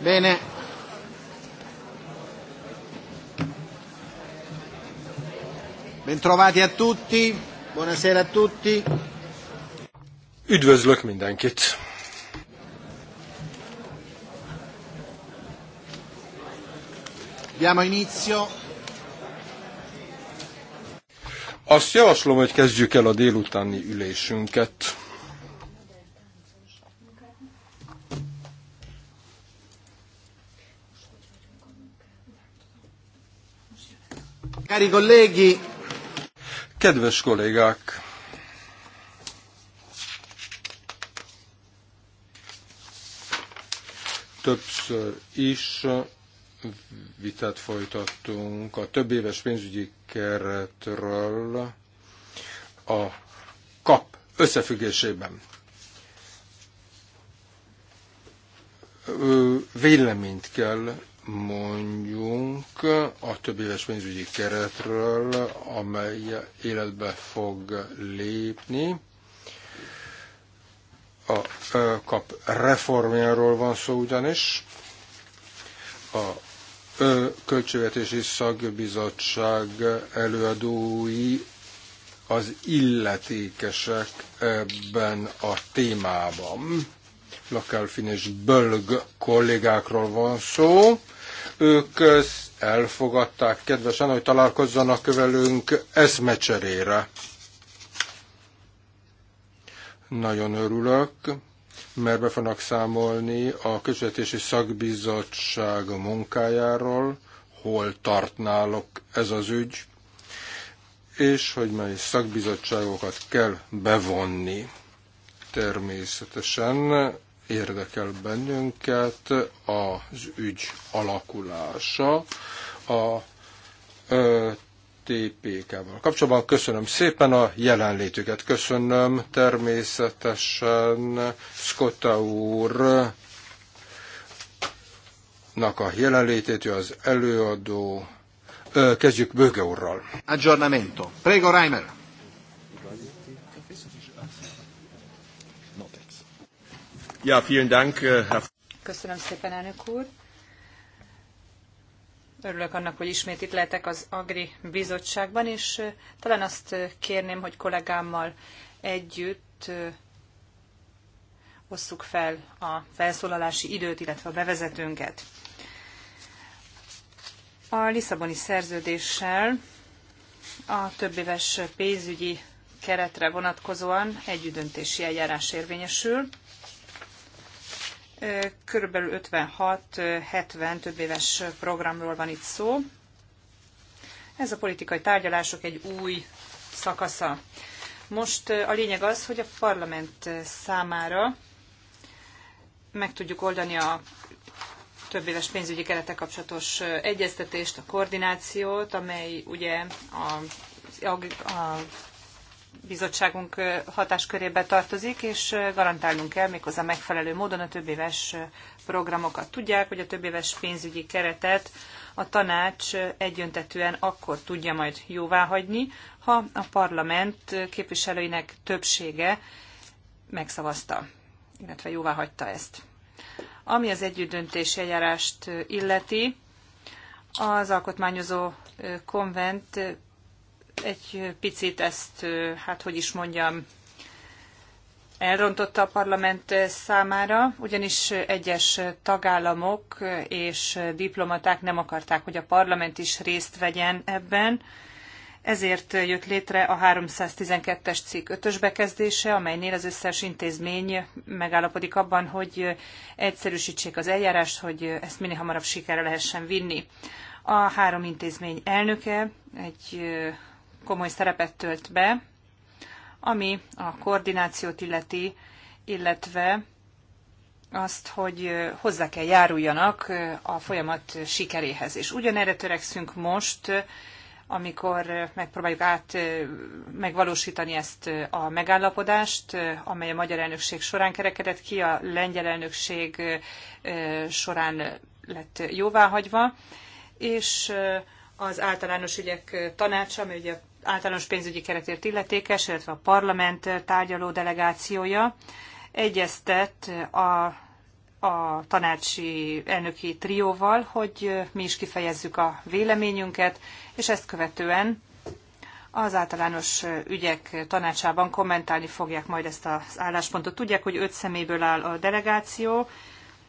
Bene. Bentrovati a tutti. Buonasera a tutti. Üdvözlök mindenkit. Diamo inizio. Azt javaslom, hogy kezdjük el a délutáni ülésünket. Cari colleghi. Kedves kollégák! Többször is vitát folytattunk a több éves pénzügyi keretről a kap összefüggésében. Véleményt kell mondjunk a több éves pénzügyi keretről, amely életbe fog lépni. A kap reformjáról van szó ugyanis. A Költségvetési szagbizottság előadói az illetékesek ebben a témában. Lakelfin és Bölg kollégákról van szó, ők elfogadták kedvesen, hogy találkozzanak velünk eszmecserére. Nagyon örülök, mert be fognak számolni a közvetési szakbizottság munkájáról, hol tart nálok ez az ügy, és hogy mely szakbizottságokat kell bevonni. Természetesen érdekel bennünket az ügy alakulása a TPK-val kapcsolatban. Köszönöm szépen a jelenlétüket, köszönöm természetesen Scotta úr a jelenlétét, ő az előadó. Kezdjük Bőge úrral. Aggiornamento. Prego, Reimer. Ja, vielen Dank, äh, Herr... Köszönöm szépen, elnök úr. Örülök annak, hogy ismét itt lehetek az Agri Bizottságban, és talán azt kérném, hogy kollégámmal együtt osszuk fel a felszólalási időt, illetve a bevezetőnket. A Lisszaboni szerződéssel a többéves pénzügyi keretre vonatkozóan együttdöntési eljárás érvényesül. Körülbelül 56-70 több éves programról van itt szó. Ez a politikai tárgyalások egy új szakasza. Most a lényeg az, hogy a parlament számára meg tudjuk oldani a több éves pénzügyi kerete kapcsolatos egyeztetést, a koordinációt, amely ugye a, a, a bizottságunk hatáskörébe tartozik, és garantálnunk kell méghozzá megfelelő módon a többéves programokat. Tudják, hogy a többéves pénzügyi keretet a tanács egyöntetően akkor tudja majd jóváhagyni, ha a parlament képviselőinek többsége megszavazta, illetve jóváhagyta ezt. Ami az együttdöntési eljárást illeti, az alkotmányozó konvent egy picit ezt, hát hogy is mondjam, elrontotta a parlament számára, ugyanis egyes tagállamok és diplomaták nem akarták, hogy a parlament is részt vegyen ebben. Ezért jött létre a 312-es cikk 5-ös bekezdése, amelynél az összes intézmény megállapodik abban, hogy egyszerűsítsék az eljárást, hogy ezt minél hamarabb sikerre lehessen vinni. A három intézmény elnöke egy komoly szerepet tölt be, ami a koordinációt illeti, illetve azt, hogy hozzá kell járuljanak a folyamat sikeréhez. És ugyanerre törekszünk most, amikor megpróbáljuk át megvalósítani ezt a megállapodást, amely a magyar elnökség során kerekedett ki, a lengyel elnökség során lett jóváhagyva, és az általános ügyek tanácsa, ami ugye a általános pénzügyi keretért illetékes, illetve a parlament tárgyaló delegációja egyeztet a a tanácsi elnöki trióval, hogy mi is kifejezzük a véleményünket, és ezt követően az általános ügyek tanácsában kommentálni fogják majd ezt az álláspontot. Tudják, hogy öt személyből áll a delegáció,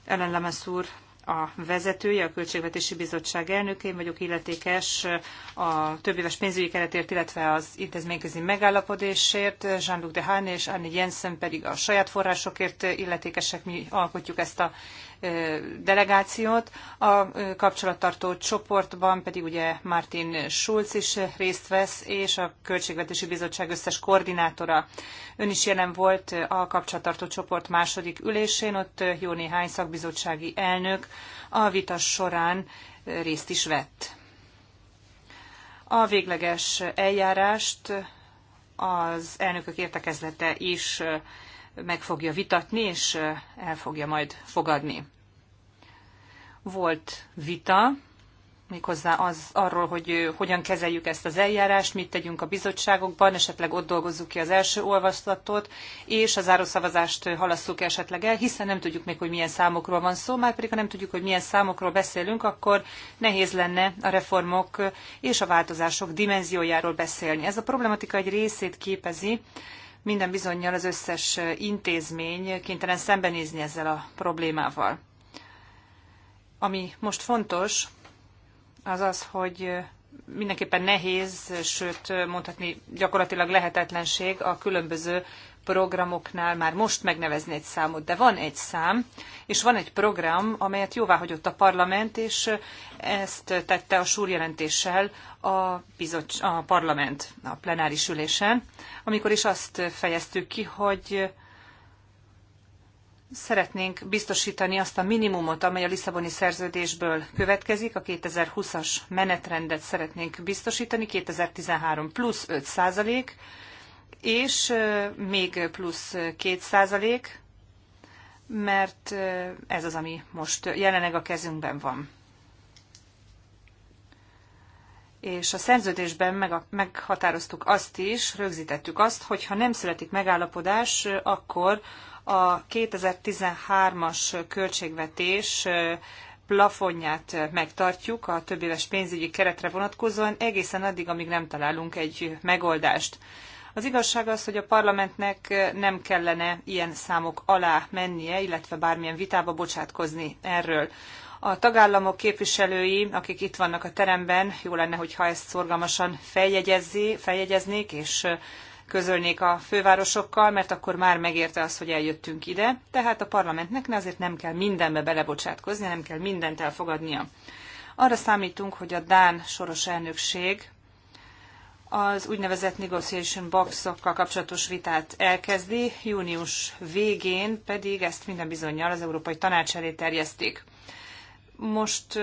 Ellen Lemesz úr a vezetője, a Költségvetési Bizottság elnöke, én vagyok illetékes a éves pénzügyi keretért, illetve az intézményközi megállapodésért, Jean-Luc Dehaene és Anni Jensen pedig a saját forrásokért illetékesek, mi alkotjuk ezt a delegációt. A kapcsolattartó csoportban pedig ugye Martin Schulz is részt vesz, és a Költségvetési Bizottság összes koordinátora. Ön is jelen volt a kapcsolattartó csoport második ülésén, ott jó néhány szakbizottsági elnök a vita során részt is vett. A végleges eljárást az elnökök értekezlete is meg fogja vitatni, és el fogja majd fogadni. Volt vita, méghozzá az arról, hogy hogyan kezeljük ezt az eljárást, mit tegyünk a bizottságokban, esetleg ott dolgozzuk ki az első olvaslatot, és a zárószavazást halasszuk esetleg el, hiszen nem tudjuk még, hogy milyen számokról van szó, már pedig ha nem tudjuk, hogy milyen számokról beszélünk, akkor nehéz lenne a reformok és a változások dimenziójáról beszélni. Ez a problematika egy részét képezi minden bizonyal az összes intézmény kénytelen szembenézni ezzel a problémával. Ami most fontos, az az, hogy mindenképpen nehéz, sőt mondhatni gyakorlatilag lehetetlenség a különböző programoknál már most megnevezni egy számot, de van egy szám, és van egy program, amelyet jóváhagyott a parlament, és ezt tette a súrjelentéssel a, bizot, a parlament a plenáris ülésen, amikor is azt fejeztük ki, hogy szeretnénk biztosítani azt a minimumot, amely a Lisszaboni szerződésből következik, a 2020-as menetrendet szeretnénk biztosítani, 2013 plusz 5 százalék, és még plusz 2 százalék, mert ez az, ami most jelenleg a kezünkben van. És a szerződésben meg, meghatároztuk azt is, rögzítettük azt, hogy ha nem születik megállapodás, akkor a 2013-as költségvetés plafonját megtartjuk a többéves pénzügyi keretre vonatkozóan egészen addig, amíg nem találunk egy megoldást. Az igazság az, hogy a parlamentnek nem kellene ilyen számok alá mennie, illetve bármilyen vitába bocsátkozni erről. A tagállamok képviselői, akik itt vannak a teremben, jó lenne, hogyha ezt szorgalmasan feljegyeznék, és közölnék a fővárosokkal, mert akkor már megérte az, hogy eljöttünk ide. Tehát a parlamentnek ne azért nem kell mindenbe belebocsátkozni, nem kell mindent elfogadnia. Arra számítunk, hogy a Dán soros elnökség az úgynevezett negotiation boxokkal kapcsolatos vitát elkezdi, június végén pedig ezt minden bizonyal az Európai Tanács elé terjesztik. Most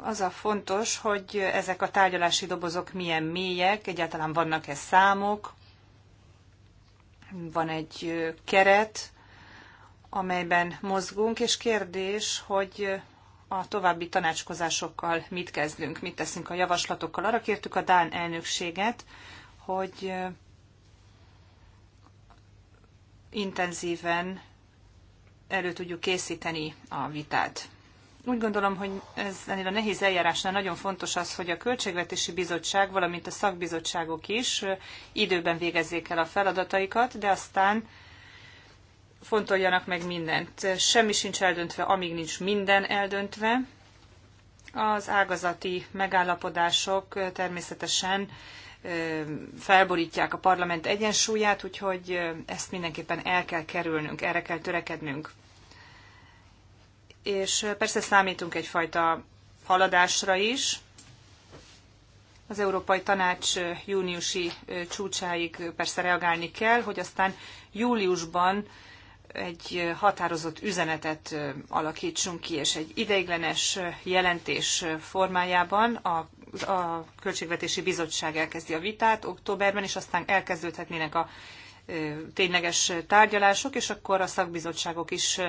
az a fontos, hogy ezek a tárgyalási dobozok milyen mélyek, egyáltalán vannak-e számok, van egy keret, amelyben mozgunk, és kérdés, hogy a további tanácskozásokkal mit kezdünk, mit teszünk a javaslatokkal. Arra kértük a Dán elnökséget, hogy intenzíven elő tudjuk készíteni a vitát. Úgy gondolom, hogy ez ennél a nehéz eljárásnál nagyon fontos az, hogy a Költségvetési Bizottság, valamint a szakbizottságok is időben végezzék el a feladataikat, de aztán fontoljanak meg mindent. Semmi sincs eldöntve, amíg nincs minden eldöntve. Az ágazati megállapodások természetesen felborítják a parlament egyensúlyát, úgyhogy ezt mindenképpen el kell kerülnünk, erre kell törekednünk. És persze számítunk egyfajta haladásra is. Az Európai Tanács júniusi csúcsáig persze reagálni kell, hogy aztán júliusban egy határozott üzenetet alakítsunk ki, és egy ideiglenes jelentés formájában a, a Költségvetési Bizottság elkezdi a vitát októberben, és aztán elkezdődhetnének a tényleges tárgyalások, és akkor a szakbizottságok is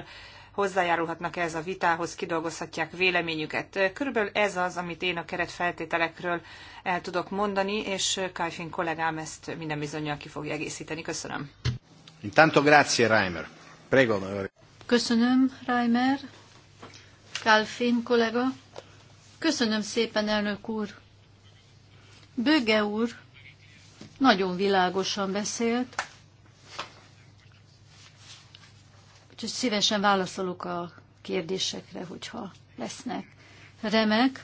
hozzájárulhatnak ez a vitához, kidolgozhatják véleményüket. Körülbelül ez az, amit én a keretfeltételekről el tudok mondani, és Kajfin kollégám ezt minden bizonyal ki fogja egészíteni. Köszönöm. Intanto grazie, Reimer. Köszönöm, Reimer. Kálfin kollega. Köszönöm szépen, elnök úr. Böge úr nagyon világosan beszélt, úgyhogy szívesen válaszolok a kérdésekre, hogyha lesznek. Remek,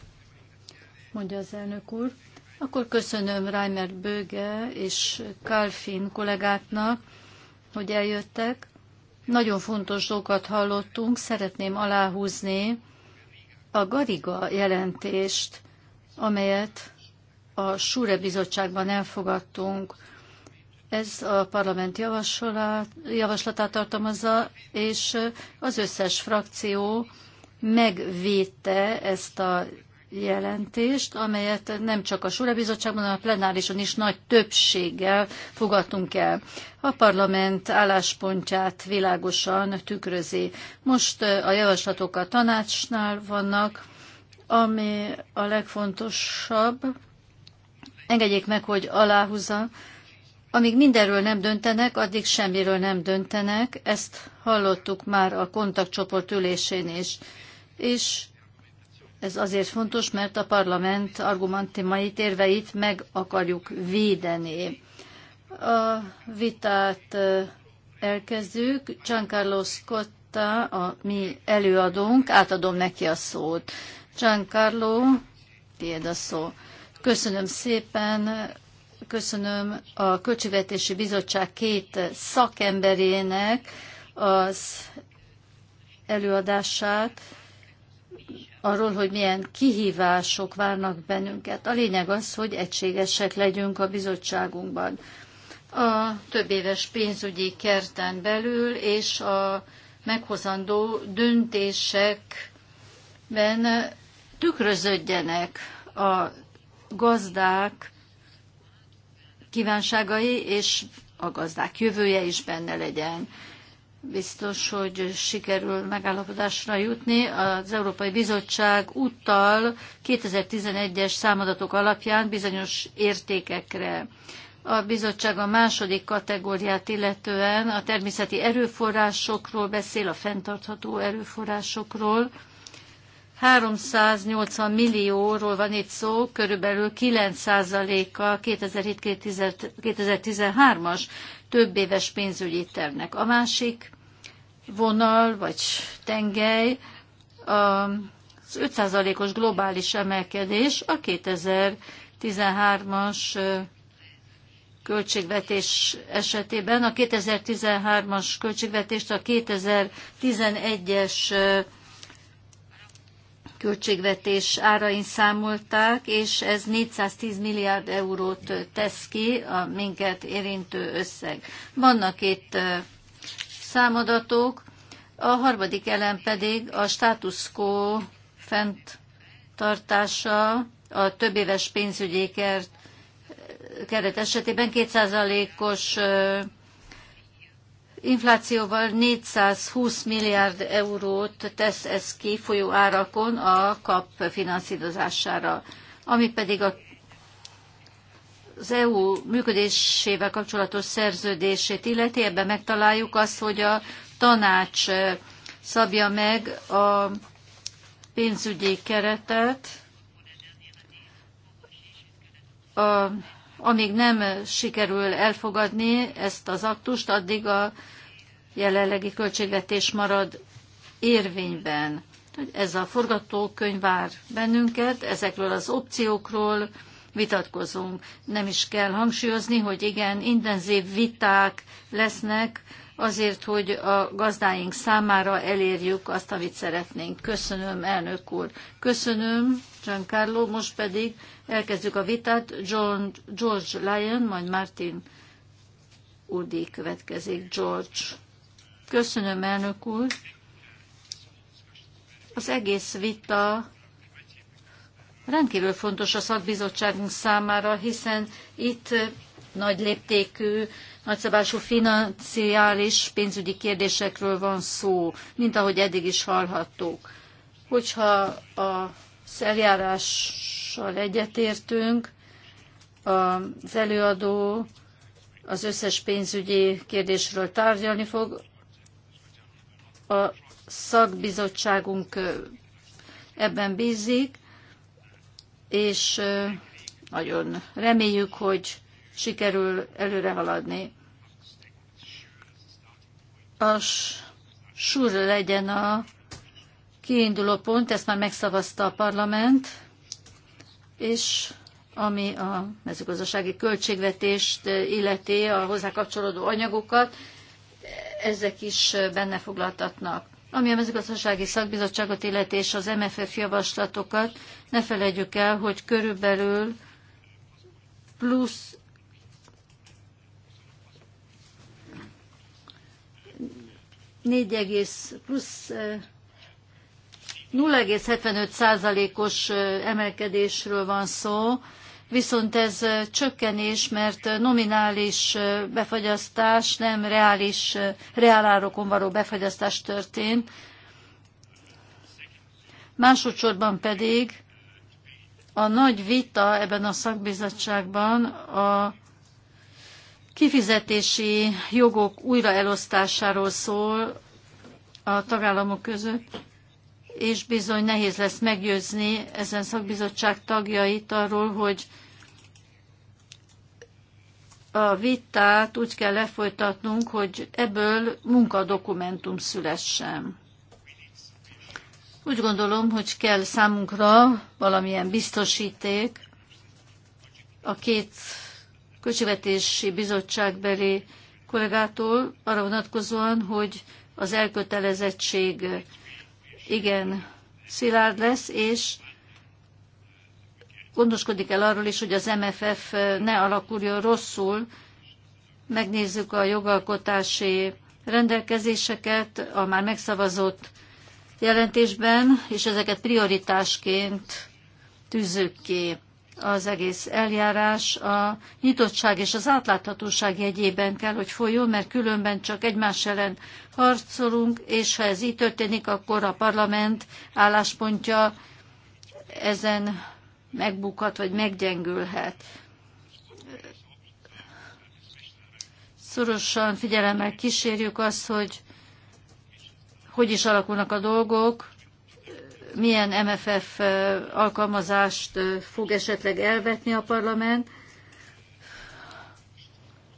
mondja az elnök úr. Akkor köszönöm Reimer Böge és Kalfin kollégáknak, hogy eljöttek. Nagyon fontos dolgokat hallottunk, szeretném aláhúzni a Gariga jelentést, amelyet a Súre Bizottságban elfogadtunk. Ez a parlament javaslatát tartalmazza, és az összes frakció megvédte ezt a jelentést, amelyet nem csak a Sura Bizottságban, hanem a plenárison is nagy többséggel fogadtunk el. A parlament álláspontját világosan tükrözi. Most a javaslatok a tanácsnál vannak, ami a legfontosabb. Engedjék meg, hogy aláhúzzam, amíg mindenről nem döntenek, addig semmiről nem döntenek, ezt hallottuk már a kontaktcsoport ülésén is. És ez azért fontos, mert a parlament argumentumait, érveit meg akarjuk védeni. A vitát elkezdjük. Giancarlo Scotta, a mi előadónk, átadom neki a szót. Giancarlo, tiéd a szó. Köszönöm szépen, köszönöm a Költségvetési Bizottság két szakemberének az előadását arról, hogy milyen kihívások várnak bennünket. A lényeg az, hogy egységesek legyünk a bizottságunkban. A több éves pénzügyi kerten belül és a meghozandó döntésekben tükröződjenek a gazdák kívánságai és a gazdák jövője is benne legyen biztos, hogy sikerül megállapodásra jutni. Az Európai Bizottság úttal 2011-es számadatok alapján bizonyos értékekre. A bizottság a második kategóriát illetően a természeti erőforrásokról beszél, a fenntartható erőforrásokról. 380 millióról van itt szó, körülbelül 9%-a 2007-2013-as több éves pénzügyi tervnek. A másik vonal vagy tengely az 5%-os globális emelkedés a 2013-as költségvetés esetében. A 2013-as költségvetést a 2011-es költségvetés árain számolták, és ez 410 milliárd eurót tesz ki a minket érintő összeg. Vannak itt számadatok, a harmadik elem pedig a status quo fenntartása a többéves pénzügyi kert, keret esetében 2%-os inflációval 420 milliárd eurót tesz ez ki folyó árakon a kap finanszírozására, ami pedig a az EU működésével kapcsolatos szerződését illeti, ebben megtaláljuk azt, hogy a tanács szabja meg a pénzügyi keretet, a amíg nem eh, sikerül elfogadni ezt az aktust, addig a jelenlegi költségvetés marad érvényben. Ez a forgatókönyv vár bennünket, ezekről az opciókról vitatkozunk. Nem is kell hangsúlyozni, hogy igen, intenzív viták lesznek azért, hogy a gazdáink számára elérjük azt, amit szeretnénk. Köszönöm, elnök úr. Köszönöm. Giancarlo. Most pedig elkezdjük a vitát. John, George Lyon, majd Martin Udi következik. George. Köszönöm, elnök úr. Az egész vita rendkívül fontos a szakbizottságunk számára, hiszen itt nagy léptékű, nagyszabású financiális pénzügyi kérdésekről van szó, mint ahogy eddig is hallhattuk. Hogyha a eljárással egyetértünk. Az előadó az összes pénzügyi kérdésről tárgyalni fog. A szakbizottságunk ebben bízik, és nagyon reméljük, hogy sikerül előre haladni. A sur legyen a kiinduló pont, ezt már megszavazta a parlament, és ami a mezőgazdasági költségvetést illeti, a hozzá kapcsolódó anyagokat, ezek is benne foglaltatnak. Ami a mezőgazdasági szakbizottságot illeti és az MFF javaslatokat, ne felejtjük el, hogy körülbelül plusz négy egész plusz 0,75%-os emelkedésről van szó, viszont ez csökkenés, mert nominális befagyasztás, nem reális, reálárokon való befagyasztás történt. Másodszorban pedig a nagy vita ebben a szakbizottságban a kifizetési jogok újraelosztásáról szól a tagállamok között és bizony nehéz lesz meggyőzni ezen szakbizottság tagjait arról, hogy a vitát úgy kell lefolytatnunk, hogy ebből munkadokumentum szülessen. Úgy gondolom, hogy kell számunkra valamilyen biztosíték a két költségvetési bizottságbeli kollégától arra vonatkozóan, hogy az elkötelezettség igen szilárd lesz, és gondoskodik el arról is, hogy az MFF ne alakuljon rosszul. Megnézzük a jogalkotási rendelkezéseket a már megszavazott jelentésben, és ezeket prioritásként tűzzük ki az egész eljárás a nyitottság és az átláthatóság jegyében kell, hogy folyjon, mert különben csak egymás ellen harcolunk, és ha ez így történik, akkor a parlament álláspontja ezen megbukhat vagy meggyengülhet. Szorosan figyelemmel kísérjük azt, hogy hogy is alakulnak a dolgok, milyen MFF alkalmazást fog esetleg elvetni a parlament.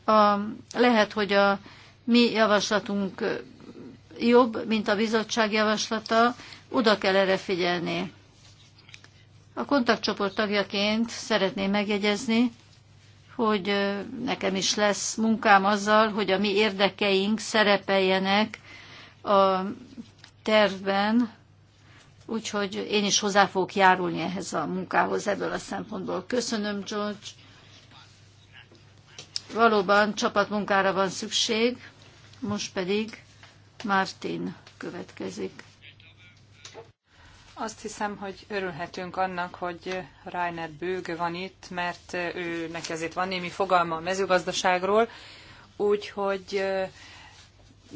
A, lehet, hogy a mi javaslatunk jobb, mint a bizottság javaslata, oda kell erre figyelni. A kontaktcsoport tagjaként szeretném megjegyezni, hogy nekem is lesz munkám azzal, hogy a mi érdekeink szerepeljenek a tervben, úgyhogy én is hozzá fogok járulni ehhez a munkához ebből a szempontból. Köszönöm, George. Valóban csapatmunkára van szükség, most pedig Martin következik. Azt hiszem, hogy örülhetünk annak, hogy Rainer Bőge van itt, mert ő ezért van némi fogalma a mezőgazdaságról, úgyhogy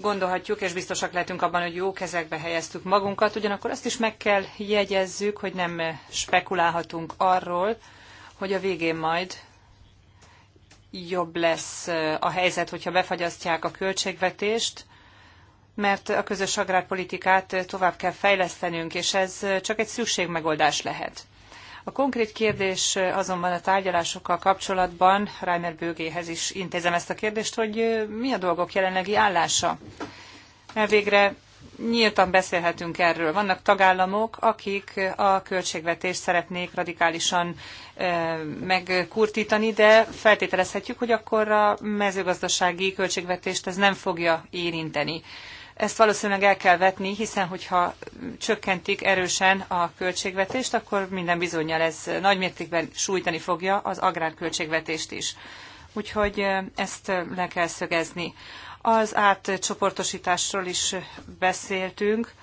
gondolhatjuk, és biztosak lehetünk abban, hogy jó kezekbe helyeztük magunkat, ugyanakkor azt is meg kell jegyezzük, hogy nem spekulálhatunk arról, hogy a végén majd jobb lesz a helyzet, hogyha befagyasztják a költségvetést, mert a közös agrárpolitikát tovább kell fejlesztenünk, és ez csak egy szükségmegoldás lehet. A konkrét kérdés azonban a tárgyalásokkal kapcsolatban, Reimer Bőgéhez is intézem ezt a kérdést, hogy mi a dolgok jelenlegi állása? Végre nyíltan beszélhetünk erről. Vannak tagállamok, akik a költségvetést szeretnék radikálisan megkurtítani, de feltételezhetjük, hogy akkor a mezőgazdasági költségvetést ez nem fogja érinteni. Ezt valószínűleg el kell vetni, hiszen hogyha csökkentik erősen a költségvetést, akkor minden bizonyal ez nagymértékben sújtani fogja az agrárköltségvetést is. Úgyhogy ezt le kell szögezni. Az átcsoportosításról is beszéltünk.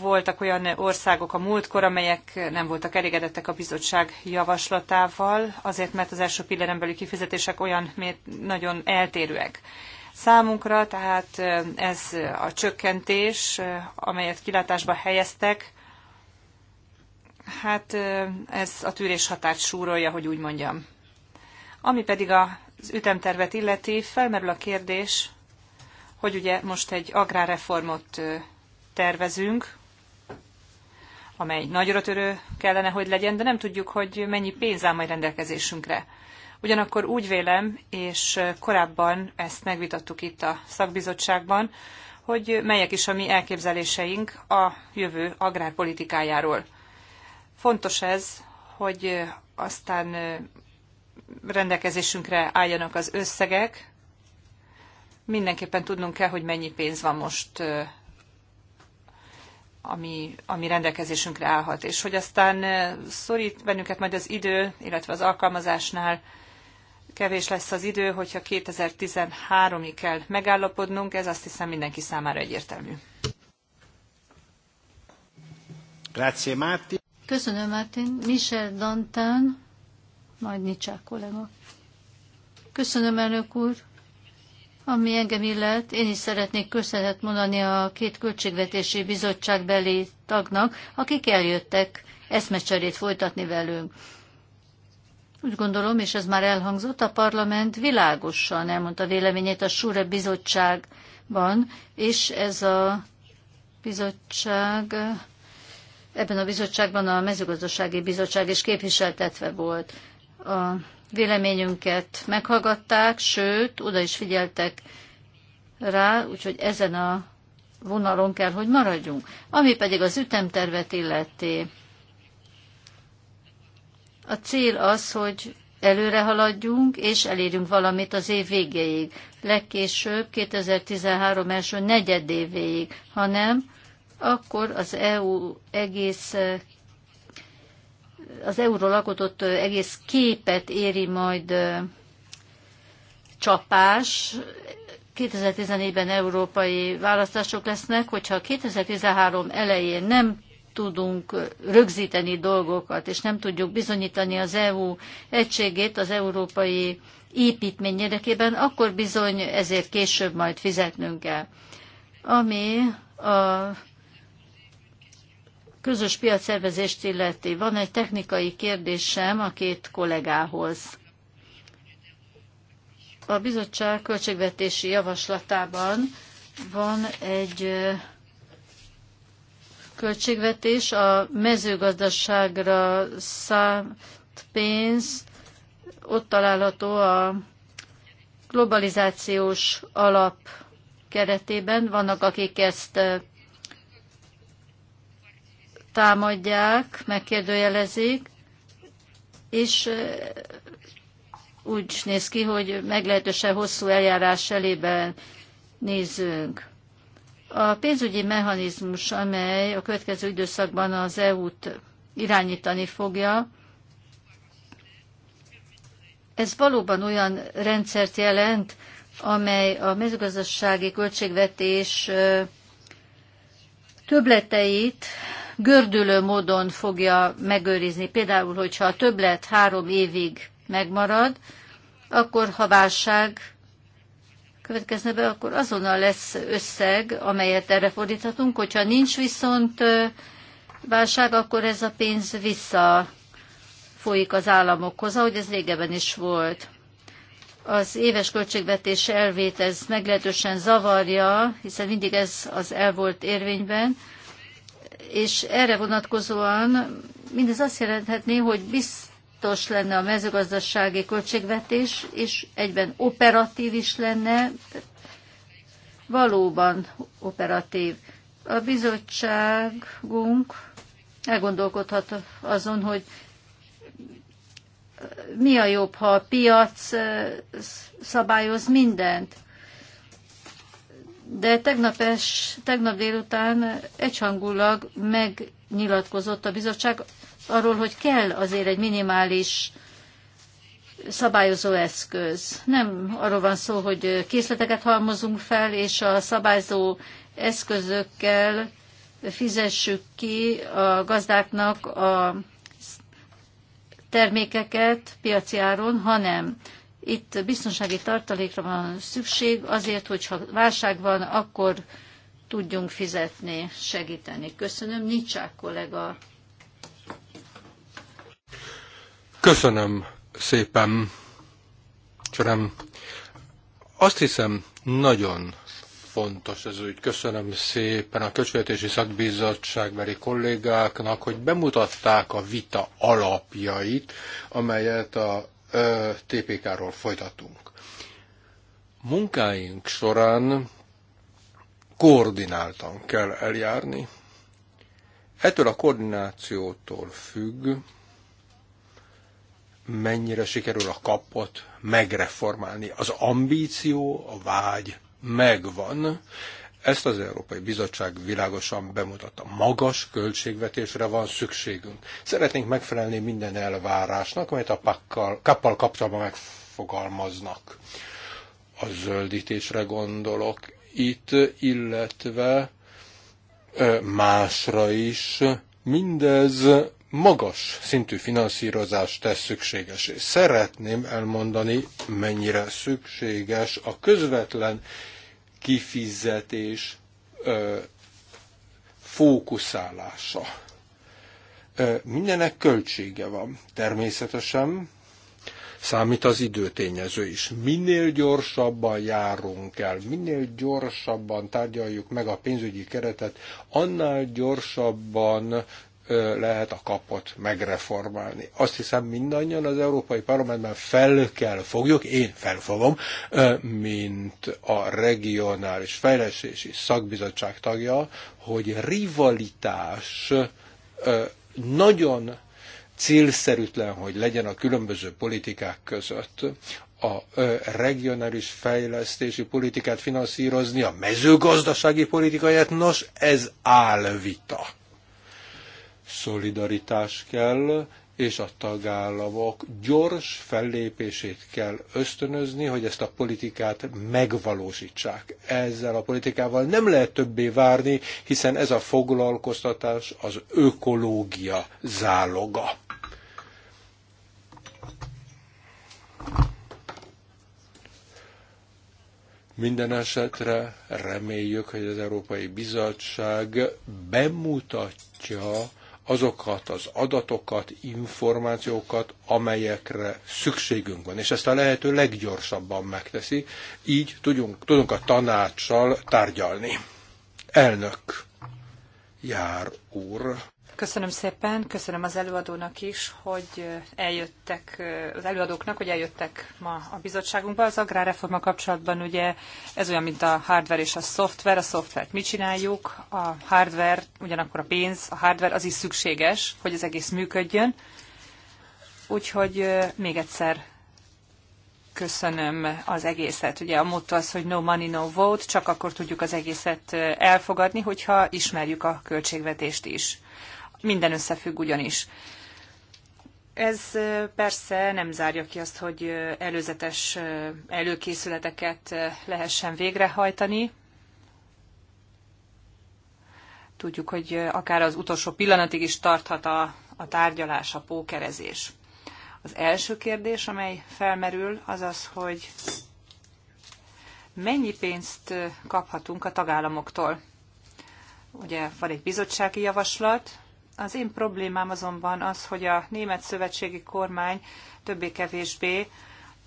Voltak olyan országok a múltkor, amelyek nem voltak elégedettek a bizottság javaslatával, azért mert az első pillanatbeli kifizetések olyan nagyon eltérőek. Számunkra tehát ez a csökkentés, amelyet kilátásba helyeztek, hát ez a tűrés határt súrolja, hogy úgy mondjam. Ami pedig az ütemtervet illeti, felmerül a kérdés, hogy ugye most egy agrárreformot tervezünk, amely nagyra törő kellene, hogy legyen, de nem tudjuk, hogy mennyi pénz áll majd rendelkezésünkre. Ugyanakkor úgy vélem, és korábban ezt megvitattuk itt a szakbizottságban, hogy melyek is a mi elképzeléseink a jövő agrárpolitikájáról. Fontos ez, hogy aztán rendelkezésünkre álljanak az összegek. Mindenképpen tudnunk kell, hogy mennyi pénz van most, ami, ami rendelkezésünkre állhat, és hogy aztán szorít bennünket majd az idő, illetve az alkalmazásnál, kevés lesz az idő, hogyha 2013-ig kell megállapodnunk, ez azt hiszem mindenki számára egyértelmű. Grazie, Martin. Köszönöm, Martin. Michel Dantán, majd Nicsák kollega. Köszönöm, elnök úr. Ami engem illet, én is szeretnék köszönet mondani a két költségvetési bizottság beli tagnak, akik eljöttek eszmecserét folytatni velünk. Úgy gondolom, és ez már elhangzott, a parlament világosan elmondta véleményét a Sure bizottságban, és ez a bizottság, ebben a bizottságban a mezőgazdasági bizottság is képviseltetve volt. A véleményünket meghallgatták, sőt, oda is figyeltek rá, úgyhogy ezen a vonalon kell, hogy maradjunk. Ami pedig az ütemtervet illeti, a cél az, hogy előre haladjunk, és elérjünk valamit az év végéig. Legkésőbb 2013 első negyedévéig, hanem akkor az EU egész az euról alkotott egész képet éri majd csapás. 2014-ben európai választások lesznek, hogyha 2013 elején nem tudunk rögzíteni dolgokat, és nem tudjuk bizonyítani az EU egységét az európai építmény érdekében, akkor bizony ezért később majd fizetnünk kell. Ami a közös piacszervezést illeti. Van egy technikai kérdésem a két kollégához. A bizottság költségvetési javaslatában van egy költségvetés a mezőgazdaságra szánt pénz, ott található a globalizációs alap keretében. Vannak, akik ezt támadják, megkérdőjelezik, és úgy néz ki, hogy meglehetősen hosszú eljárás elében nézünk. A pénzügyi mechanizmus, amely a következő időszakban az EU-t irányítani fogja, ez valóban olyan rendszert jelent, amely a mezőgazdasági költségvetés töbleteit gördülő módon fogja megőrizni. Például, hogyha a többlet három évig megmarad, akkor ha válság következne be, akkor azonnal lesz összeg, amelyet erre fordíthatunk. Hogyha nincs viszont válság, akkor ez a pénz vissza folyik az államokhoz, ahogy ez régebben is volt. Az éves költségvetés elvét ez meglehetősen zavarja, hiszen mindig ez az el volt érvényben, és erre vonatkozóan mindez azt jelenthetné, hogy biztos, fontos lenne a mezőgazdasági költségvetés, és egyben operatív is lenne, valóban operatív. A bizottságunk elgondolkodhat azon, hogy mi a jobb, ha a piac szabályoz mindent. De tegnap, es, tegnap délután egyhangulag megnyilatkozott a bizottság arról, hogy kell azért egy minimális szabályozó eszköz. Nem arról van szó, hogy készleteket halmozunk fel, és a szabályzó eszközökkel fizessük ki a gazdáknak a termékeket piaci áron, hanem itt biztonsági tartalékra van szükség azért, hogyha válság van, akkor tudjunk fizetni, segíteni. Köszönöm. Nincsák kollega Köszönöm szépen, Csorám. Azt hiszem, nagyon fontos ez úgy. Köszönöm szépen a Költségvetési Szakbizottságbeli kollégáknak, hogy bemutatták a vita alapjait, amelyet a TPK-ról folytatunk. Munkáink során koordináltan kell eljárni. Ettől a koordinációtól függ, mennyire sikerül a kapot megreformálni. Az ambíció, a vágy megvan. Ezt az Európai Bizottság világosan bemutatta. Magas költségvetésre van szükségünk. Szeretnénk megfelelni minden elvárásnak, amelyet a pakkal, kappal kapcsolatban megfogalmaznak. A zöldítésre gondolok itt, illetve másra is. Mindez magas szintű finanszírozás tesz szükséges, és szeretném elmondani, mennyire szükséges a közvetlen kifizetés ö, fókuszálása. Ö, mindenek költsége van. Természetesen számít az időtényező is. Minél gyorsabban járunk el, minél gyorsabban tárgyaljuk meg a pénzügyi keretet, annál gyorsabban lehet a kapot megreformálni. Azt hiszem mindannyian az Európai Parlamentben fel kell fogjuk, én felfogom, mint a regionális fejlesztési szakbizottság tagja, hogy rivalitás nagyon célszerűtlen, hogy legyen a különböző politikák között a regionális fejlesztési politikát finanszírozni, a mezőgazdasági politikáját, nos, ez vita. Szolidaritás kell, és a tagállamok gyors fellépését kell ösztönözni, hogy ezt a politikát megvalósítsák. Ezzel a politikával nem lehet többé várni, hiszen ez a foglalkoztatás az ökológia záloga. Minden esetre reméljük, hogy az Európai Bizottság bemutatja, azokat az adatokat, információkat, amelyekre szükségünk van, és ezt a lehető leggyorsabban megteszi, így tudjunk, tudunk a tanácssal tárgyalni. Elnök jár úr Köszönöm szépen, köszönöm az előadónak is, hogy eljöttek, az előadóknak, hogy eljöttek ma a bizottságunkba. Az agrárreforma kapcsolatban ugye ez olyan, mint a hardware és a szoftver. A szoftvert mi csináljuk, a hardware, ugyanakkor a pénz, a hardware az is szükséges, hogy az egész működjön. Úgyhogy még egyszer köszönöm az egészet. Ugye a motto az, hogy no money, no vote, csak akkor tudjuk az egészet elfogadni, hogyha ismerjük a költségvetést is minden összefügg ugyanis. Ez persze nem zárja ki azt, hogy előzetes előkészületeket lehessen végrehajtani. Tudjuk, hogy akár az utolsó pillanatig is tarthat a, a tárgyalás, a pókerezés. Az első kérdés, amely felmerül, az az, hogy mennyi pénzt kaphatunk a tagállamoktól. Ugye van egy bizottsági javaslat, az én problémám azonban az, hogy a német szövetségi kormány többé-kevésbé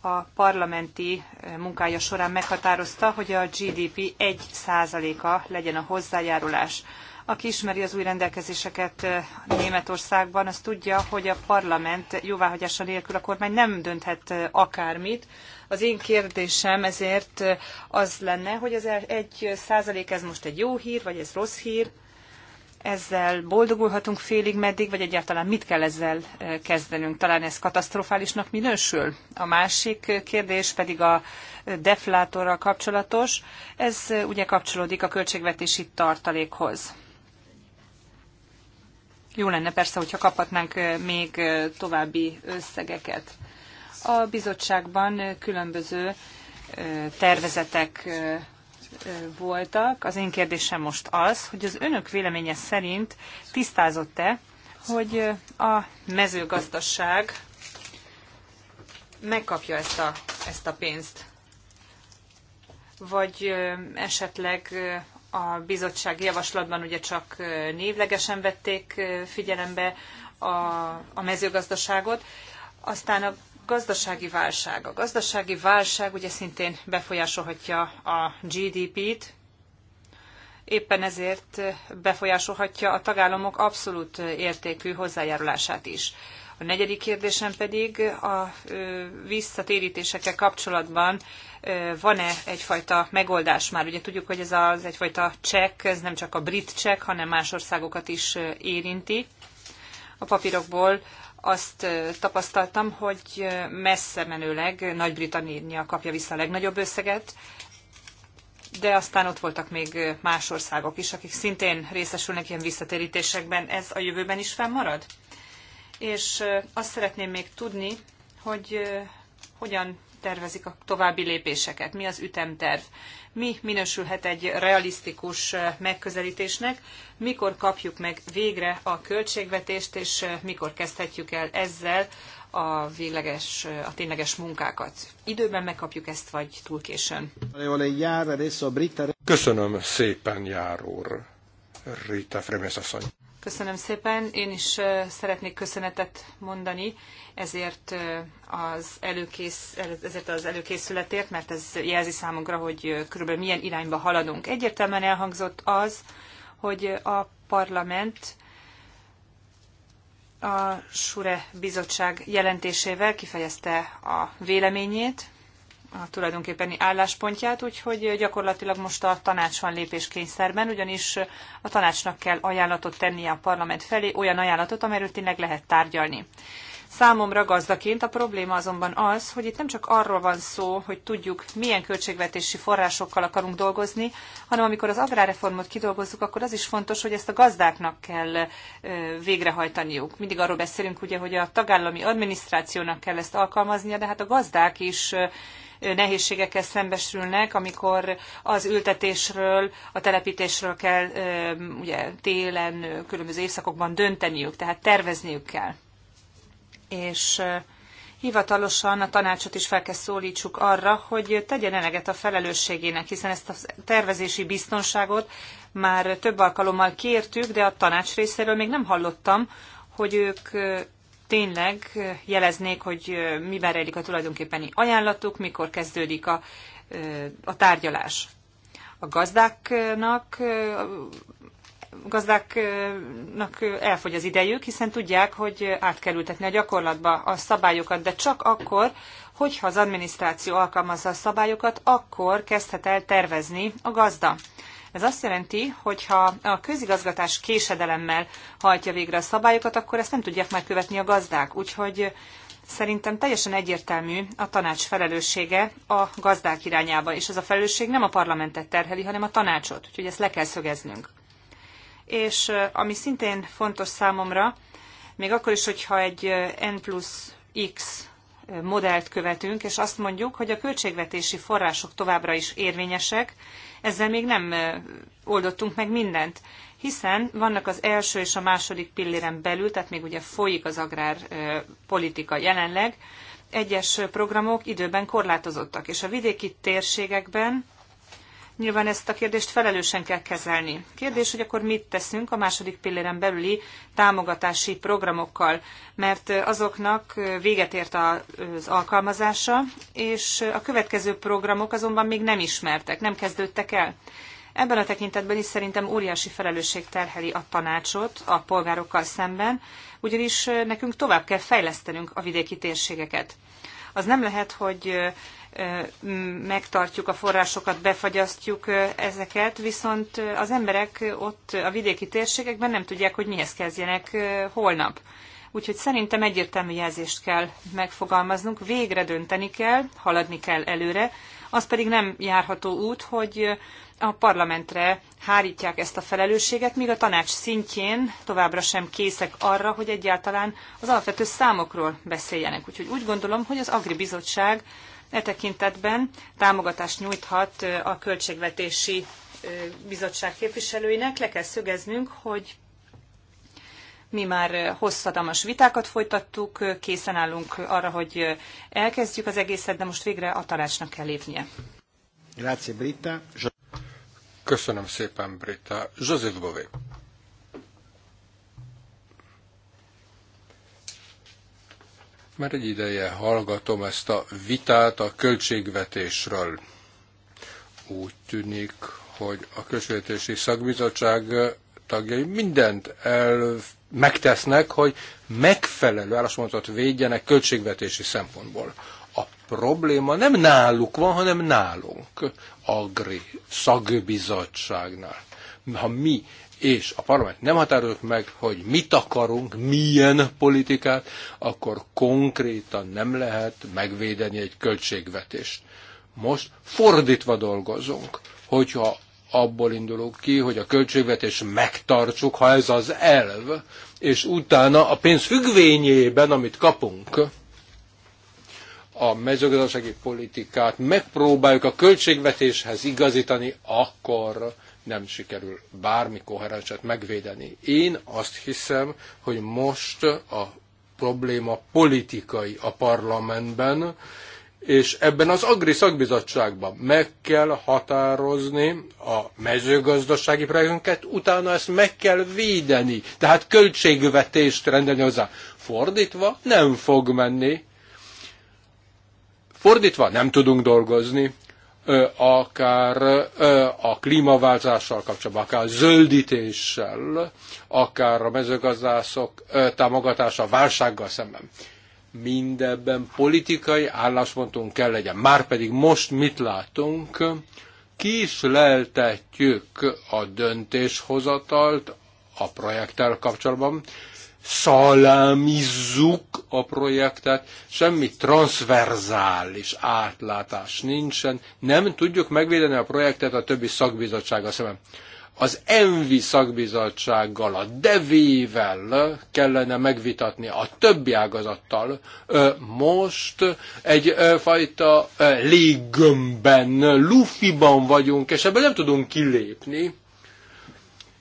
a parlamenti munkája során meghatározta, hogy a GDP 1%-a legyen a hozzájárulás. Aki ismeri az új rendelkezéseket Németországban, az tudja, hogy a parlament jóváhagyása nélkül a kormány nem dönthet akármit. Az én kérdésem ezért az lenne, hogy ez 1 százalék, ez most egy jó hír, vagy ez rossz hír? ezzel boldogulhatunk félig meddig, vagy egyáltalán mit kell ezzel eh, kezdenünk? Talán ez katasztrofálisnak minősül? A másik kérdés pedig a deflátorral kapcsolatos. Ez eh, ugye kapcsolódik a költségvetési tartalékhoz. Jó lenne persze, hogyha kaphatnánk eh, még további összegeket. A bizottságban különböző tervezetek voltak. Az én kérdésem most az, hogy az önök véleménye szerint tisztázott-e, hogy a mezőgazdaság megkapja ezt a, ezt a pénzt? Vagy esetleg a bizottság javaslatban ugye csak névlegesen vették figyelembe a, a mezőgazdaságot, aztán a gazdasági válság. A gazdasági válság ugye szintén befolyásolhatja a GDP-t, éppen ezért befolyásolhatja a tagállamok abszolút értékű hozzájárulását is. A negyedik kérdésem pedig a visszatérítésekkel kapcsolatban van-e egyfajta megoldás már? Ugye tudjuk, hogy ez az egyfajta csekk, ez nem csak a brit csekk, hanem más országokat is érinti a papírokból azt tapasztaltam, hogy messze menőleg Nagy-Britannia kapja vissza a legnagyobb összeget, de aztán ott voltak még más országok is, akik szintén részesülnek ilyen visszatérítésekben. Ez a jövőben is fennmarad? És azt szeretném még tudni, hogy hogyan tervezik a további lépéseket, mi az ütemterv, mi minősülhet egy realisztikus megközelítésnek, mikor kapjuk meg végre a költségvetést, és mikor kezdhetjük el ezzel a végleges, a tényleges munkákat. Időben megkapjuk ezt, vagy túl későn. Köszönöm szépen, Jár Rita Fremes asszony. Köszönöm szépen. Én is szeretnék köszönetet mondani ezért az, előkész, ezért az előkészületért, mert ez jelzi számunkra, hogy körülbelül milyen irányba haladunk. Egyértelműen elhangzott az, hogy a parlament a Sure Bizottság jelentésével kifejezte a véleményét, a tulajdonképpeni álláspontját, úgyhogy gyakorlatilag most a tanács van lépéskényszerben, ugyanis a tanácsnak kell ajánlatot tennie a parlament felé, olyan ajánlatot, amelyről tényleg lehet tárgyalni. Számomra gazdaként a probléma azonban az, hogy itt nem csak arról van szó, hogy tudjuk, milyen költségvetési forrásokkal akarunk dolgozni, hanem amikor az agrárreformot kidolgozzuk, akkor az is fontos, hogy ezt a gazdáknak kell végrehajtaniuk. Mindig arról beszélünk ugye, hogy a tagállami adminisztrációnak kell ezt alkalmaznia, de hát a gazdák is nehézségekkel szembesülnek, amikor az ültetésről, a telepítésről kell ugye télen, különböző évszakokban dönteniük, tehát tervezniük kell. És hivatalosan a tanácsot is fel kell szólítsuk arra, hogy tegyen eleget a felelősségének, hiszen ezt a tervezési biztonságot már több alkalommal kértük, de a tanács részéről még nem hallottam, hogy ők tényleg jeleznék, hogy miben rejlik a tulajdonképpeni ajánlatuk, mikor kezdődik a, a tárgyalás. A gazdáknak gazdáknak elfogy az idejük, hiszen tudják, hogy át kell ültetni a gyakorlatba a szabályokat, de csak akkor, hogyha az adminisztráció alkalmazza a szabályokat, akkor kezdhet el tervezni a gazda. Ez azt jelenti, hogy ha a közigazgatás késedelemmel hajtja végre a szabályokat, akkor ezt nem tudják már követni a gazdák. Úgyhogy szerintem teljesen egyértelmű a tanács felelőssége a gazdák irányába, és ez a felelősség nem a parlamentet terheli, hanem a tanácsot, úgyhogy ezt le kell szögeznünk. És eh, ami szintén fontos számomra, még akkor is, hogyha egy eh, N plusz X eh, modellt követünk, és azt mondjuk, hogy a költségvetési források továbbra is érvényesek, ezzel még nem oldottunk meg mindent hiszen vannak az első és a második pilléren belül, tehát még ugye folyik az agrárpolitika jelenleg, egyes programok időben korlátozottak, és a vidéki térségekben Nyilván ezt a kérdést felelősen kell kezelni. Kérdés, hogy akkor mit teszünk a második pilléren belüli támogatási programokkal, mert azoknak véget ért az alkalmazása, és a következő programok azonban még nem ismertek, nem kezdődtek el. Ebben a tekintetben is szerintem óriási felelősség terheli a tanácsot a polgárokkal szemben, ugyanis nekünk tovább kell fejlesztenünk a vidéki térségeket. Az nem lehet, hogy megtartjuk a forrásokat, befagyasztjuk ezeket, viszont az emberek ott a vidéki térségekben nem tudják, hogy mihez kezdjenek holnap. Úgyhogy szerintem egyértelmű jelzést kell megfogalmaznunk, végre dönteni kell, haladni kell előre, az pedig nem járható út, hogy a parlamentre hárítják ezt a felelősséget, míg a tanács szintjén továbbra sem készek arra, hogy egyáltalán az alapvető számokról beszéljenek. Úgyhogy úgy gondolom, hogy az agribizottság Bizottság E tekintetben támogatást nyújthat a Költségvetési Bizottság képviselőinek. Le kell szögeznünk, hogy mi már hosszadalmas vitákat folytattuk, készen állunk arra, hogy elkezdjük az egészet, de most végre a tanácsnak kell lépnie. Grazie, Britta. Köszönöm szépen, Britta. José Bové. Már egy ideje hallgatom ezt a vitát a költségvetésről. Úgy tűnik, hogy a Költségvetési Szakbizottság tagjai mindent el megtesznek, hogy megfelelő állásmódot védjenek költségvetési szempontból. A probléma nem náluk van, hanem nálunk, Agri szakbizottságnál. Ha mi és a parlament nem határozott meg, hogy mit akarunk, milyen politikát, akkor konkrétan nem lehet megvédeni egy költségvetést. Most fordítva dolgozunk, hogyha abból indulunk ki, hogy a költségvetés megtartsuk, ha ez az elv, és utána a pénz függvényében, amit kapunk, a mezőgazdasági politikát megpróbáljuk a költségvetéshez igazítani, akkor nem sikerül bármi koherenset megvédeni. Én azt hiszem, hogy most a probléma politikai a parlamentben, és ebben az Agri szakbizottságban meg kell határozni a mezőgazdasági projektünket, utána ezt meg kell védeni, tehát költségvetést rendelni hozzá. Fordítva nem fog menni. Fordítva nem tudunk dolgozni akár a klímaváltozással kapcsolatban, akár a zöldítéssel, akár a mezőgazdászok támogatása a válsággal szemben. Mindebben politikai álláspontunk kell legyen. Márpedig most mit látunk? Kisleltetjük a döntéshozatalt a projekttel kapcsolatban, szalámizzuk a projektet, semmi transverzális átlátás nincsen, nem tudjuk megvédeni a projektet a többi szakbizottsága szemben. Az ENVI szakbizottsággal, a DEVÉ-vel kellene megvitatni a többi ágazattal. Most egyfajta léggömbben, lufiban vagyunk, és ebből nem tudunk kilépni.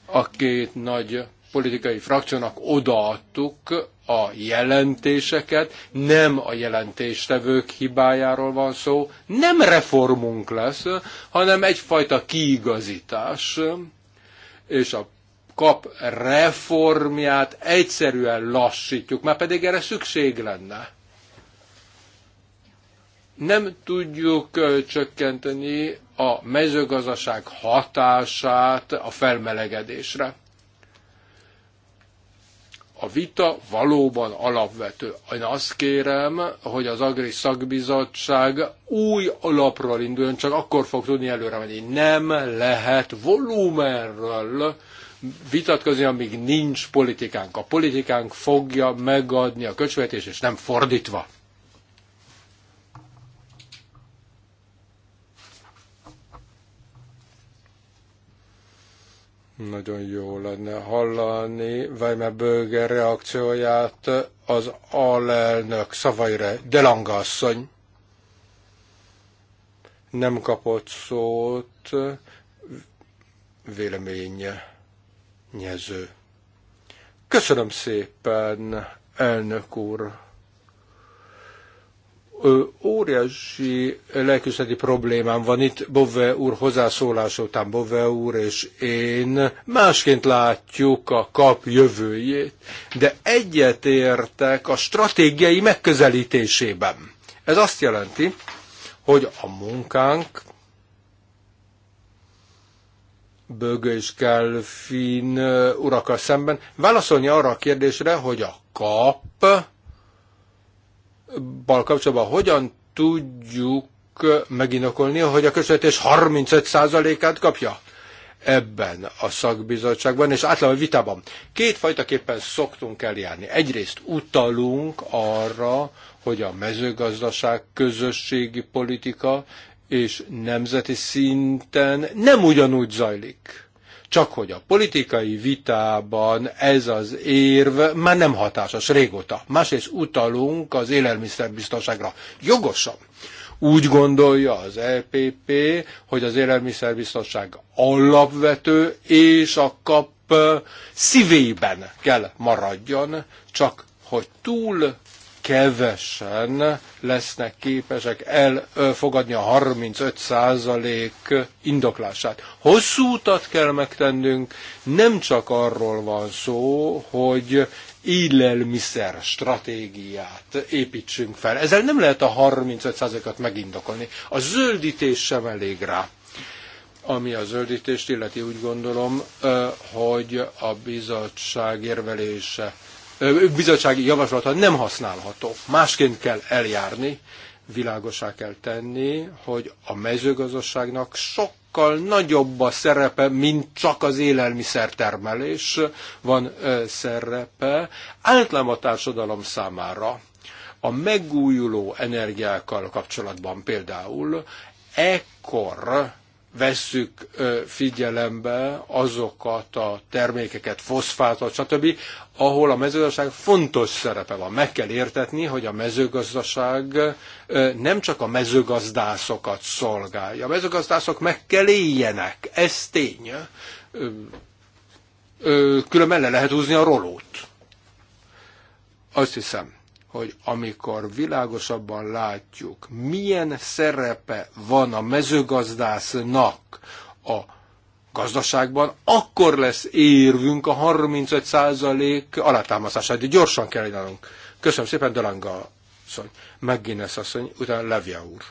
A két nagy politikai frakciónak odaadtuk a jelentéseket, nem a jelentéstevők hibájáról van szó, nem reformunk lesz, hanem egyfajta kiigazítás, és a kap reformját egyszerűen lassítjuk, mert pedig erre szükség lenne. Nem tudjuk csökkenteni a mezőgazdaság hatását a felmelegedésre a vita valóban alapvető. Én azt kérem, hogy az Agri Szakbizottság új alapról induljon, csak akkor fog tudni előre menni. Nem lehet volumenről vitatkozni, amíg nincs politikánk. A politikánk fogja megadni a költségvetést, és nem fordítva. Nagyon jó lenne hallani Weimar Böger reakcióját az alelnök szavaira. De asszony nem kapott szót, véleménye nyező. Köszönöm szépen, elnök úr! óriási lelkiszleti problémám van itt Bove úr hozzászólása után. Bove úr és én másként látjuk a kap jövőjét, de egyetértek a stratégiai megközelítésében. Ez azt jelenti, hogy a munkánk Bögő és Kelfin urakkal szemben válaszolni arra a kérdésre, hogy a kap bal kapcsolatban hogyan tudjuk meginokolni, hogy a közvetés 35%-át kapja ebben a szakbizottságban és általában vitában. Kétfajtaképpen szoktunk eljárni. Egyrészt utalunk arra, hogy a mezőgazdaság közösségi politika és nemzeti szinten nem ugyanúgy zajlik. Csak hogy a politikai vitában ez az érv már nem hatásos régóta. Másrészt utalunk az élelmiszerbiztonságra. Jogosan. Úgy gondolja az EPP, hogy az élelmiszerbiztonság alapvető, és a kap szívében kell maradjon, csak hogy túl kevesen lesznek képesek elfogadni a 35% indoklását. Hosszú utat kell megtennünk, nem csak arról van szó, hogy élelmiszer stratégiát építsünk fel. Ezzel nem lehet a 35%-at megindokolni. A zöldítés sem elég rá. Ami a zöldítést illeti, úgy gondolom, hogy a bizottság érvelése bizottsági javaslata nem használható. Másként kell eljárni, világosá kell tenni, hogy a mezőgazdaságnak sokkal nagyobb a szerepe, mint csak az élelmiszertermelés van szerepe, általában a társadalom számára. A megújuló energiákkal kapcsolatban például ekkor vesszük figyelembe azokat a termékeket, foszfátot, stb., ahol a mezőgazdaság fontos szerepe van. Meg kell értetni, hogy a mezőgazdaság nem csak a mezőgazdászokat szolgálja. A mezőgazdászok meg kell éljenek, ez tény. Különben le lehet húzni a rolót. Azt hiszem, hogy amikor világosabban látjuk, milyen szerepe van a mezőgazdásznak a gazdaságban, akkor lesz érvünk a 35% alátámasztását, de gyorsan kell innanunk. Köszönöm szépen, Delanga asszony, ez asszony, utána Levia úr.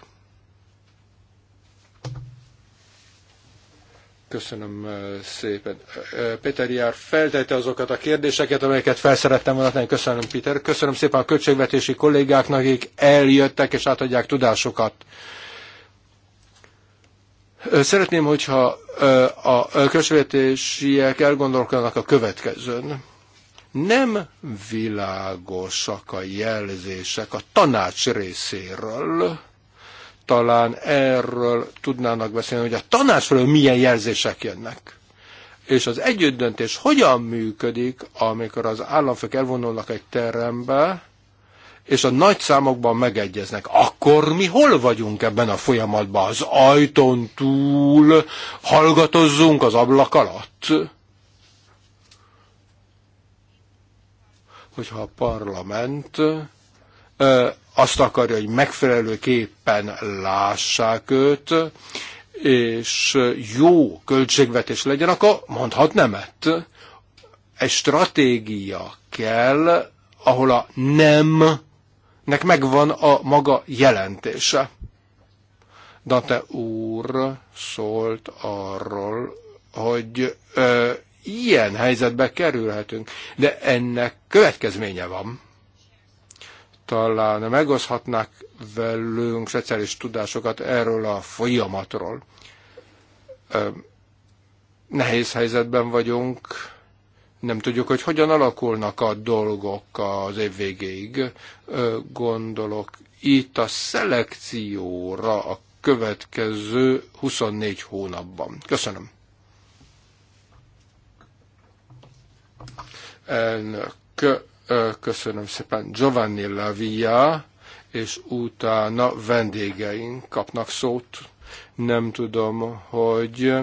Köszönöm eh, szépen. Eh, Péter Jár feltette azokat a kérdéseket, amelyeket felszerettem volna tenni. Köszönöm, Péter. Köszönöm szépen a költségvetési kollégáknak, akik eljöttek és átadják tudásukat. Szeretném, hogyha eh, a költségvetésiek elgondolkodnak a következőn. Nem világosak a jelzések a tanács részéről talán erről tudnának beszélni, hogy a tanácsról milyen jelzések jönnek. És az együttdöntés hogyan működik, amikor az államfők elvonulnak egy terembe, és a nagy számokban megegyeznek. Akkor mi hol vagyunk ebben a folyamatban? Az ajtón túl hallgatozzunk az ablak alatt? Hogyha a parlament azt akarja, hogy megfelelőképpen lássák őt, és jó költségvetés legyen, akkor mondhat nemet. Egy stratégia kell, ahol a nemnek megvan a maga jelentése. Dante úr szólt arról, hogy ö, ilyen helyzetbe kerülhetünk, de ennek következménye van talán megoszhatnák velünk speciális tudásokat erről a folyamatról. Nehéz helyzetben vagyunk, nem tudjuk, hogy hogyan alakulnak a dolgok az év végéig. Gondolok itt a szelekcióra a következő 24 hónapban. Köszönöm. Elnök Köszönöm szépen Giovanni Lavia, és utána vendégeink kapnak szót. Nem tudom, hogy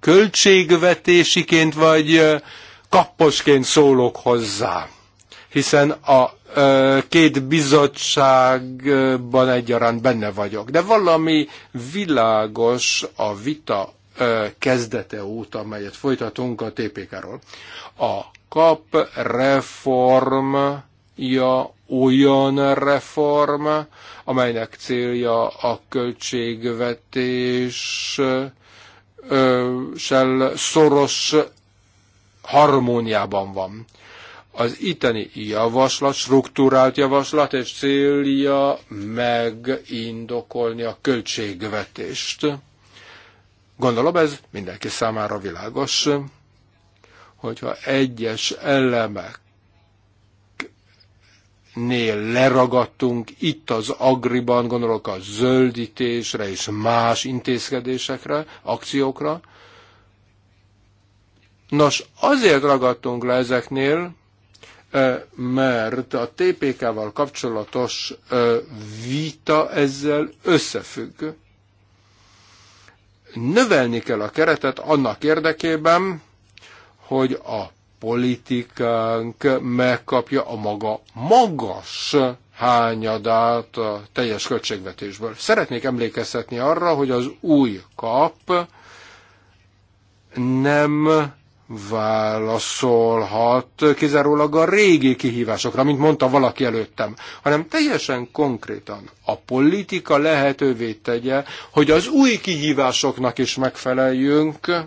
költségvetésiként vagy kapposként szólok hozzá, hiszen a két bizottságban egyaránt benne vagyok. De valami világos a vita kezdete óta, amelyet folytatunk a TPK-ról. A kap reformja olyan reform, amelynek célja a költségvetés sel szoros harmóniában van. Az itteni javaslat, struktúrált javaslat és célja megindokolni a költségvetést. Gondolom ez mindenki számára világos hogyha egyes elemeknél leragadtunk, itt az agriban, gondolok a zöldítésre és más intézkedésekre, akciókra. Nos, azért ragadtunk le ezeknél, mert a TPK-val kapcsolatos vita ezzel összefügg. Növelni kell a keretet annak érdekében, hogy a politikánk megkapja a maga magas hányadát a teljes költségvetésből. Szeretnék emlékeztetni arra, hogy az új kap nem válaszolhat kizárólag a régi kihívásokra, mint mondta valaki előttem, hanem teljesen konkrétan a politika lehetővé tegye, hogy az új kihívásoknak is megfeleljünk,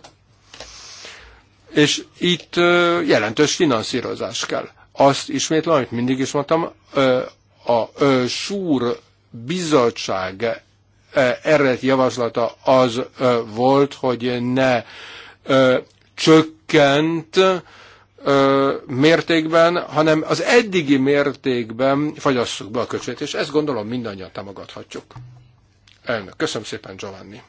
és itt jelentős finanszírozás kell. Azt ismétlem, amit mindig is mondtam, a súr bizottság eredeti javaslata az volt, hogy ne csökkent mértékben, hanem az eddigi mértékben fagyasszuk be a köcsét, és ezt gondolom mindannyian támogathatjuk. Elnök, köszönöm szépen Giovanni.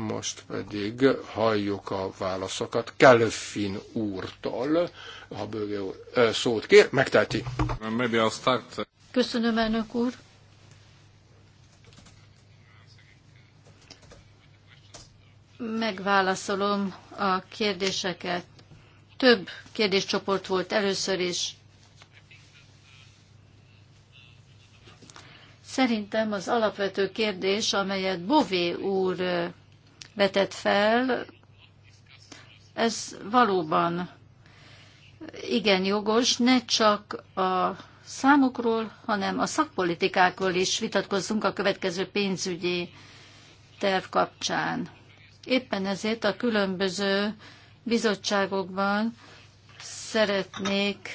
Most pedig halljuk a válaszokat Kelfin úrtól, ha bőgő úr szót kér, megteheti. Köszönöm, elnök úr. Megválaszolom a kérdéseket. Több kérdéscsoport volt először is. Szerintem az alapvető kérdés, amelyet Bové úr vetett fel, ez valóban igen jogos, ne csak a számokról, hanem a szakpolitikákról is vitatkozzunk a következő pénzügyi terv kapcsán. Éppen ezért a különböző bizottságokban szeretnék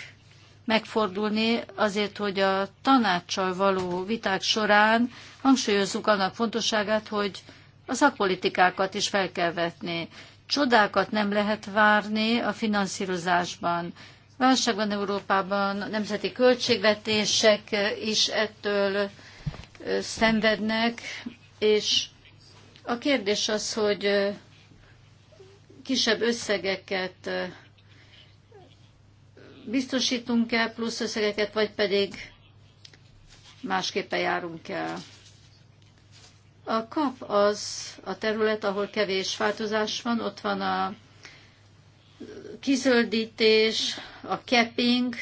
megfordulni azért, hogy a tanácssal való viták során hangsúlyozzuk annak fontosságát, hogy a szakpolitikákat is fel kell vetni. Csodákat nem lehet várni a finanszírozásban. Válság van Európában, a nemzeti költségvetések is ettől szenvednek, és a kérdés az, hogy kisebb összegeket biztosítunk-e, plusz összegeket, vagy pedig másképpen járunk el. A kap az a terület, ahol kevés változás van, ott van a kizöldítés, a capping,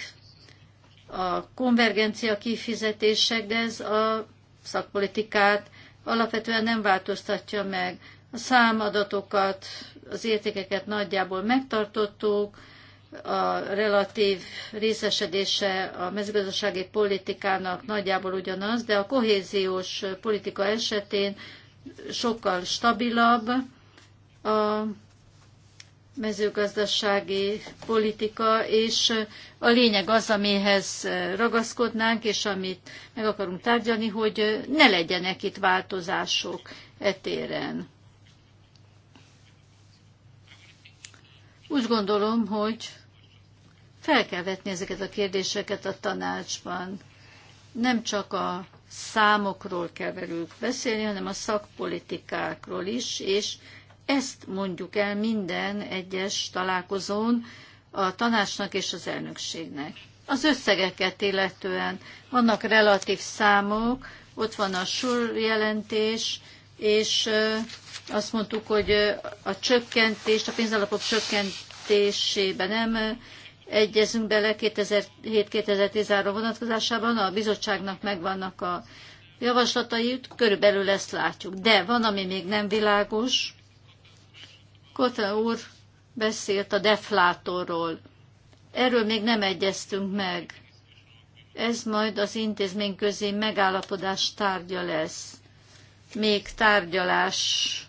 a konvergencia kifizetések, de ez a szakpolitikát alapvetően nem változtatja meg. A számadatokat, az értékeket nagyjából megtartottuk, a relatív részesedése a mezőgazdasági politikának nagyjából ugyanaz, de a kohéziós politika esetén sokkal stabilabb a mezőgazdasági politika, és a lényeg az, amihez ragaszkodnánk, és amit meg akarunk tárgyalni, hogy ne legyenek itt változások etéren. Úgy gondolom, hogy fel kell vetni ezeket a kérdéseket a tanácsban. Nem csak a számokról kell velük beszélni, hanem a szakpolitikákról is, és ezt mondjuk el minden egyes találkozón a tanácsnak és az elnökségnek. Az összegeket illetően vannak relatív számok, ott van a SUR jelentés, és azt mondtuk, hogy a csökkentés, a pénzalapok csökkentésében nem egyezünk bele 2007-2013 vonatkozásában, a bizottságnak megvannak a javaslatai, körülbelül ezt látjuk. De van, ami még nem világos. Kota úr beszélt a deflátorról. Erről még nem egyeztünk meg. Ez majd az intézményközi megállapodás tárgya lesz. Még tárgyalás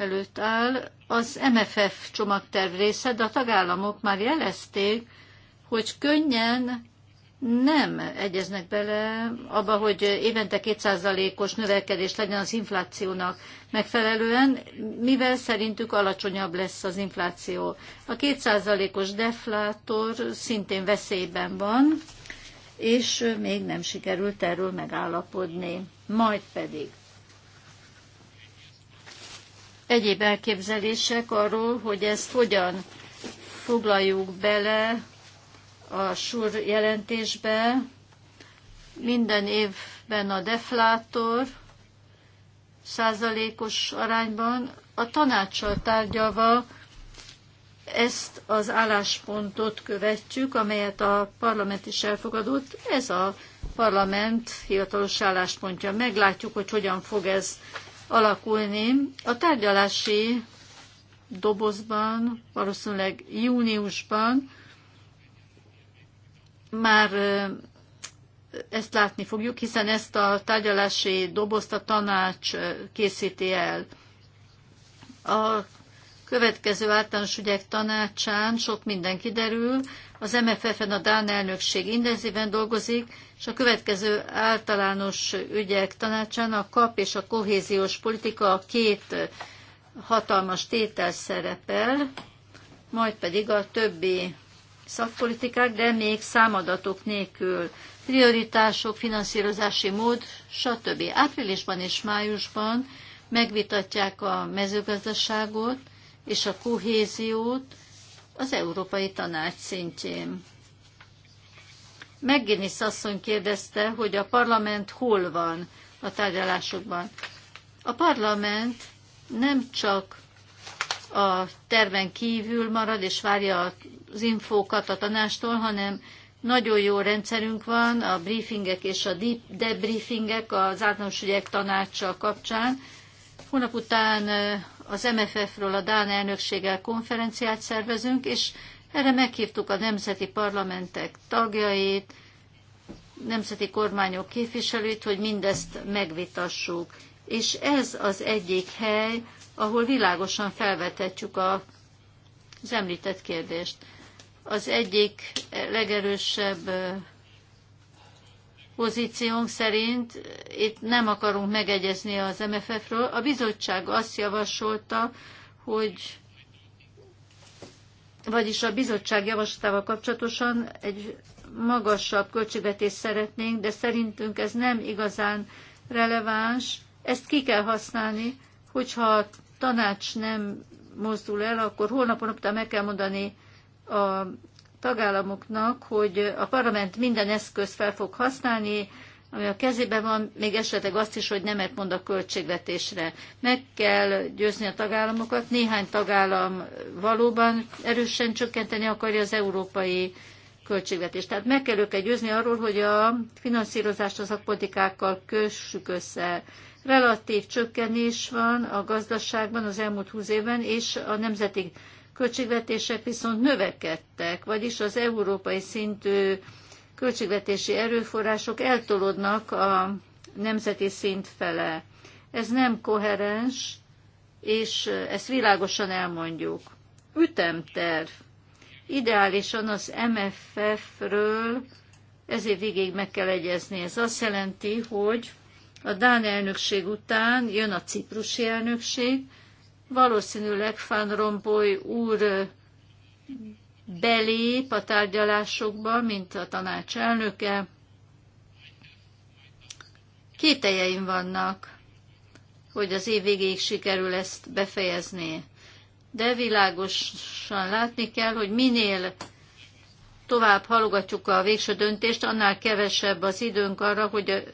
előtt áll, az MFF csomagterv része, de a tagállamok már jelezték, hogy könnyen nem egyeznek bele abba, hogy évente 2%-os növekedés legyen az inflációnak megfelelően, mivel szerintük alacsonyabb lesz az infláció. A 2%-os deflátor szintén veszélyben van, és még nem sikerült erről megállapodni. Majd pedig egyéb elképzelések arról, hogy ezt hogyan foglaljuk bele a SUR jelentésbe. Minden évben a deflátor százalékos arányban, a tanácssal tárgyalva ezt az álláspontot követjük, amelyet a parlament is elfogadott. Ez a parlament hivatalos álláspontja. Meglátjuk, hogy hogyan fog ez alakulni. A tárgyalási dobozban, valószínűleg júniusban már ezt látni fogjuk, hiszen ezt a tárgyalási dobozt a tanács készíti el. A következő általános ügyek tanácsán sok minden kiderül. Az MFF-en a Dán elnökség intenzíven dolgozik, és a következő általános ügyek tanácsán a KAP és a kohéziós politika a két hatalmas tétel szerepel, majd pedig a többi szakpolitikák, de még számadatok nélkül prioritások, finanszírozási mód, stb. Áprilisban és májusban megvitatják a mezőgazdaságot, és a kohéziót az Európai Tanács szintjén. Megginis asszony kérdezte, hogy a parlament hol van a tárgyalásokban. A parlament nem csak a terven kívül marad és várja az infókat a tanástól, hanem nagyon jó rendszerünk van, a briefingek és a debriefingek az általános ügyek tanácsa kapcsán. Hónap után az MFF-ről a Dán elnökséggel konferenciát szervezünk, és erre meghívtuk a nemzeti parlamentek tagjait, nemzeti kormányok képviselőit, hogy mindezt megvitassuk. És ez az egyik hely, ahol világosan felvetetjük a, az említett kérdést. Az egyik legerősebb pozíciónk szerint itt nem akarunk megegyezni az MFF-ről. A bizottság azt javasolta, hogy vagyis a bizottság javaslatával kapcsolatosan egy magasabb költségvetést szeretnénk, de szerintünk ez nem igazán releváns. Ezt ki kell használni, hogyha a tanács nem mozdul el, akkor holnap, holnap meg kell mondani a tagállamoknak, hogy a parlament minden eszközt fel fog használni, ami a kezében van, még esetleg azt is, hogy nemet mond a költségvetésre. Meg kell győzni a tagállamokat. Néhány tagállam valóban erősen csökkenteni akarja az európai költségvetést. Tehát meg kell őket győzni arról, hogy a finanszírozást az szakpolitikákkal kössük össze. Relatív csökkenés van a gazdaságban az elmúlt húsz évben, és a nemzeti költségvetések viszont növekedtek, vagyis az európai szintű költségvetési erőforrások eltolódnak a nemzeti szint fele. Ez nem koherens, és ezt világosan elmondjuk. Ütemterv. Ideálisan az MFF-ről ez év végéig meg kell egyezni. Ez azt jelenti, hogy a Dán elnökség után jön a ciprusi elnökség, Valószínűleg Fán Rompuy úr belép a tárgyalásokba, mint a tanács elnöke. Kételjeim vannak, hogy az év végéig sikerül ezt befejezni. De világosan látni kell, hogy minél tovább halogatjuk a végső döntést, annál kevesebb az időnk arra, hogy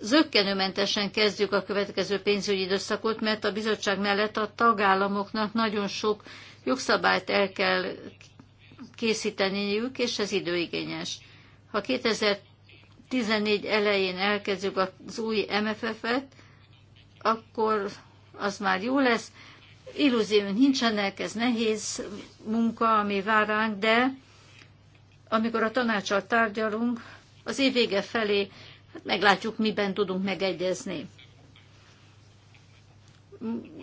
zöggenőmentesen kezdjük a következő pénzügyi időszakot, mert a bizottság mellett a tagállamoknak nagyon sok jogszabályt el kell készíteniük, és ez időigényes. Ha 2014 elején elkezdjük az új MFF-et, akkor az már jó lesz. Illúzió nincsenek, ez nehéz munka, ami vár ránk, de amikor a tanácsal tárgyalunk, az év vége felé Hát meglátjuk, miben tudunk megegyezni.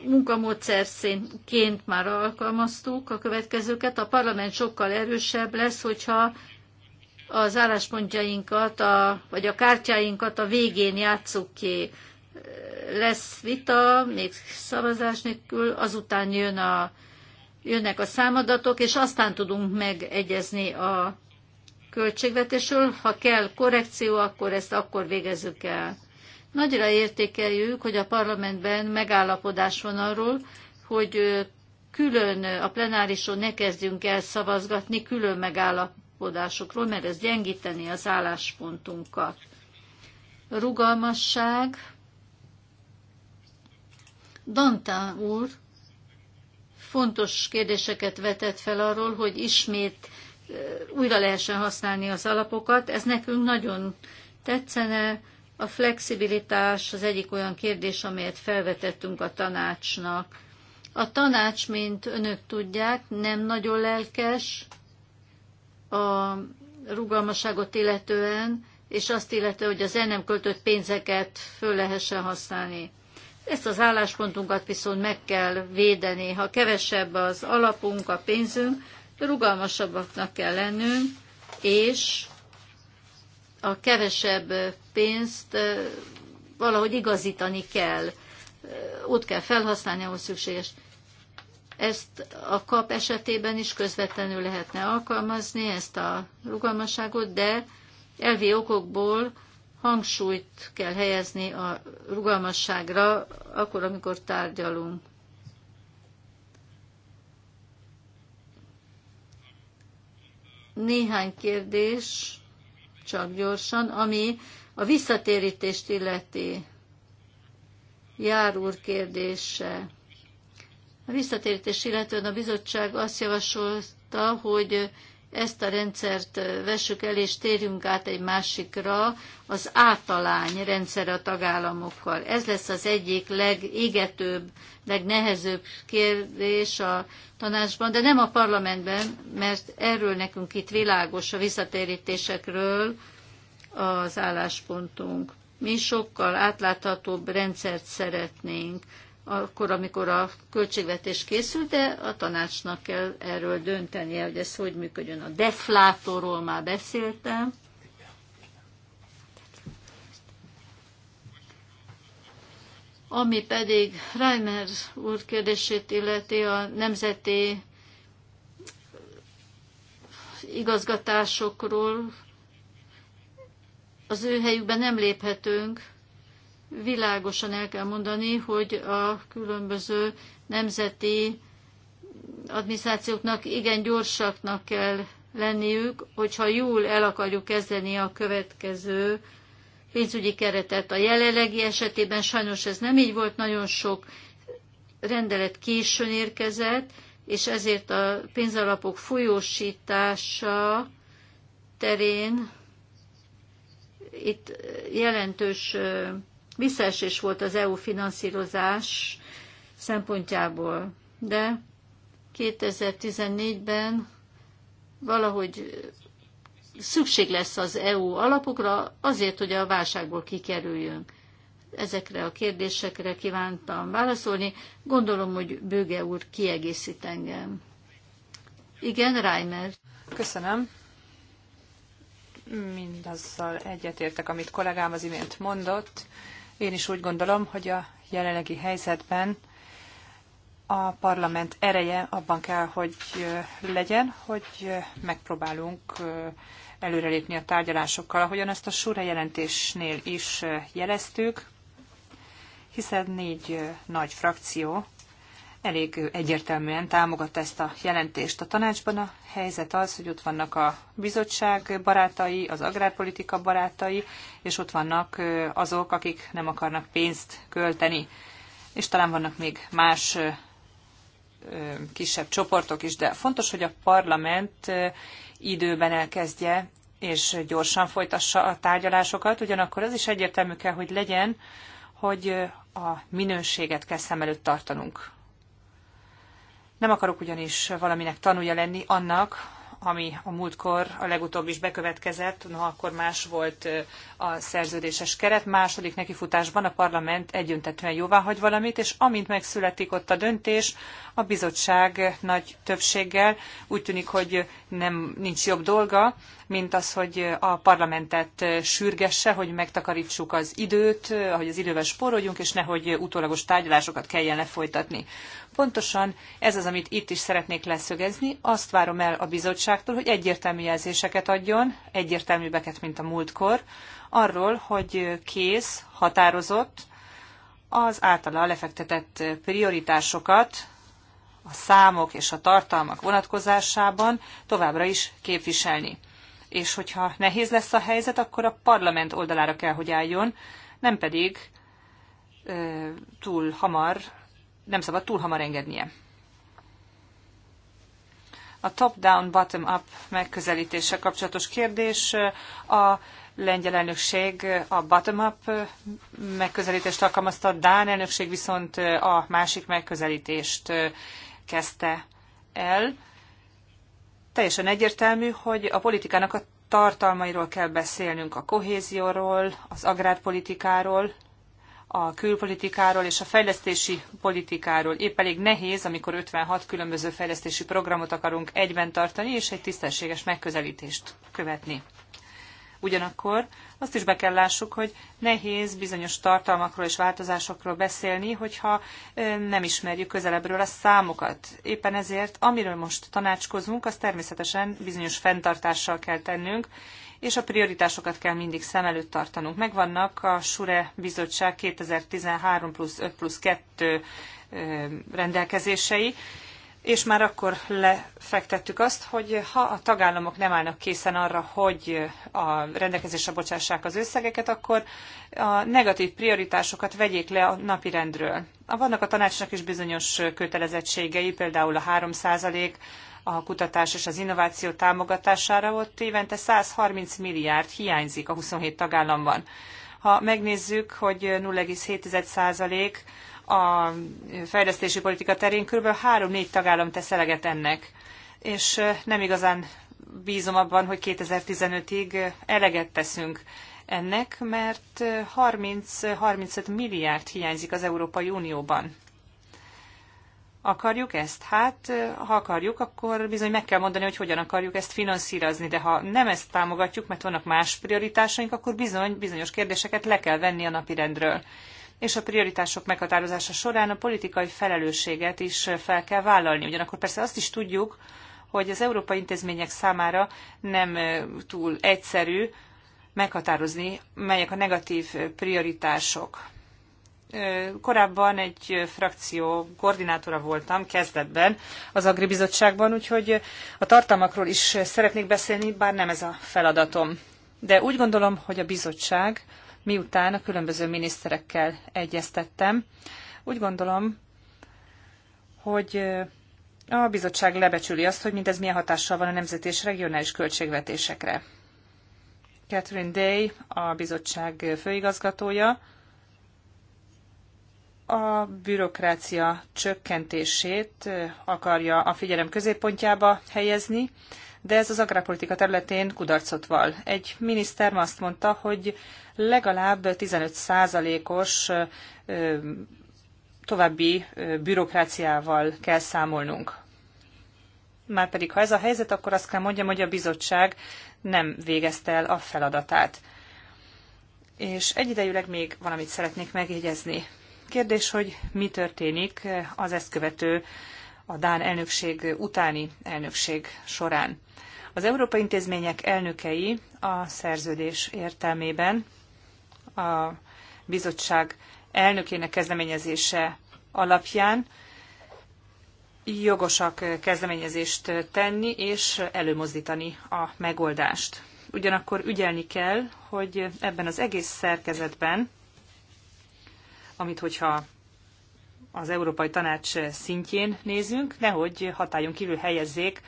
Munkamódszerként már alkalmaztuk a következőket. A parlament sokkal erősebb lesz, hogyha az álláspontjainkat, a, vagy a kártyáinkat a végén játsszuk ki. Lesz vita, még szavazás nélkül, azután jön a, jönnek a számadatok, és aztán tudunk megegyezni a költségvetésről. Ha kell korrekció, akkor ezt akkor végezzük el. Nagyra értékeljük, hogy a parlamentben megállapodás van arról, hogy külön a plenárison ne kezdjünk el szavazgatni külön megállapodásokról, mert ez gyengíteni az álláspontunkat. Rugalmasság. Dantán úr fontos kérdéseket vetett fel arról, hogy ismét újra lehessen használni az alapokat. Ez nekünk nagyon tetszene. A flexibilitás az egyik olyan kérdés, amelyet felvetettünk a tanácsnak. A tanács, mint önök tudják, nem nagyon lelkes a rugalmasságot illetően, és azt illetően, hogy az el nem költött pénzeket föl lehessen használni. Ezt az álláspontunkat viszont meg kell védeni. Ha kevesebb az alapunk, a pénzünk, rugalmasabbaknak kell lennünk, és a kevesebb pénzt valahogy igazítani kell, ott kell felhasználni, ahol szükséges. Ezt a kap esetében is közvetlenül lehetne alkalmazni, ezt a rugalmasságot, de elvi okokból hangsúlyt kell helyezni a rugalmasságra, akkor, amikor tárgyalunk. Néhány kérdés, csak gyorsan, ami a visszatérítést illeti. Jár úr kérdése. A visszatérítés illetően a bizottság azt javasolta, hogy ezt a rendszert vessük el, és térjünk át egy másikra, az általány rendszer a tagállamokkal. Ez lesz az egyik legégetőbb, legnehezőbb kérdés a tanácsban, de nem a parlamentben, mert erről nekünk itt világos a visszatérítésekről az álláspontunk. Mi sokkal átláthatóbb rendszert szeretnénk akkor, amikor a költségvetés készül, de a tanácsnak kell erről döntenie, hogy ez hogy működjön. A deflátorról már beszéltem. Ami pedig Reimer úr kérdését illeti a nemzeti igazgatásokról, az ő helyükben nem léphetünk, világosan el kell mondani, hogy a különböző nemzeti adminisztrációknak igen gyorsaknak kell lenniük, hogyha jól el akarjuk kezdeni a következő pénzügyi keretet. A jelenlegi esetében sajnos ez nem így volt, nagyon sok rendelet későn érkezett, és ezért a pénzalapok folyósítása terén itt jelentős visszaesés volt az EU finanszírozás szempontjából, de 2014-ben valahogy szükség lesz az EU alapokra azért, hogy a válságból kikerüljünk. Ezekre a kérdésekre kívántam válaszolni. Gondolom, hogy Bőge úr kiegészít engem. Igen, Reimer. Köszönöm. Mindazzal egyetértek, amit kollégám az imént mondott. Én is úgy gondolom, hogy a jelenlegi helyzetben a parlament ereje abban kell, hogy legyen, hogy megpróbálunk előrelépni a tárgyalásokkal, ahogyan ezt a Sura jelentésnél is jeleztük, hiszen négy nagy frakció elég egyértelműen támogatta ezt a jelentést. A tanácsban a helyzet az, hogy ott vannak a bizottság barátai, az agrárpolitika barátai, és ott vannak azok, akik nem akarnak pénzt költeni. És talán vannak még más kisebb csoportok is, de fontos, hogy a parlament időben elkezdje és gyorsan folytassa a tárgyalásokat, ugyanakkor az is egyértelmű kell, hogy legyen, hogy a minőséget kell szem előtt tartanunk nem akarok ugyanis valaminek tanulja lenni annak, ami a múltkor a legutóbb is bekövetkezett, no, akkor más volt a szerződéses keret. Második nekifutásban a parlament egyöntetően jóvá hagy valamit, és amint megszületik ott a döntés, a bizottság nagy többséggel úgy tűnik, hogy nem nincs jobb dolga, mint az, hogy a parlamentet sürgesse, hogy megtakarítsuk az időt, hogy az idővel spóroljunk, és nehogy utólagos tárgyalásokat kelljen lefolytatni. Pontosan ez az, amit itt is szeretnék leszögezni. Azt várom el a bizottságtól, hogy egyértelmű jelzéseket adjon, egyértelműbbeket, mint a múltkor, arról, hogy kész, határozott az általa lefektetett prioritásokat a számok és a tartalmak vonatkozásában továbbra is képviselni. És hogyha nehéz lesz a helyzet, akkor a parlament oldalára kell, hogy álljon, nem pedig túl hamar nem szabad túl hamar engednie. A top-down, bottom-up megközelítéssel kapcsolatos kérdés. A lengyel elnökség a bottom-up megközelítést alkalmazta, a Dán elnökség viszont a másik megközelítést kezdte el. Teljesen egyértelmű, hogy a politikának a tartalmairól kell beszélnünk, a kohézióról, az agrárpolitikáról, a külpolitikáról és a fejlesztési politikáról. Épp elég nehéz, amikor 56 különböző fejlesztési programot akarunk egyben tartani, és egy tisztességes megközelítést követni. Ugyanakkor azt is be kell lássuk, hogy nehéz bizonyos tartalmakról és változásokról beszélni, hogyha nem ismerjük közelebbről a számokat. Éppen ezért, amiről most tanácskozunk, azt természetesen bizonyos fenntartással kell tennünk, és a prioritásokat kell mindig szem előtt tartanunk. Megvannak a SURE bizottság 2013 plusz 5 plusz 2 rendelkezései, és már akkor lefektettük azt, hogy ha a tagállamok nem állnak készen arra, hogy a rendelkezésre bocsássák az összegeket, akkor a negatív prioritásokat vegyék le a napi rendről. Vannak a tanácsnak is bizonyos kötelezettségei, például a 3 a kutatás és az innováció támogatására, ott évente 130 milliárd hiányzik a 27 tagállamban. Ha megnézzük, hogy 0,7 a fejlesztési politika terén kb. 3-4 tagállam tesz eleget ennek, és nem igazán bízom abban, hogy 2015-ig eleget teszünk ennek, mert 30-35 milliárd hiányzik az Európai Unióban. Akarjuk ezt? Hát, ha akarjuk, akkor bizony meg kell mondani, hogy hogyan akarjuk ezt finanszírozni, de ha nem ezt támogatjuk, mert vannak más prioritásaink, akkor bizony bizonyos kérdéseket le kell venni a rendről. És a prioritások meghatározása során a politikai felelősséget is fel kell vállalni. Ugyanakkor persze azt is tudjuk, hogy az európai intézmények számára nem túl egyszerű meghatározni, melyek a negatív prioritások korábban egy frakció koordinátora voltam kezdetben az Agribizottságban, úgyhogy a tartalmakról is szeretnék beszélni, bár nem ez a feladatom. De úgy gondolom, hogy a bizottság, miután a különböző miniszterekkel egyeztettem, úgy gondolom, hogy a bizottság lebecsüli azt, hogy mindez milyen hatással van a nemzeti és regionális költségvetésekre. Catherine Day, a bizottság főigazgatója, a bürokrácia csökkentését akarja a figyelem középpontjába helyezni, de ez az agrárpolitika területén kudarcot val. Egy miniszter azt mondta, hogy legalább 15%-os további bürokráciával kell számolnunk. Márpedig, ha ez a helyzet, akkor azt kell mondjam, hogy a bizottság nem végezte el a feladatát. És egyidejűleg még valamit szeretnék megjegyezni. Kérdés, hogy mi történik az ezt követő a Dán elnökség utáni elnökség során. Az Európai Intézmények elnökei a szerződés értelmében a bizottság elnökének kezdeményezése alapján jogosak kezdeményezést tenni és előmozdítani a megoldást. Ugyanakkor ügyelni kell, hogy ebben az egész szerkezetben amit hogyha az Európai Tanács szintjén nézünk, nehogy hatályon kívül helyezzék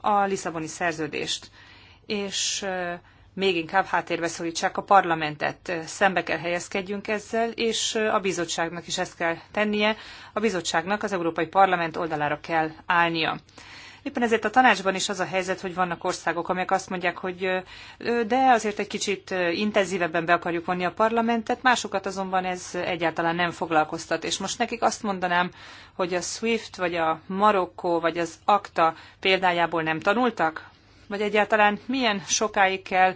a Lisszaboni szerződést. És még inkább háttérbe szorítsák a parlamentet. Szembe kell helyezkedjünk ezzel, és a bizottságnak is ezt kell tennie. A bizottságnak az Európai Parlament oldalára kell állnia. Éppen ezért a tanácsban is az a helyzet, hogy vannak országok, amelyek azt mondják, hogy de azért egy kicsit intenzívebben be akarjuk vonni a parlamentet, másokat azonban ez egyáltalán nem foglalkoztat. És most nekik azt mondanám, hogy a SWIFT, vagy a Marokkó, vagy az ACTA példájából nem tanultak? Vagy egyáltalán milyen sokáig kell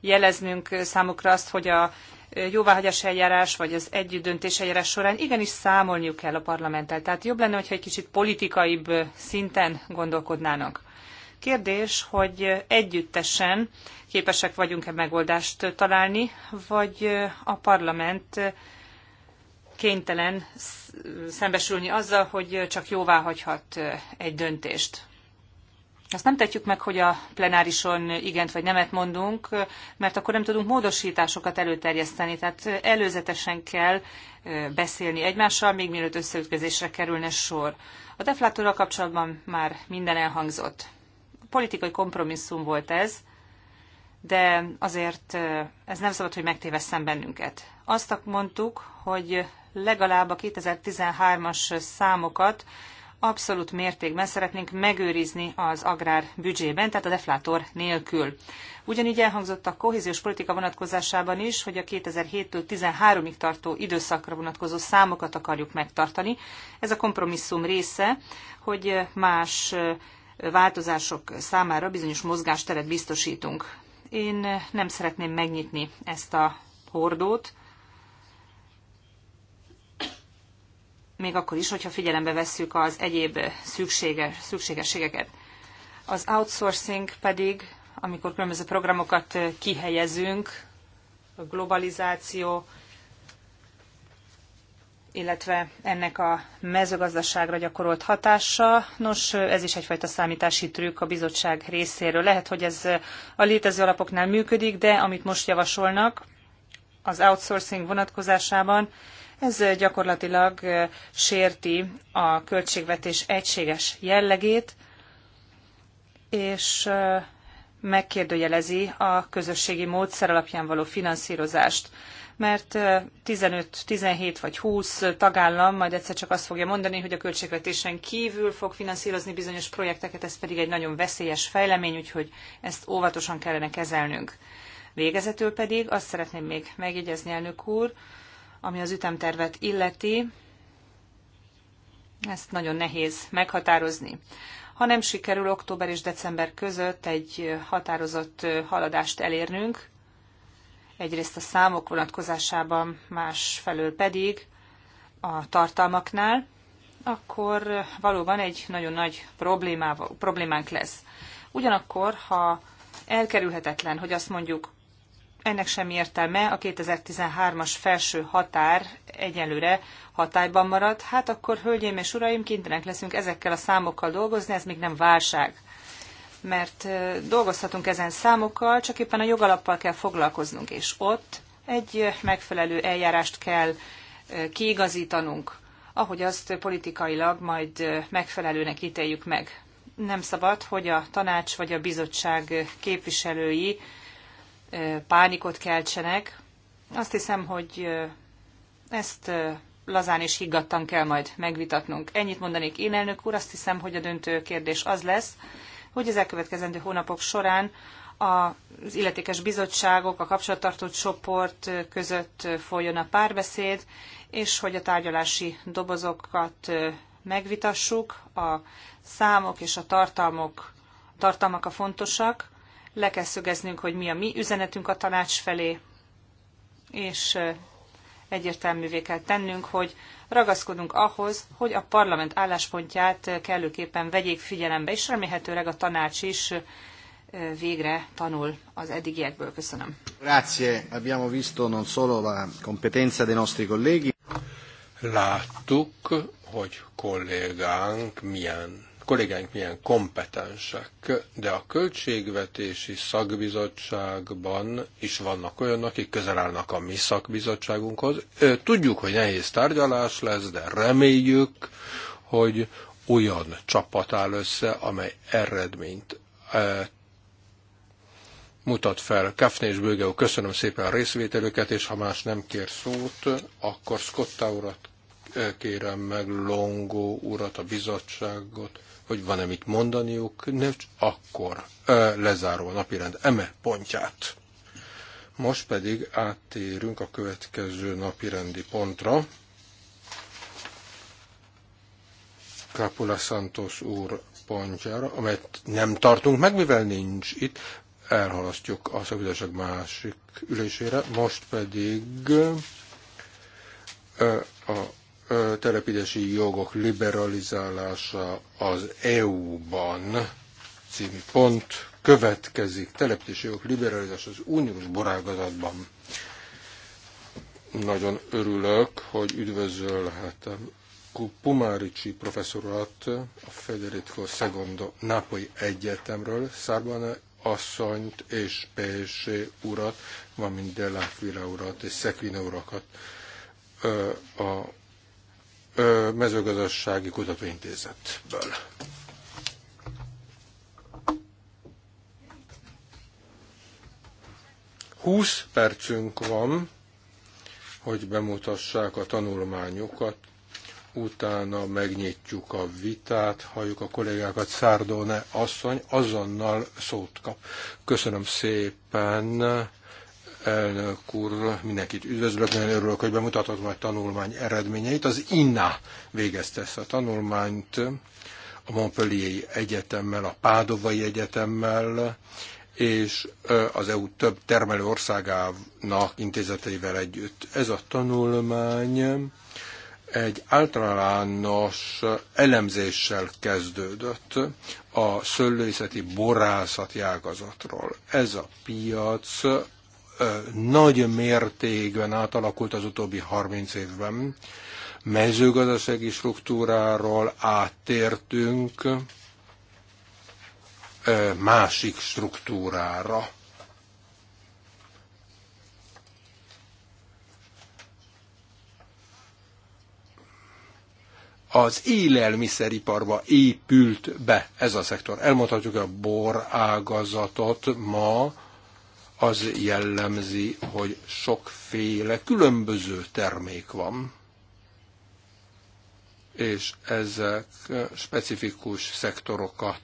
jeleznünk számukra azt, hogy a jóváhagyás eljárás, vagy az együttdöntés eljárás során igenis számolniuk kell a parlamenttel. Tehát jobb lenne, hogyha egy kicsit politikaibb szinten gondolkodnának. Kérdés, hogy együttesen képesek vagyunk-e megoldást találni, vagy a parlament kénytelen szembesülni azzal, hogy csak jóvá hagyhat egy döntést. Azt nem tetjük meg, hogy a plenárison igent vagy nemet mondunk, mert akkor nem tudunk módosításokat előterjeszteni. Tehát előzetesen kell beszélni egymással, még mielőtt összeütközésre kerülne sor. A deflátorral kapcsolatban már minden elhangzott. Politikai kompromisszum volt ez, de azért ez nem szabad, hogy megtévesszen bennünket. Azt mondtuk, hogy legalább a 2013-as számokat abszolút mértékben szeretnénk megőrizni az agrár büdzsében, tehát a deflátor nélkül. Ugyanígy elhangzott a kohéziós politika vonatkozásában is, hogy a 2007-től 13-ig tartó időszakra vonatkozó számokat akarjuk megtartani. Ez a kompromisszum része, hogy más változások számára bizonyos mozgásteret biztosítunk. Én nem szeretném megnyitni ezt a hordót, még akkor is, hogyha figyelembe vesszük az egyéb szükséges, szükségességeket. Az outsourcing pedig, amikor különböző programokat kihelyezünk, a globalizáció, illetve ennek a mezőgazdaságra gyakorolt hatása. Nos, ez is egyfajta számítási trükk a bizottság részéről. Lehet, hogy ez a létező alapoknál működik, de amit most javasolnak az outsourcing vonatkozásában, ez gyakorlatilag sérti a költségvetés egységes jellegét, és megkérdőjelezi a közösségi módszer alapján való finanszírozást mert 15, 17 vagy 20 tagállam majd egyszer csak azt fogja mondani, hogy a költségvetésen kívül fog finanszírozni bizonyos projekteket, ez pedig egy nagyon veszélyes fejlemény, úgyhogy ezt óvatosan kellene kezelnünk. Végezetül pedig azt szeretném még megjegyezni, elnök úr, ami az ütemtervet illeti, ezt nagyon nehéz meghatározni. Ha nem sikerül október és december között egy határozott haladást elérnünk, egyrészt a számok vonatkozásában, másfelől pedig a tartalmaknál, akkor valóban egy nagyon nagy problémánk lesz. Ugyanakkor, ha elkerülhetetlen, hogy azt mondjuk, ennek semmi értelme, a 2013-as felső határ egyelőre hatályban marad, hát akkor, hölgyeim és uraim, kénytelenek leszünk ezekkel a számokkal dolgozni, ez még nem válság. Mert dolgozhatunk ezen számokkal, csak éppen a jogalappal kell foglalkoznunk, és ott egy megfelelő eljárást kell kiigazítanunk, ahogy azt politikailag majd megfelelőnek ítéljük meg. Nem szabad, hogy a tanács vagy a bizottság képviselői pánikot keltsenek. Azt hiszem, hogy ezt lazán és higgadtan kell majd megvitatnunk. Ennyit mondanék én, elnök úr, azt hiszem, hogy a döntő kérdés az lesz, hogy az elkövetkezendő hónapok során az illetékes bizottságok, a kapcsolattartó csoport között folyjon a párbeszéd, és hogy a tárgyalási dobozokat megvitassuk, a számok és a tartalmok, tartalmak a fontosak, le kell szögeznünk, hogy mi a mi üzenetünk a tanács felé, és egyértelművé kell tennünk, hogy ragaszkodunk ahhoz, hogy a parlament álláspontját kellőképpen vegyék figyelembe, és remélhetőleg a tanács is végre tanul az eddigiekből. Köszönöm. Grazie. Abbiamo visto non solo la competenza dei nostri colleghi. Láttuk, hogy kollégánk milyen kollégáink milyen kompetensek, de a költségvetési szakbizottságban is vannak olyanok, akik közel állnak a mi szakbizottságunkhoz. Tudjuk, hogy nehéz tárgyalás lesz, de reméljük, hogy olyan csapat áll össze, amely eredményt mutat fel. Kefné és Bőgeó, köszönöm szépen a részvételüket, és ha más nem kér szót, akkor Scott urat kérem meg Longó urat, a bizottságot, hogy van-e mit mondaniuk, nem akkor lezáró a napirend eme pontját. Most pedig áttérünk a következő napirendi pontra. Capula Santos úr pontjára, amelyet nem tartunk meg, mivel nincs itt, elhalasztjuk a szabadság másik ülésére, most pedig a telepítési jogok liberalizálása az EU-ban című pont következik. Telepítési jogok liberalizálása az uniós borágazatban. Nagyon örülök, hogy üdvözölhetem Pumárici professzorat a Federico Segondo Nápolyi Egyetemről, Szárbana asszonyt és PS urat, valamint Delacquila urat és Szekvine urakat a mezőgazdasági kutatóintézetből. Húsz percünk van, hogy bemutassák a tanulmányokat, utána megnyitjuk a vitát, halljuk a kollégákat, Szárdóne asszony azonnal szót kap. Köszönöm szépen elnök úr, mindenkit üdvözlök, nagyon örülök, hogy bemutatott majd tanulmány eredményeit. Az INNA végezte ezt a tanulmányt a Montpellier Egyetemmel, a Pádovai Egyetemmel, és az EU több termelő országának intézeteivel együtt. Ez a tanulmány egy általános elemzéssel kezdődött a szőlőszeti borászati ágazatról. Ez a piac nagy mértékben átalakult az utóbbi 30 évben. Mezőgazdasági struktúráról áttértünk másik struktúrára. az élelmiszeriparba épült be ez a szektor. Elmondhatjuk a borágazatot ma az jellemzi, hogy sokféle különböző termék van, és ezek specifikus szektorokat,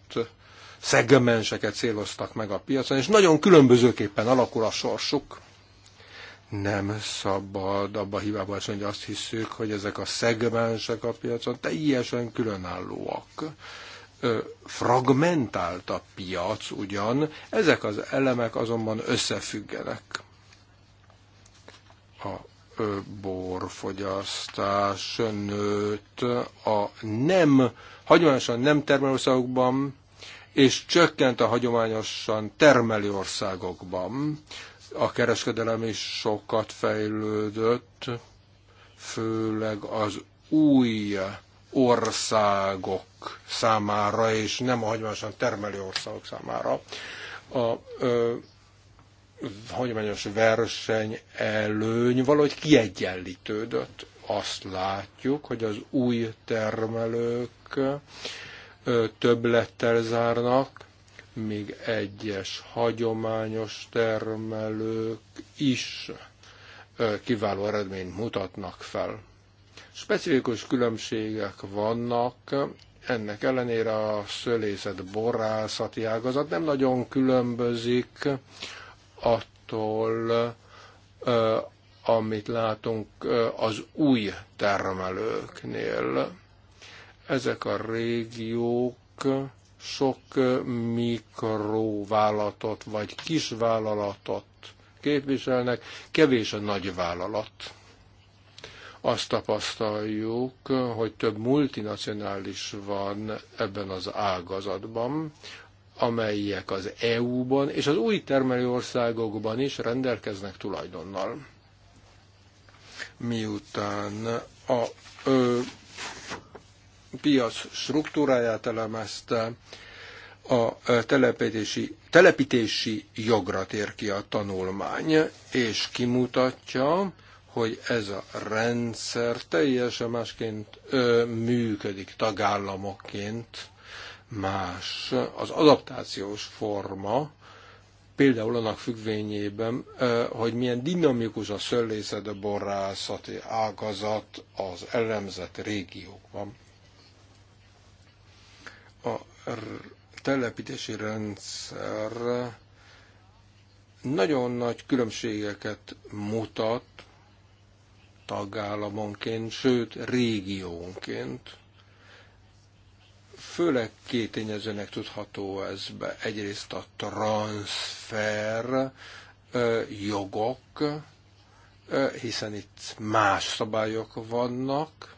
szegmenseket céloztak meg a piacon, és nagyon különbözőképpen alakul a sorsuk. Nem szabad abba hibába esni, hogy azt hiszük, hogy ezek a szegmensek a piacon teljesen különállóak fragmentált a piac ugyan, ezek az elemek azonban összefüggenek. A borfogyasztás nőtt a nem, hagyományosan nem termelő országokban, és csökkent a hagyományosan termelő országokban. A kereskedelem is sokat fejlődött, főleg az új országok számára, és nem a hagyományosan termelő országok számára. A ö, hagyományos verseny előny valahogy kiegyenlítődött. Azt látjuk, hogy az új termelők ö, többlettel zárnak, még egyes hagyományos termelők is kiváló eredményt mutatnak fel Specifikus különbségek vannak, ennek ellenére a szőlészet borászati ágazat nem nagyon különbözik attól, amit látunk az új termelőknél. Ezek a régiók sok mikrovállalatot vagy kisvállalatot képviselnek, kevés a nagyvállalat. Azt tapasztaljuk, hogy több multinacionális van ebben az ágazatban, amelyek az EU-ban és az új termelő országokban is rendelkeznek tulajdonnal. Miután a ö, piac struktúráját elemezte, a telepítési, telepítési jogra tér ki a tanulmány, és kimutatja, hogy ez a rendszer teljesen másként ö, működik tagállamokként más az adaptációs forma, például annak függvényében, hogy milyen dinamikus a szöllészet, a borászati ágazat az elemzett régiókban. A telepítési rendszer nagyon nagy különbségeket mutat tagállamonként, sőt régiónként. Főleg két tényezőnek tudható ez be. Egyrészt a transfer jogok, hiszen itt más szabályok vannak,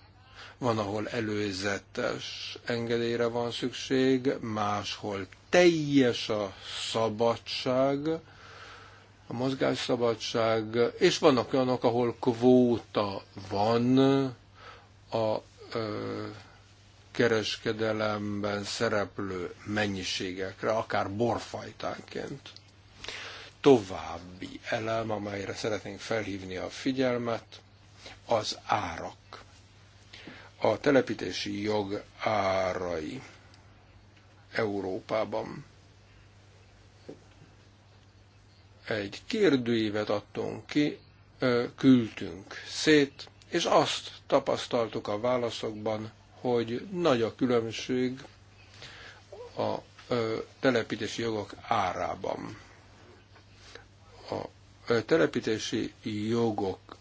van, ahol előzetes engedélyre van szükség, máshol teljes a szabadság, a mozgásszabadság, és vannak olyanok, ahol kvóta van a ö, kereskedelemben szereplő mennyiségekre, akár borfajtánként. További elem, amelyre szeretnénk felhívni a figyelmet, az árak. A telepítési jog árai Európában Egy kérdőívet adtunk ki, küldtünk szét, és azt tapasztaltuk a válaszokban, hogy nagy a különbség a telepítési jogok árában. A telepítési jogok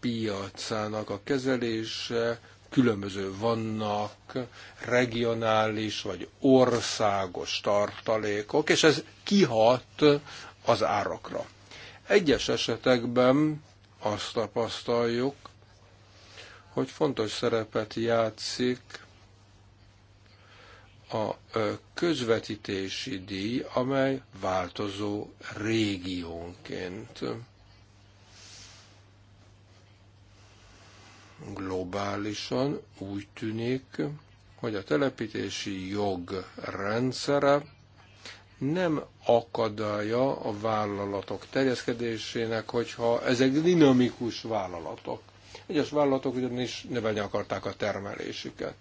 piacának a kezelése különböző vannak, regionális vagy országos tartalékok, és ez kihat az árakra. Egyes esetekben azt tapasztaljuk, hogy fontos szerepet játszik a közvetítési díj, amely változó régiónként. Globálisan úgy tűnik, hogy a telepítési jog rendszere nem akadálya a vállalatok terjeszkedésének, hogyha ezek dinamikus vállalatok. Egyes vállalatok ugyanis növelni akarták a termelésüket.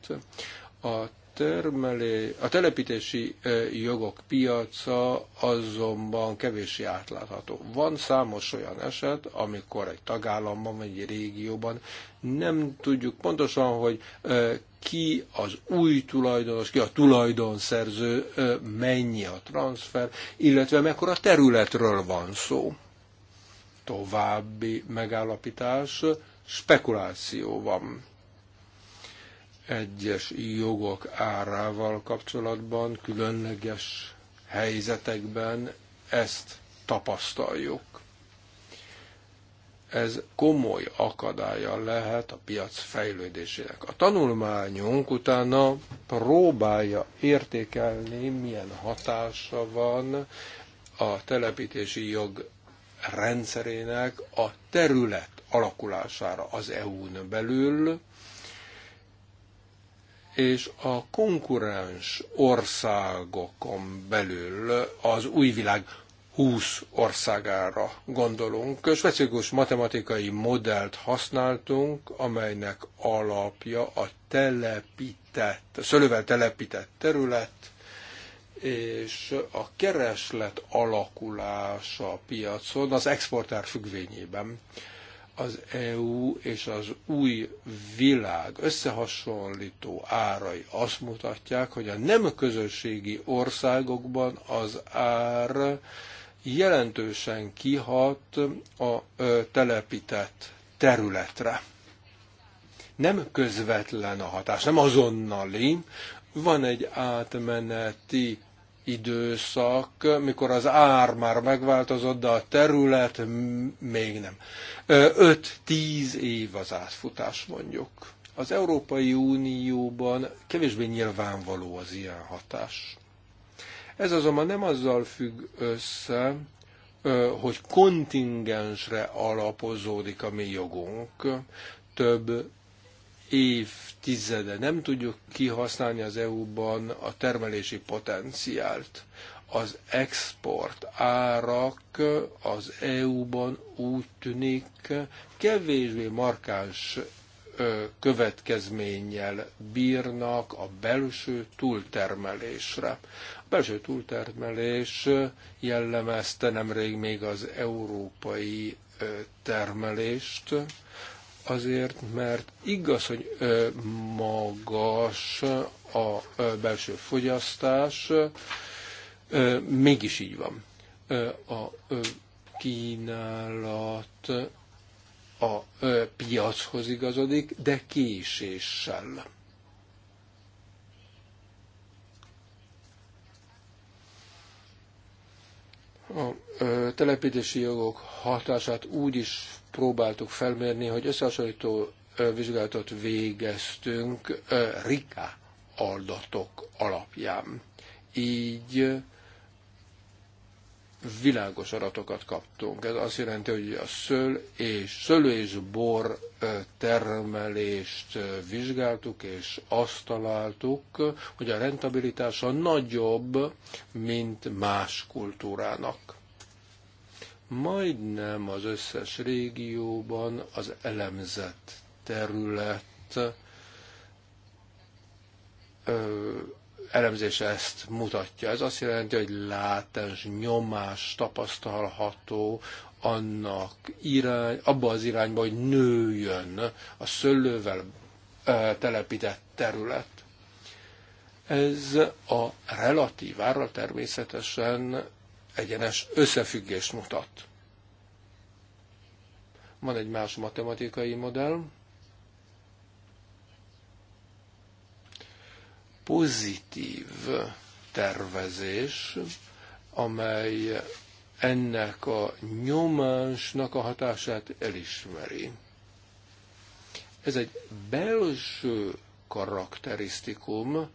A termelé, a telepítési jogok piaca azonban kevéssé átlátható. Van számos olyan eset, amikor egy tagállamban vagy egy régióban nem tudjuk pontosan, hogy ki az új tulajdonos, ki a tulajdonszerző, mennyi a transfer, illetve mekkora területről van szó. További megállapítás, spekuláció van egyes jogok árával kapcsolatban, különleges helyzetekben ezt tapasztaljuk ez komoly akadálya lehet a piac fejlődésének. A tanulmányunk utána próbálja értékelni, milyen hatása van a telepítési jog rendszerének a terület alakulására az EU-n belül, és a konkurens országokon belül az új világ 20 országára gondolunk. Specifikus matematikai modellt használtunk, amelynek alapja a telepített, a szölővel telepített terület, és a kereslet alakulása a piacon az exportár függvényében az EU és az új világ összehasonlító árai azt mutatják, hogy a nem közösségi országokban az ár jelentősen kihat a telepített területre. Nem közvetlen a hatás, nem azonnali, van egy átmeneti időszak, mikor az ár már megváltozott, de a terület még nem. 5-10 év az átfutás mondjuk. Az Európai Unióban kevésbé nyilvánvaló az ilyen hatás. Ez azonban nem azzal függ össze, hogy kontingensre alapozódik a mi jogunk. Több évtizede nem tudjuk kihasználni az EU-ban a termelési potenciált. Az export árak az EU-ban úgy tűnik kevésbé markáns következménnyel bírnak a belső túltermelésre. A belső túltermelés jellemezte nemrég még az európai termelést, azért, mert igaz, hogy magas a belső fogyasztás, mégis így van. A kínálat a piachoz igazodik, de késéssel. a telepítési jogok hatását úgy is próbáltuk felmérni, hogy összehasonlító vizsgálatot végeztünk Rika adatok alapján. Így világos aratokat kaptunk. Ez azt jelenti, hogy a szöl és, szöl és bor termelést vizsgáltuk, és azt találtuk, hogy a rentabilitása nagyobb, mint más kultúrának. Majdnem az összes régióban az elemzett terület ö, elemzése ezt mutatja. Ez azt jelenti, hogy látás, nyomás tapasztalható annak irány, abba az irányba, hogy nőjön a szőlővel telepített terület. Ez a relatív ára természetesen egyenes összefüggést mutat. Van egy más matematikai modell, pozitív tervezés, amely ennek a nyomásnak a hatását elismeri. Ez egy belső karakterisztikum,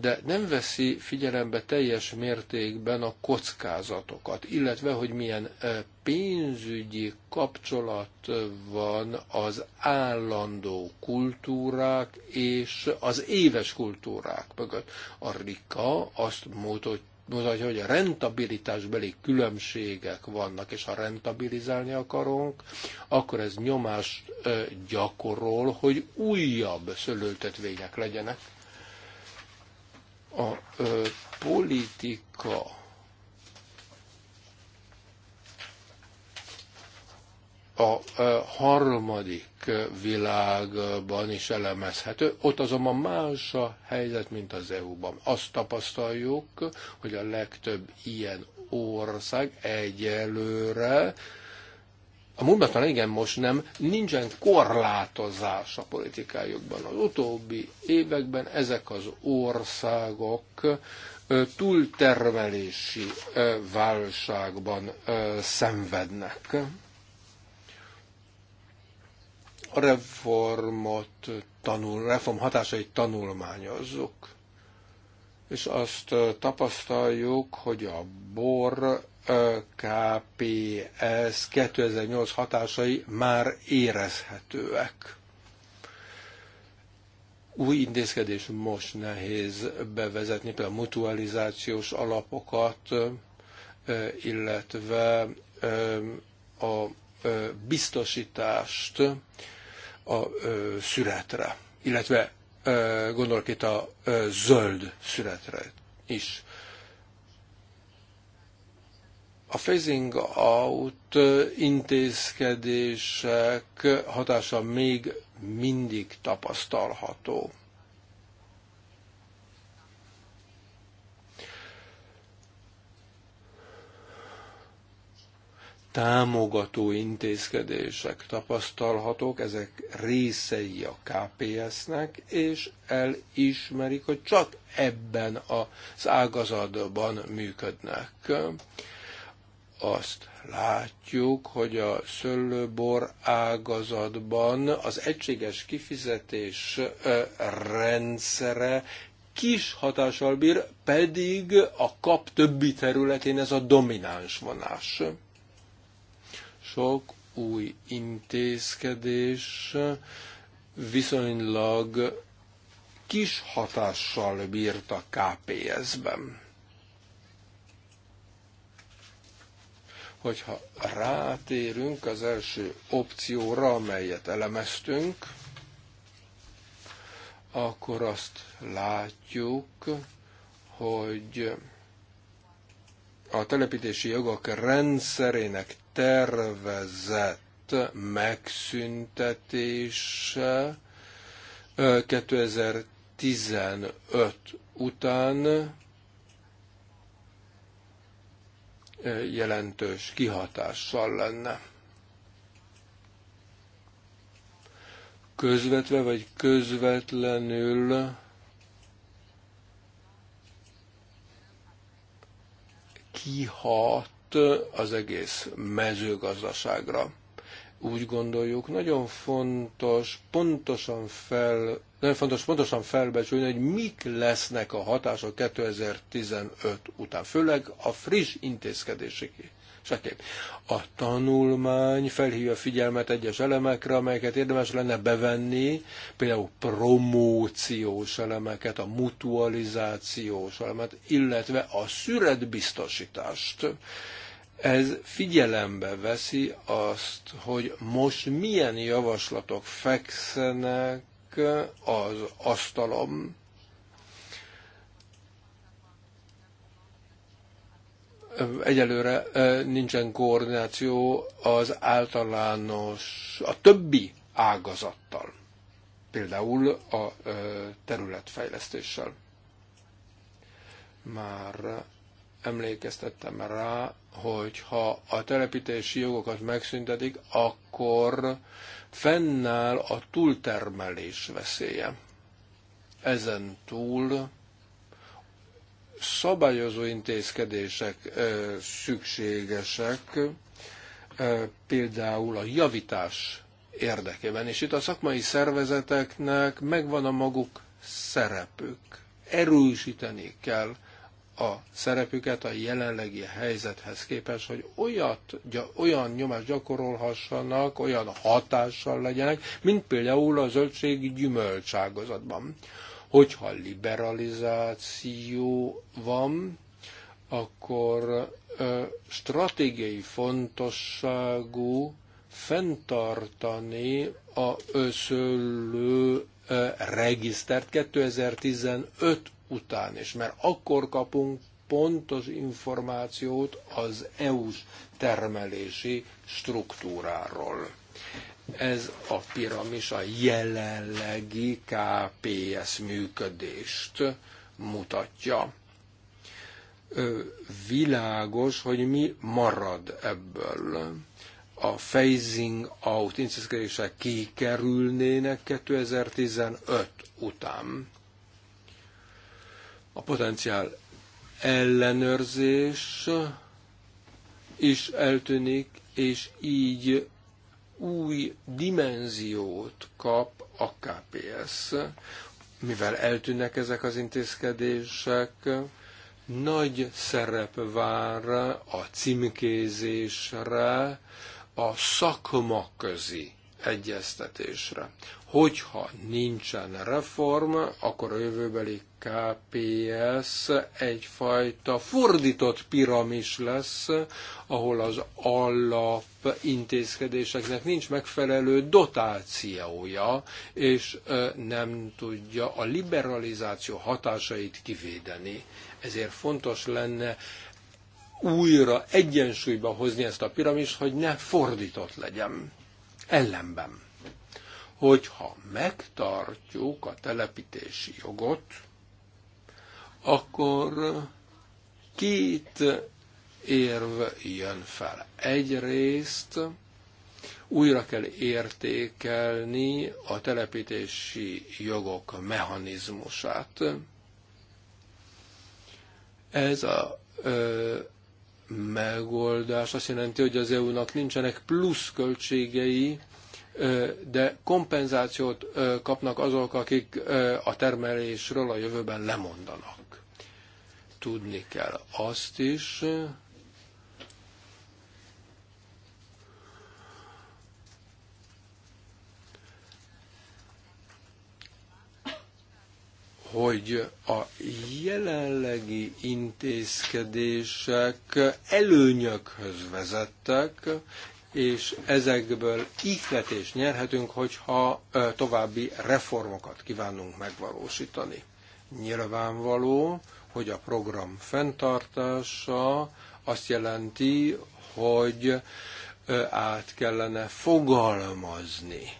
de nem veszi figyelembe teljes mértékben a kockázatokat, illetve hogy milyen pénzügyi kapcsolat van az állandó kultúrák és az éves kultúrák mögött. A Rika azt mutatja, mutatja, hogy a rentabilitásbeli különbségek vannak, és ha rentabilizálni akarunk, akkor ez nyomást gyakorol, hogy újabb szőlőtetvények legyenek a ö, politika a harmadik világban is elemezhető. Ott azonban más a helyzet, mint az EU-ban. Azt tapasztaljuk, hogy a legtöbb ilyen ország egyelőre a múltban igen, most nem, nincsen korlátozás a politikájukban. Az utóbbi években ezek az országok túltermelési válságban szenvednek. A reformot tanul, reform hatásait tanulmányozzuk, és azt tapasztaljuk, hogy a bor KPS 2008 hatásai már érezhetőek. Új intézkedés most nehéz bevezetni, például mutualizációs alapokat, illetve a biztosítást a szüretre, illetve gondolok itt a zöld szüretre is a phasing out intézkedések hatása még mindig tapasztalható. támogató intézkedések tapasztalhatók, ezek részei a KPS-nek, és elismerik, hogy csak ebben az ágazatban működnek azt látjuk, hogy a szöllőbor ágazatban az egységes kifizetés rendszere kis hatással bír, pedig a kap többi területén ez a domináns vonás. Sok új intézkedés viszonylag kis hatással bírt a KPS-ben Hogyha rátérünk az első opcióra, amelyet elemeztünk, akkor azt látjuk, hogy a telepítési jogok rendszerének tervezett megszüntetése 2015 után jelentős kihatással lenne. Közvetve vagy közvetlenül kihat az egész mezőgazdaságra. Úgy gondoljuk, nagyon fontos pontosan fel nagyon fontos pontosan felbecsülni, hogy mik lesznek a hatások 2015 után, főleg a friss intézkedéseké. A tanulmány felhívja figyelmet egyes elemekre, amelyeket érdemes lenne bevenni, például promóciós elemeket, a mutualizációs elemet, illetve a szüretbiztosítást ez figyelembe veszi azt, hogy most milyen javaslatok fekszenek az asztalom. Egyelőre nincsen koordináció az általános, a többi ágazattal, például a területfejlesztéssel. Már emlékeztettem rá, hogy ha a telepítési jogokat megszüntetik, akkor fennáll a túltermelés veszélye. Ezen túl szabályozó intézkedések szükségesek, például a javítás érdekében. És itt a szakmai szervezeteknek megvan a maguk szerepük. Erősíteni kell a szerepüket a jelenlegi helyzethez képest, hogy olyat, olyan nyomást gyakorolhassanak, olyan hatással legyenek, mint például a zöldségi gyümölcságozatban, Hogyha liberalizáció van, akkor ö, stratégiai fontosságú fenntartani a összöllő regisztert 2015 után, és mert akkor kapunk pontos információt az EU-s termelési struktúráról. Ez a piramis a jelenlegi KPS működést mutatja. Ö, világos, hogy mi marad ebből. A phasing out intézkedések kikerülnének 2015 után a potenciál ellenőrzés is eltűnik, és így új dimenziót kap a KPS, mivel eltűnnek ezek az intézkedések, nagy szerep vár a címkézésre, a szakmaközi egyeztetésre. Hogyha nincsen reform, akkor a jövőbeli KPS egyfajta fordított piramis lesz, ahol az alap intézkedéseknek nincs megfelelő dotációja, és nem tudja a liberalizáció hatásait kivédeni. Ezért fontos lenne újra egyensúlyba hozni ezt a piramis, hogy ne fordított legyen ellenben. Hogyha megtartjuk a telepítési jogot, akkor két érv jön fel. Egyrészt újra kell értékelni a telepítési jogok mechanizmusát. Ez a megoldás azt jelenti, hogy az EU-nak nincsenek plusz költségei, de kompenzációt kapnak azok, akik a termelésről a jövőben lemondanak. Tudni kell azt is, hogy a jelenlegi intézkedések előnyökhöz vezettek, és ezekből ihletést nyerhetünk, hogyha további reformokat kívánunk megvalósítani. Nyilvánvaló, hogy a program fenntartása azt jelenti, hogy át kellene fogalmazni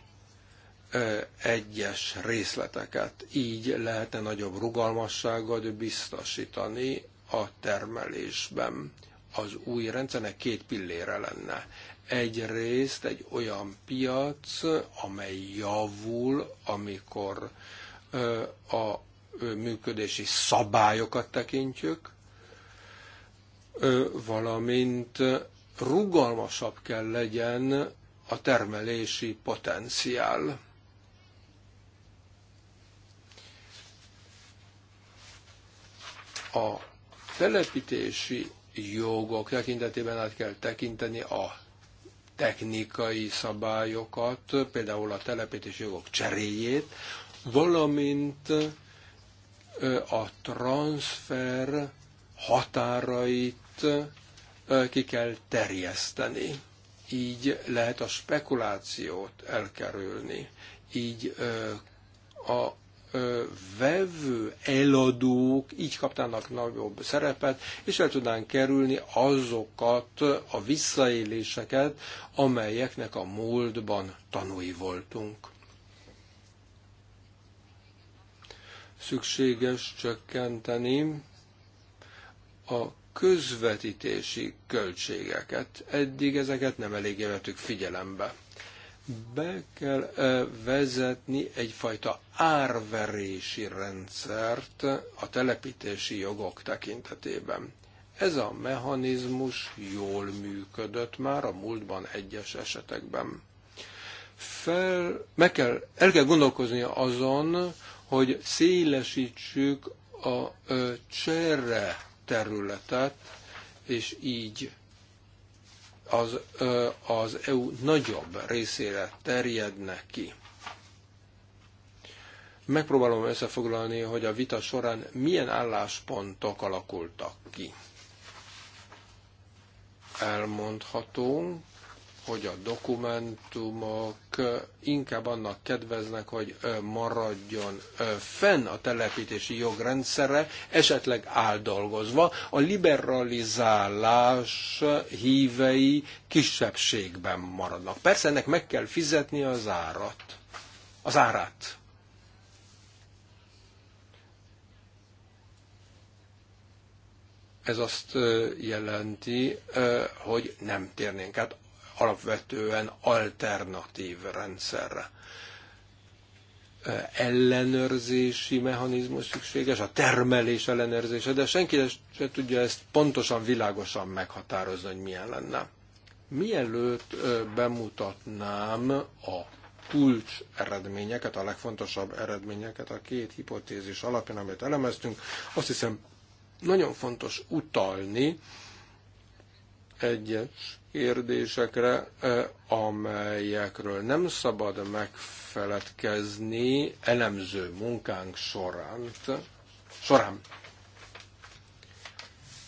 egyes részleteket. Így lehetne nagyobb rugalmasságot biztosítani a termelésben. Az új rendszernek két pillére lenne. Egyrészt egy olyan piac, amely javul, amikor a működési szabályokat tekintjük, valamint rugalmasabb kell legyen a termelési potenciál A telepítési jogok tekintetében át kell tekinteni a technikai szabályokat, például a telepítési jogok cseréjét, valamint a transfer határait ki kell terjeszteni. Így lehet a spekulációt elkerülni, így a vevő eladók így kaptának nagyobb szerepet, és el tudnánk kerülni azokat a visszaéléseket, amelyeknek a múltban tanúi voltunk. Szükséges csökkenteni a közvetítési költségeket. Eddig ezeket nem eléggé vettük figyelembe be kell vezetni egyfajta árverési rendszert a telepítési jogok tekintetében. Ez a mechanizmus jól működött már a múltban egyes esetekben. Fel, meg kell, el kell gondolkozni azon, hogy szélesítsük a ö, cserre területet, és így az, az EU nagyobb részére terjedne ki. Megpróbálom összefoglalni, hogy a vita során milyen álláspontok alakultak ki. Elmondhatunk, hogy a dokumentumok inkább annak kedveznek, hogy maradjon fenn a telepítési jogrendszere, esetleg áldolgozva a liberalizálás hívei kisebbségben maradnak. Persze ennek meg kell fizetni az árat. Az árát. ez azt jelenti, hogy nem térnénk át alapvetően alternatív rendszerre. Ellenőrzési mechanizmus szükséges, a termelés ellenőrzése, de senki se tudja ezt pontosan, világosan meghatározni, hogy milyen lenne. Mielőtt bemutatnám a kulcs eredményeket, a legfontosabb eredményeket a két hipotézis alapján, amit elemeztünk, azt hiszem nagyon fontos utalni egyes kérdésekre, eh, amelyekről nem szabad megfeledkezni elemző munkánk során. során.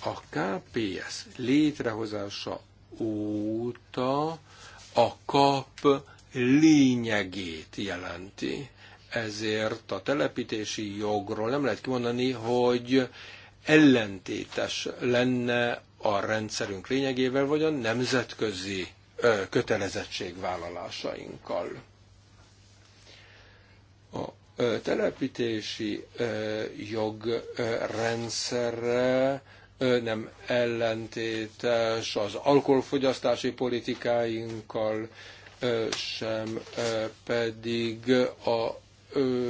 A KPS létrehozása óta a kap lényegét jelenti. Ezért a telepítési jogról nem lehet kimondani, hogy ellentétes lenne a rendszerünk lényegével, vagy a nemzetközi kötelezettségvállalásainkkal. A telepítési jogrendszerre nem ellentétes az alkoholfogyasztási politikáinkkal, sem pedig a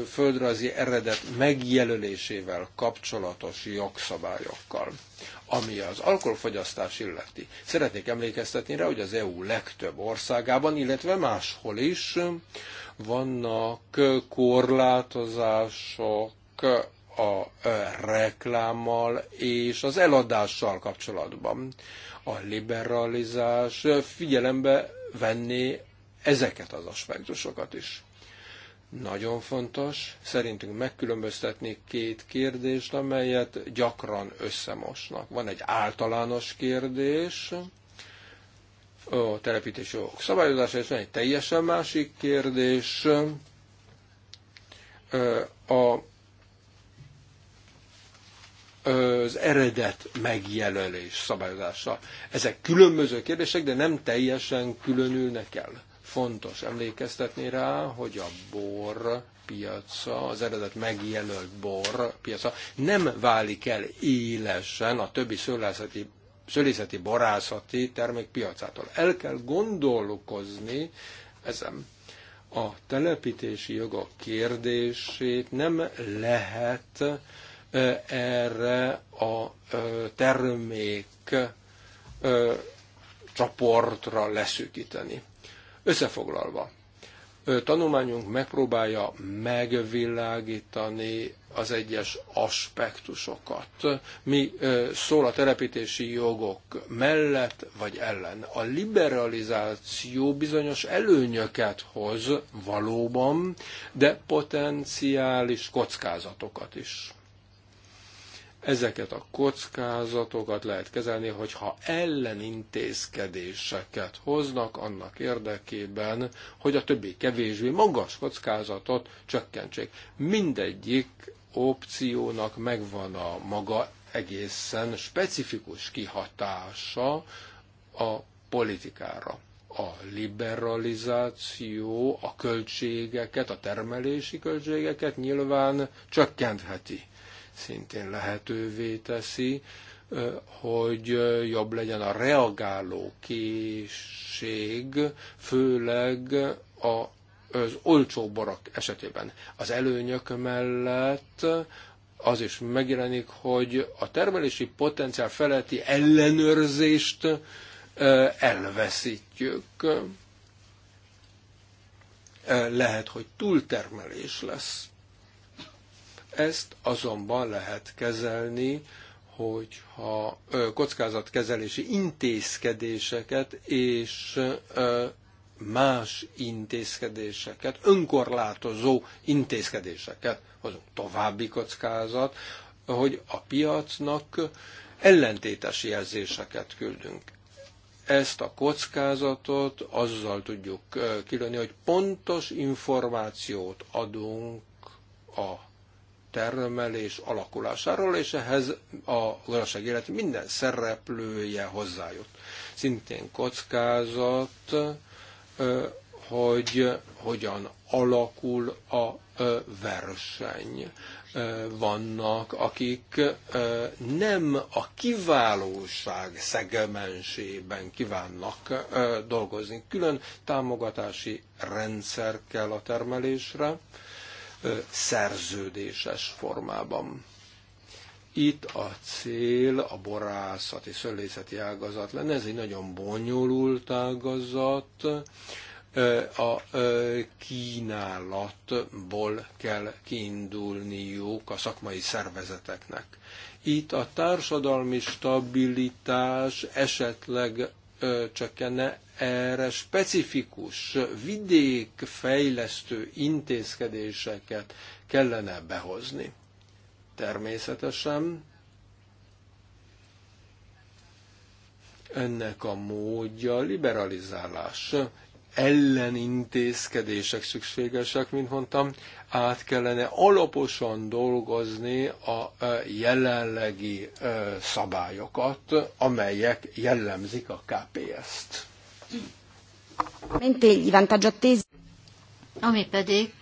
földrajzi eredet megjelölésével kapcsolatos jogszabályokkal. Ami az alkoholfogyasztás illeti, szeretnék emlékeztetni rá, hogy az EU legtöbb országában, illetve máshol is vannak korlátozások a reklámmal és az eladással kapcsolatban. A liberalizás figyelembe venné ezeket az aspektusokat is. Nagyon fontos szerintünk megkülönböztetni két kérdést, amelyet gyakran összemosnak. Van egy általános kérdés, a telepítési jogok szabályozása, és van egy teljesen másik kérdés, a, az eredet megjelölés szabályozása. Ezek különböző kérdések, de nem teljesen különülnek el. Fontos emlékeztetni rá, hogy a bor piaca, az eredet megjelölt bor piaca nem válik el élesen a többi szőlészeti szőlészeti, borászati termék piacától. El kell gondolkozni ezen. A telepítési jogok kérdését nem lehet erre a termék csoportra leszűkíteni. Összefoglalva, tanulmányunk megpróbálja megvilágítani az egyes aspektusokat. Mi szól a telepítési jogok mellett vagy ellen. A liberalizáció bizonyos előnyöket hoz valóban, de potenciális kockázatokat is. Ezeket a kockázatokat lehet kezelni, hogyha ellenintézkedéseket hoznak annak érdekében, hogy a többi kevésbé magas kockázatot csökkentsék. Mindegyik opciónak megvan a maga egészen specifikus kihatása a politikára. A liberalizáció a költségeket, a termelési költségeket nyilván csökkentheti szintén lehetővé teszi, hogy jobb legyen a reagáló készség, főleg a az olcsó borak esetében. Az előnyök mellett az is megjelenik, hogy a termelési potenciál feletti ellenőrzést elveszítjük. Lehet, hogy túltermelés lesz. Ezt azonban lehet kezelni, hogyha kockázatkezelési intézkedéseket és más intézkedéseket, önkorlátozó intézkedéseket hozunk. További kockázat, hogy a piacnak ellentétes jelzéseket küldünk. Ezt a kockázatot azzal tudjuk kilőni, hogy pontos információt adunk a termelés alakulásáról, és ehhez a gazdaság élet minden szereplője hozzájut. Szintén kockázat, hogy hogyan alakul a verseny. Vannak, akik nem a kiválóság szegmensében kívánnak dolgozni. Külön támogatási rendszer kell a termelésre, szerződéses formában. Itt a cél a borászati, szöllészeti ágazat lenne, ez egy nagyon bonyolult ágazat, a kínálatból kell kiindulniuk a szakmai szervezeteknek. Itt a társadalmi stabilitás esetleg csökkenne, erre specifikus vidékfejlesztő intézkedéseket kellene behozni. Természetesen ennek a módja liberalizálás, ellenintézkedések szükségesek, mint mondtam, át kellene alaposan dolgozni a jelenlegi szabályokat, amelyek jellemzik a KPS-t. Ami pedig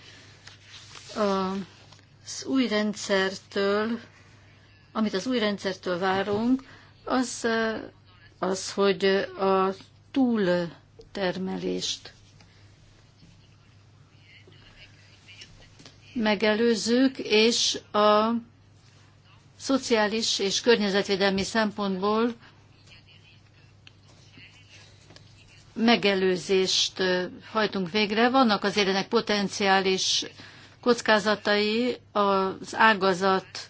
az új rendszertől, amit az új rendszertől várunk, az, az hogy a túl termelést. Megelőzzük, és a szociális és környezetvédelmi szempontból megelőzést hajtunk végre. Vannak azért ennek potenciális kockázatai az ágazat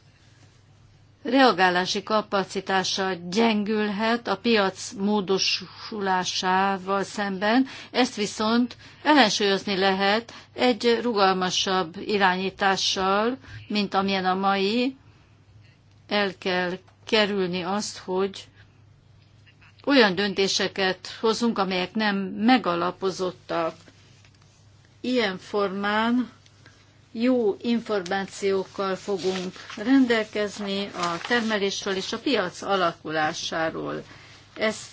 reagálási kapacitása gyengülhet a piac módosulásával szemben, ezt viszont ellensúlyozni lehet egy rugalmasabb irányítással, mint amilyen a mai, el kell kerülni azt, hogy olyan döntéseket hozunk, amelyek nem megalapozottak. Ilyen formán jó információkkal fogunk rendelkezni a termelésről és a piac alakulásáról. Ezt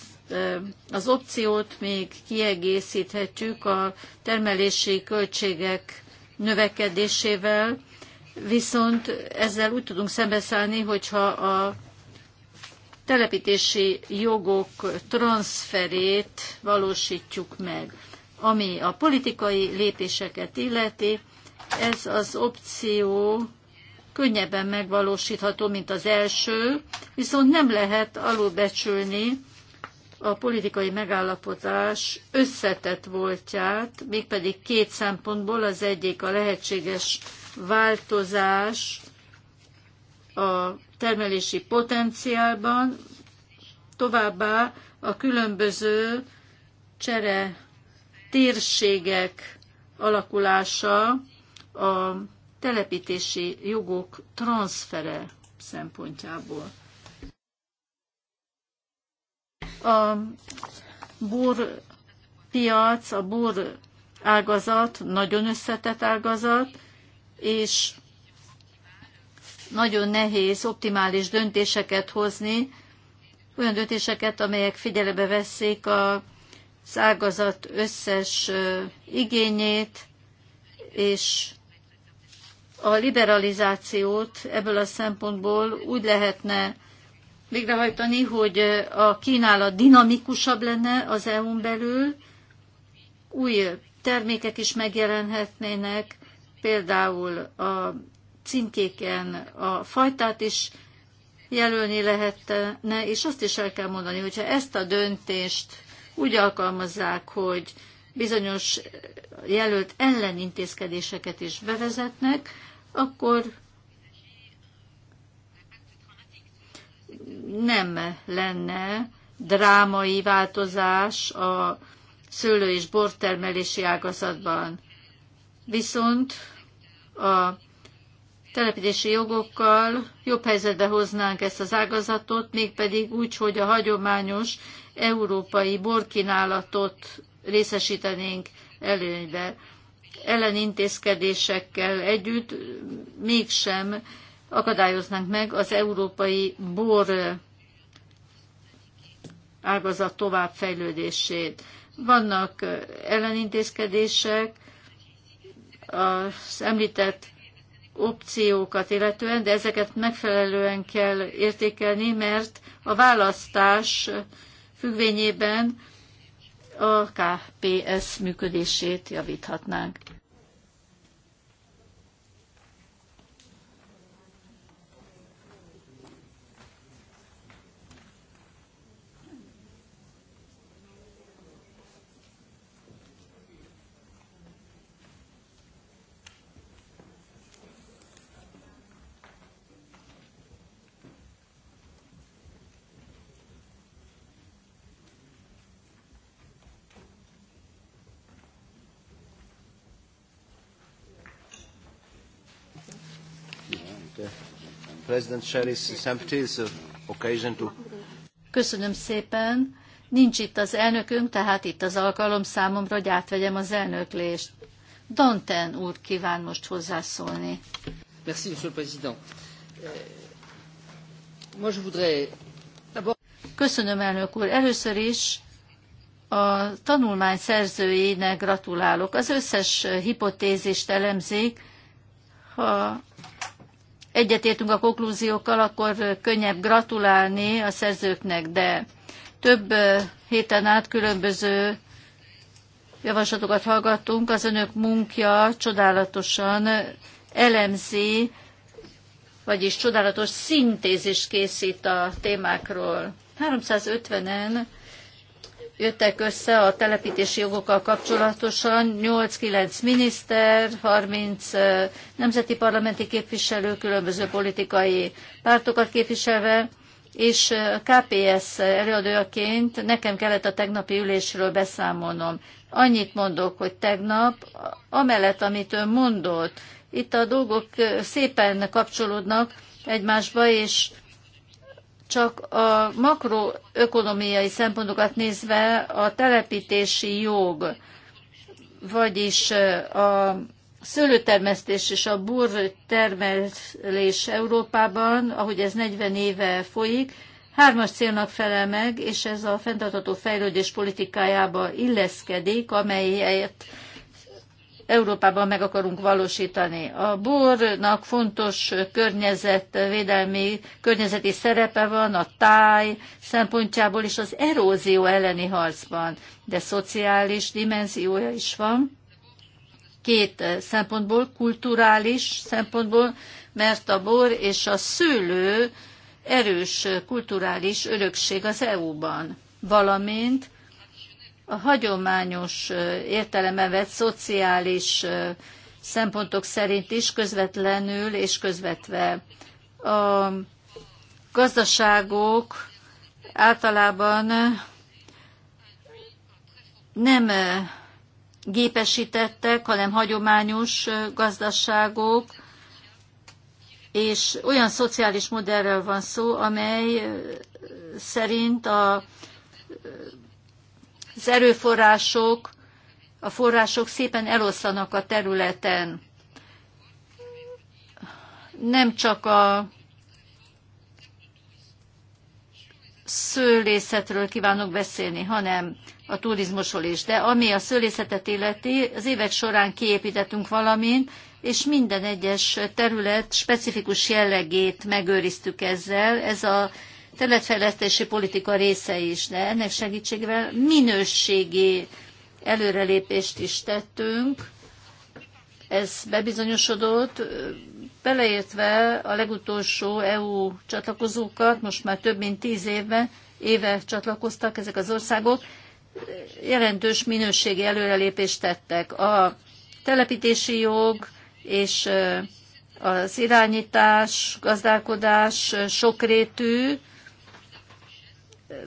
az opciót még kiegészíthetjük a termelési költségek növekedésével, viszont ezzel úgy tudunk szembeszállni, hogyha a telepítési jogok transferét valósítjuk meg. Ami a politikai lépéseket illeti, ez az opció könnyebben megvalósítható, mint az első, viszont nem lehet alulbecsülni a politikai megállapodás összetett voltját, mégpedig két szempontból az egyik a lehetséges változás a termelési potenciálban, továbbá a különböző csere térségek alakulása, a telepítési jogok transfere szempontjából. A borpiac, a bor ágazat nagyon összetett ágazat, és nagyon nehéz optimális döntéseket hozni, olyan döntéseket, amelyek figyelembe veszik a ágazat összes igényét, és a liberalizációt ebből a szempontból úgy lehetne végrehajtani, hogy a kínálat dinamikusabb lenne az EU-n belül, új termékek is megjelenhetnének, például a címkéken a fajtát is jelölni lehetne, és azt is el kell mondani, hogyha ezt a döntést úgy alkalmazzák, hogy bizonyos jelölt ellenintézkedéseket is bevezetnek, akkor nem lenne drámai változás a szőlő és bortermelési ágazatban. Viszont a telepítési jogokkal jobb helyzetbe hoznánk ezt az ágazatot, mégpedig úgy, hogy a hagyományos európai borkínálatot részesítenénk előnybe. Ellenintézkedésekkel együtt mégsem akadályoznánk meg az európai bor ágazat továbbfejlődését. Vannak ellenintézkedések az említett opciókat illetően, de ezeket megfelelően kell értékelni, mert a választás függvényében a KPS működését javíthatnánk. President uh, occasion to... Köszönöm szépen. Nincs itt az elnökünk, tehát itt az alkalom számomra, hogy átvegyem az elnöklést. Danten úr kíván most hozzászólni. Merci, Monsieur le Président. Euh, moi, je voudrais... Köszönöm, elnök úr. Először is a tanulmány szerzőjének gratulálok. Az összes hipotézist elemzik, ha egyetértünk a konklúziókkal, akkor könnyebb gratulálni a szerzőknek, de több héten át különböző javaslatokat hallgattunk, az önök munkja csodálatosan elemzi, vagyis csodálatos szintézis készít a témákról. 350-en jöttek össze a telepítési jogokkal kapcsolatosan. 8-9 miniszter, 30 nemzeti parlamenti képviselő, különböző politikai pártokat képviselve, és KPS előadójaként nekem kellett a tegnapi ülésről beszámolnom. Annyit mondok, hogy tegnap, amellett, amit ön mondott, itt a dolgok szépen kapcsolódnak egymásba, és csak a makroökonomiai szempontokat nézve a telepítési jog, vagyis a szőlőtermesztés és a termelés Európában, ahogy ez 40 éve folyik, hármas célnak felel meg, és ez a fenntartható fejlődés politikájába illeszkedik, amelyet Európában meg akarunk valósítani. A bornak fontos környezetvédelmi, környezeti szerepe van a táj szempontjából és az erózió elleni harcban, de szociális dimenziója is van. Két szempontból, kulturális szempontból, mert a bor és a szőlő erős kulturális örökség az EU-ban, valamint a hagyományos értelemben vett szociális szempontok szerint is közvetlenül és közvetve. A gazdaságok általában nem gépesítettek, hanem hagyományos gazdaságok, és olyan szociális modellről van szó, amely szerint a az erőforrások, a források szépen eloszlanak a területen. Nem csak a szőlészetről kívánok beszélni, hanem a turizmusról is. De ami a szőlészetet illeti, az évek során kiépítettünk valamint, és minden egyes terület specifikus jellegét megőriztük ezzel. Ez a területfejlesztési politika része is, de ennek segítségével minőségi előrelépést is tettünk. Ez bebizonyosodott, beleértve a legutolsó EU csatlakozókat, most már több mint tíz évben, éve csatlakoztak ezek az országok, jelentős minőségi előrelépést tettek. A telepítési jog és az irányítás, gazdálkodás sokrétű,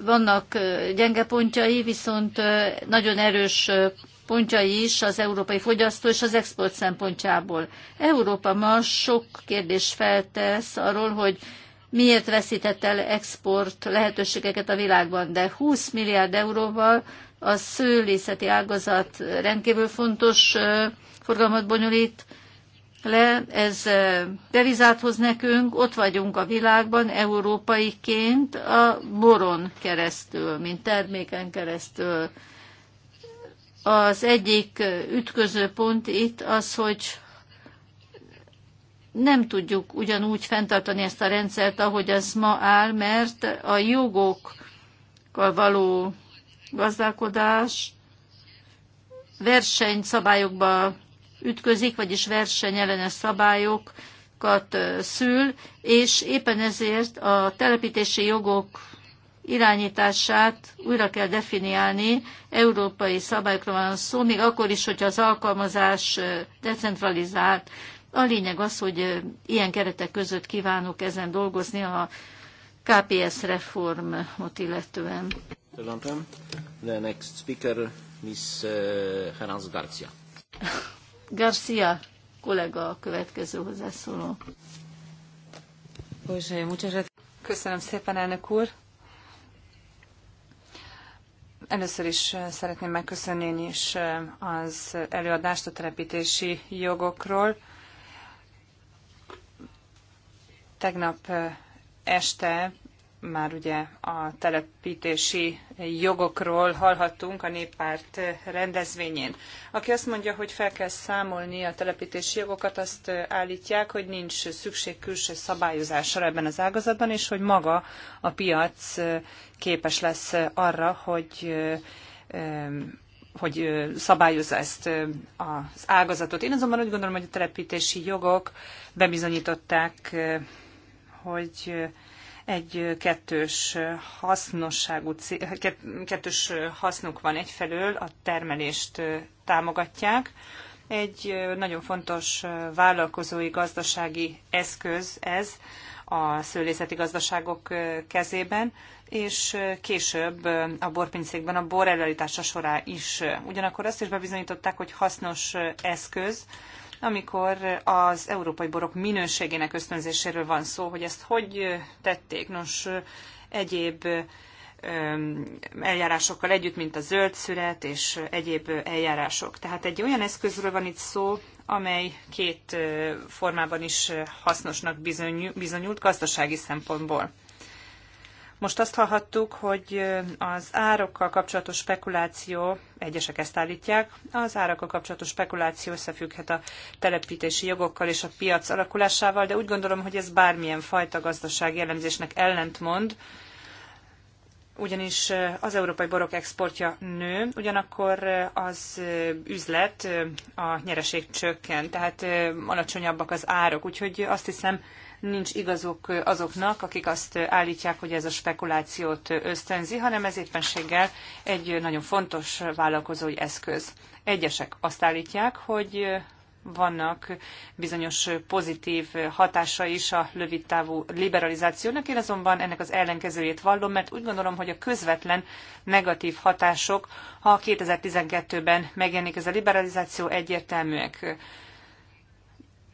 vannak gyenge pontjai, viszont nagyon erős pontjai is az európai fogyasztó és az export szempontjából. Európa ma sok kérdés feltesz arról, hogy miért veszített el export lehetőségeket a világban, de 20 milliárd euróval a szőlészeti ágazat rendkívül fontos forgalmat bonyolít le, ez devizát hoz nekünk, ott vagyunk a világban, európaiként, a boron keresztül, mint terméken keresztül. Az egyik ütköző pont itt az, hogy nem tudjuk ugyanúgy fenntartani ezt a rendszert, ahogy ez ma áll, mert a jogokkal való gazdálkodás versenyszabályokba ütközik, vagyis versenyellenes szabályokat szül, és éppen ezért a telepítési jogok irányítását újra kell definiálni, európai szabályokra van szó, még akkor is, hogyha az alkalmazás decentralizált. A lényeg az, hogy ilyen keretek között kívánok ezen dolgozni a KPS reformot illetően. The next speaker, Miss Herans Garcia. Garcia kollega a következő hozzászóló. Köszönöm szépen, elnök úr. Először is eh, szeretném megköszönni én is eh, az előadást a telepítési jogokról. Tegnap eh, este már ugye a telepítési jogokról hallhattunk a néppárt rendezvényén. Aki azt mondja, hogy fel kell számolni a telepítési jogokat, azt állítják, hogy nincs szükség külső szabályozásra ebben az ágazatban, és hogy maga a piac képes lesz arra, hogy hogy szabályozza ezt az ágazatot. Én azonban úgy gondolom, hogy a telepítési jogok bebizonyították, hogy egy kettős, hasznosságú, kettős hasznuk van egyfelől, a termelést támogatják. Egy nagyon fontos vállalkozói gazdasági eszköz ez a szőlészeti gazdaságok kezében, és később a borpincékben a bor előállítása során is. Ugyanakkor azt is bebizonyították, hogy hasznos eszköz, amikor az európai borok minőségének ösztönzéséről van szó, hogy ezt hogy tették. Nos, egyéb eljárásokkal együtt, mint a zöld szület és egyéb eljárások. Tehát egy olyan eszközről van itt szó, amely két formában is hasznosnak bizonyult gazdasági szempontból. Most azt hallhattuk, hogy az árakkal kapcsolatos spekuláció, egyesek ezt állítják, az árakkal kapcsolatos spekuláció összefügghet a telepítési jogokkal és a piac alakulásával, de úgy gondolom, hogy ez bármilyen fajta gazdasági elemzésnek ellentmond, ugyanis az európai borok exportja nő, ugyanakkor az üzlet, a nyereség csökken, tehát alacsonyabbak az árok. Úgyhogy azt hiszem, nincs igazok azoknak, akik azt állítják, hogy ez a spekulációt ösztönzi, hanem ez éppenséggel egy nagyon fontos vállalkozói eszköz. Egyesek azt állítják, hogy vannak bizonyos pozitív hatása is a lövidtávú liberalizációnak. Én azonban ennek az ellenkezőjét vallom, mert úgy gondolom, hogy a közvetlen negatív hatások, ha 2012-ben megjelenik ez a liberalizáció, egyértelműek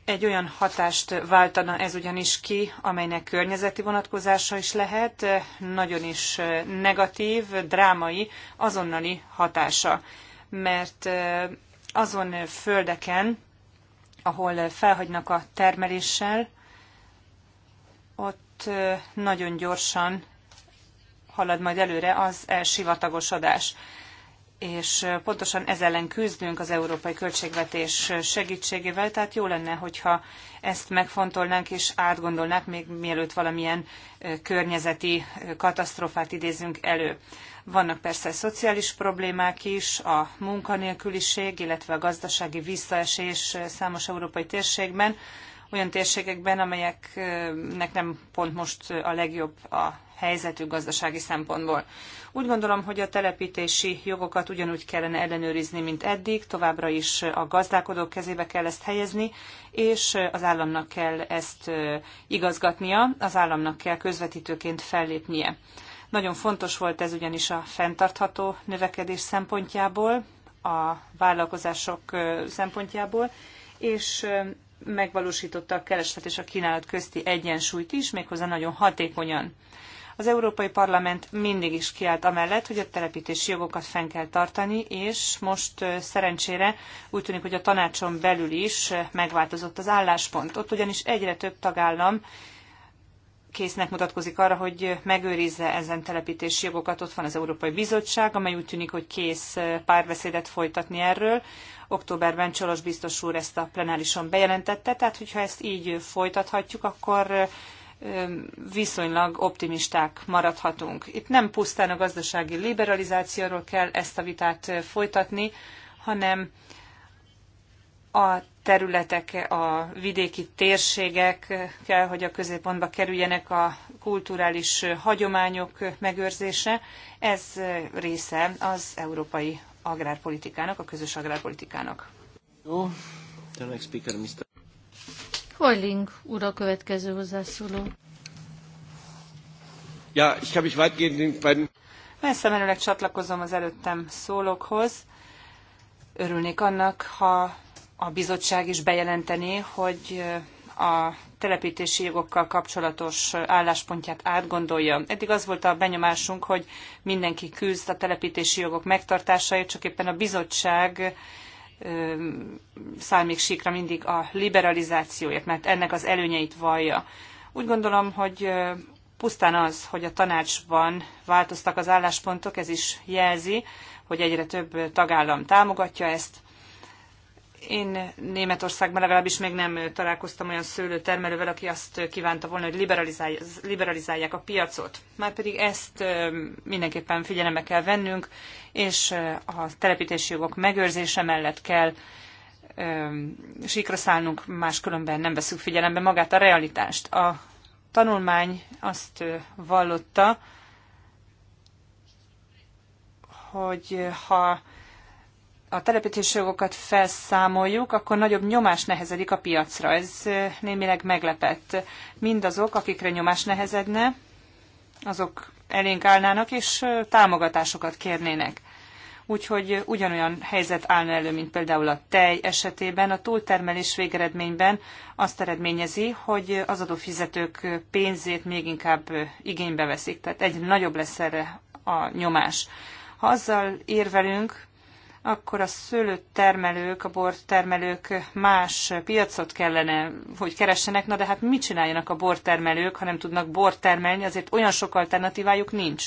egy olyan hatást váltana ez ugyanis ki, amelynek környezeti vonatkozása is lehet, nagyon is negatív, drámai, azonnali hatása. Mert azon földeken, ahol felhagynak a termeléssel, ott nagyon gyorsan halad majd előre az elsivatagosodás és pontosan ez ellen küzdünk az európai költségvetés segítségével, tehát jó lenne, hogyha ezt megfontolnánk és átgondolnánk, még mielőtt valamilyen környezeti katasztrófát idézünk elő. Vannak persze szociális problémák is, a munkanélküliség, illetve a gazdasági visszaesés számos európai térségben, olyan térségekben, amelyeknek nem pont most a legjobb a helyzetük gazdasági szempontból. Úgy gondolom, hogy a telepítési jogokat ugyanúgy kellene ellenőrizni, mint eddig, továbbra is a gazdálkodók kezébe kell ezt helyezni, és az államnak kell ezt igazgatnia, az államnak kell közvetítőként fellépnie. Nagyon fontos volt ez ugyanis a fenntartható növekedés szempontjából, a vállalkozások szempontjából, és megvalósította a kereslet és a kínálat közti egyensúlyt is, méghozzá nagyon hatékonyan. Az Európai Parlament mindig is kiállt amellett, hogy a telepítési jogokat fenn kell tartani, és most szerencsére úgy tűnik, hogy a tanácson belül is megváltozott az álláspont. Ott ugyanis egyre több tagállam késznek mutatkozik arra, hogy megőrizze ezen telepítési jogokat. Ott van az Európai Bizottság, amely úgy tűnik, hogy kész párbeszédet folytatni erről. Októberben Csolos biztos úr ezt a plenárison bejelentette, tehát hogyha ezt így folytathatjuk, akkor viszonylag optimisták maradhatunk. Itt nem pusztán a gazdasági liberalizációról kell ezt a vitát folytatni, hanem a területek, a vidéki térségek kell, hogy a középpontba kerüljenek a kulturális hagyományok megőrzése. Ez része az európai agrárpolitikának, a közös agrárpolitikának. Jó, the next speaker, Mr. Hojling úr a következő hozzászóló. Ja, ich habe mich weitgehend den Messze menőleg csatlakozom az előttem szólókhoz. Örülnék annak, ha a bizottság is bejelentené, hogy a telepítési jogokkal kapcsolatos álláspontját átgondolja. Eddig az volt a benyomásunk, hogy mindenki küzd a telepítési jogok megtartásáért, csak éppen a bizottság számik síkra mindig a liberalizációért, mert ennek az előnyeit vallja. Úgy gondolom, hogy pusztán az, hogy a tanácsban változtak az álláspontok, ez is jelzi, hogy egyre több tagállam támogatja ezt, én Németországban legalábbis még nem találkoztam olyan szőlőtermelővel, aki azt kívánta volna, hogy liberalizálják a piacot. Márpedig ezt mindenképpen figyelembe kell vennünk, és a telepítési jogok megőrzése mellett kell sikra szállnunk, máskülönben nem veszük figyelembe magát a realitást. A tanulmány azt vallotta, hogy ha a telepítési jogokat felszámoljuk, akkor nagyobb nyomás nehezedik a piacra. Ez némileg meglepett. Mindazok, akikre nyomás nehezedne, azok elénk állnának és támogatásokat kérnének. Úgyhogy ugyanolyan helyzet állna elő, mint például a tej esetében. A túltermelés végeredményben azt eredményezi, hogy az adófizetők pénzét még inkább igénybe veszik. Tehát egy nagyobb lesz erre a nyomás. Ha azzal érvelünk, akkor a szőlőtermelők, a bortermelők más piacot kellene, hogy keressenek. Na de hát mit csináljanak a bortermelők, ha nem tudnak bort termelni, azért olyan sok alternatívájuk nincs.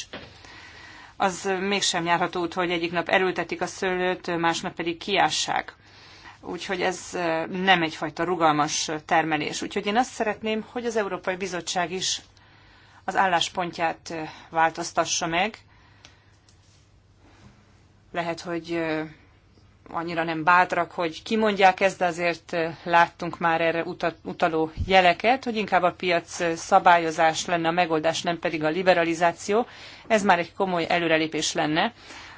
Az mégsem járható út, hogy egyik nap elültetik a szőlőt, másnap pedig kiássák. Úgyhogy ez nem egyfajta rugalmas termelés. Úgyhogy én azt szeretném, hogy az Európai Bizottság is az álláspontját változtassa meg, lehet, hogy annyira nem bátrak, hogy kimondják ezt, de azért láttunk már erre utaló jeleket, hogy inkább a piac szabályozás lenne a megoldás, nem pedig a liberalizáció. Ez már egy komoly előrelépés lenne,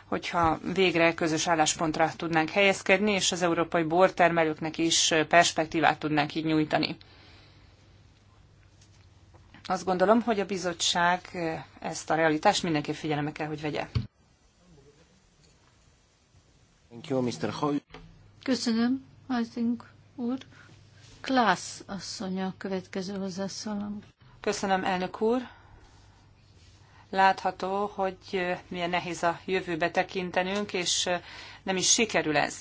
hogyha végre közös álláspontra tudnánk helyezkedni, és az európai bortermelőknek is perspektívát tudnánk így nyújtani. Azt gondolom, hogy a bizottság ezt a realitást mindenképp figyelembe kell, hogy vegye. Thank you, Mr. Hoy. Köszönöm, Hajzink úr. Klász asszony a következő hozzászólom. Köszönöm, elnök úr. Látható, hogy milyen nehéz a jövőbe tekintenünk, és nem is sikerül ez.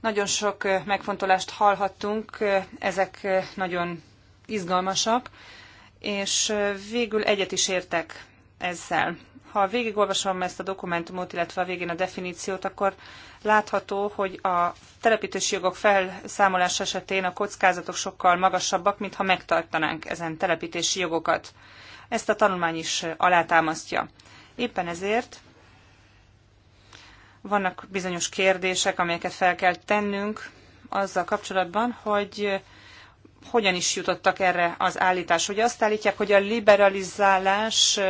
Nagyon sok megfontolást hallhattunk, ezek nagyon izgalmasak, és végül egyet is értek ezzel. Ha végigolvasom ezt a dokumentumot, illetve a végén a definíciót, akkor látható, hogy a telepítési jogok felszámolás esetén a kockázatok sokkal magasabbak, mintha megtartanánk ezen telepítési jogokat. Ezt a tanulmány is alátámasztja. Éppen ezért vannak bizonyos kérdések, amelyeket fel kell tennünk azzal kapcsolatban, hogy hogyan is jutottak erre az állítás. Ugye azt állítják, hogy a liberalizálás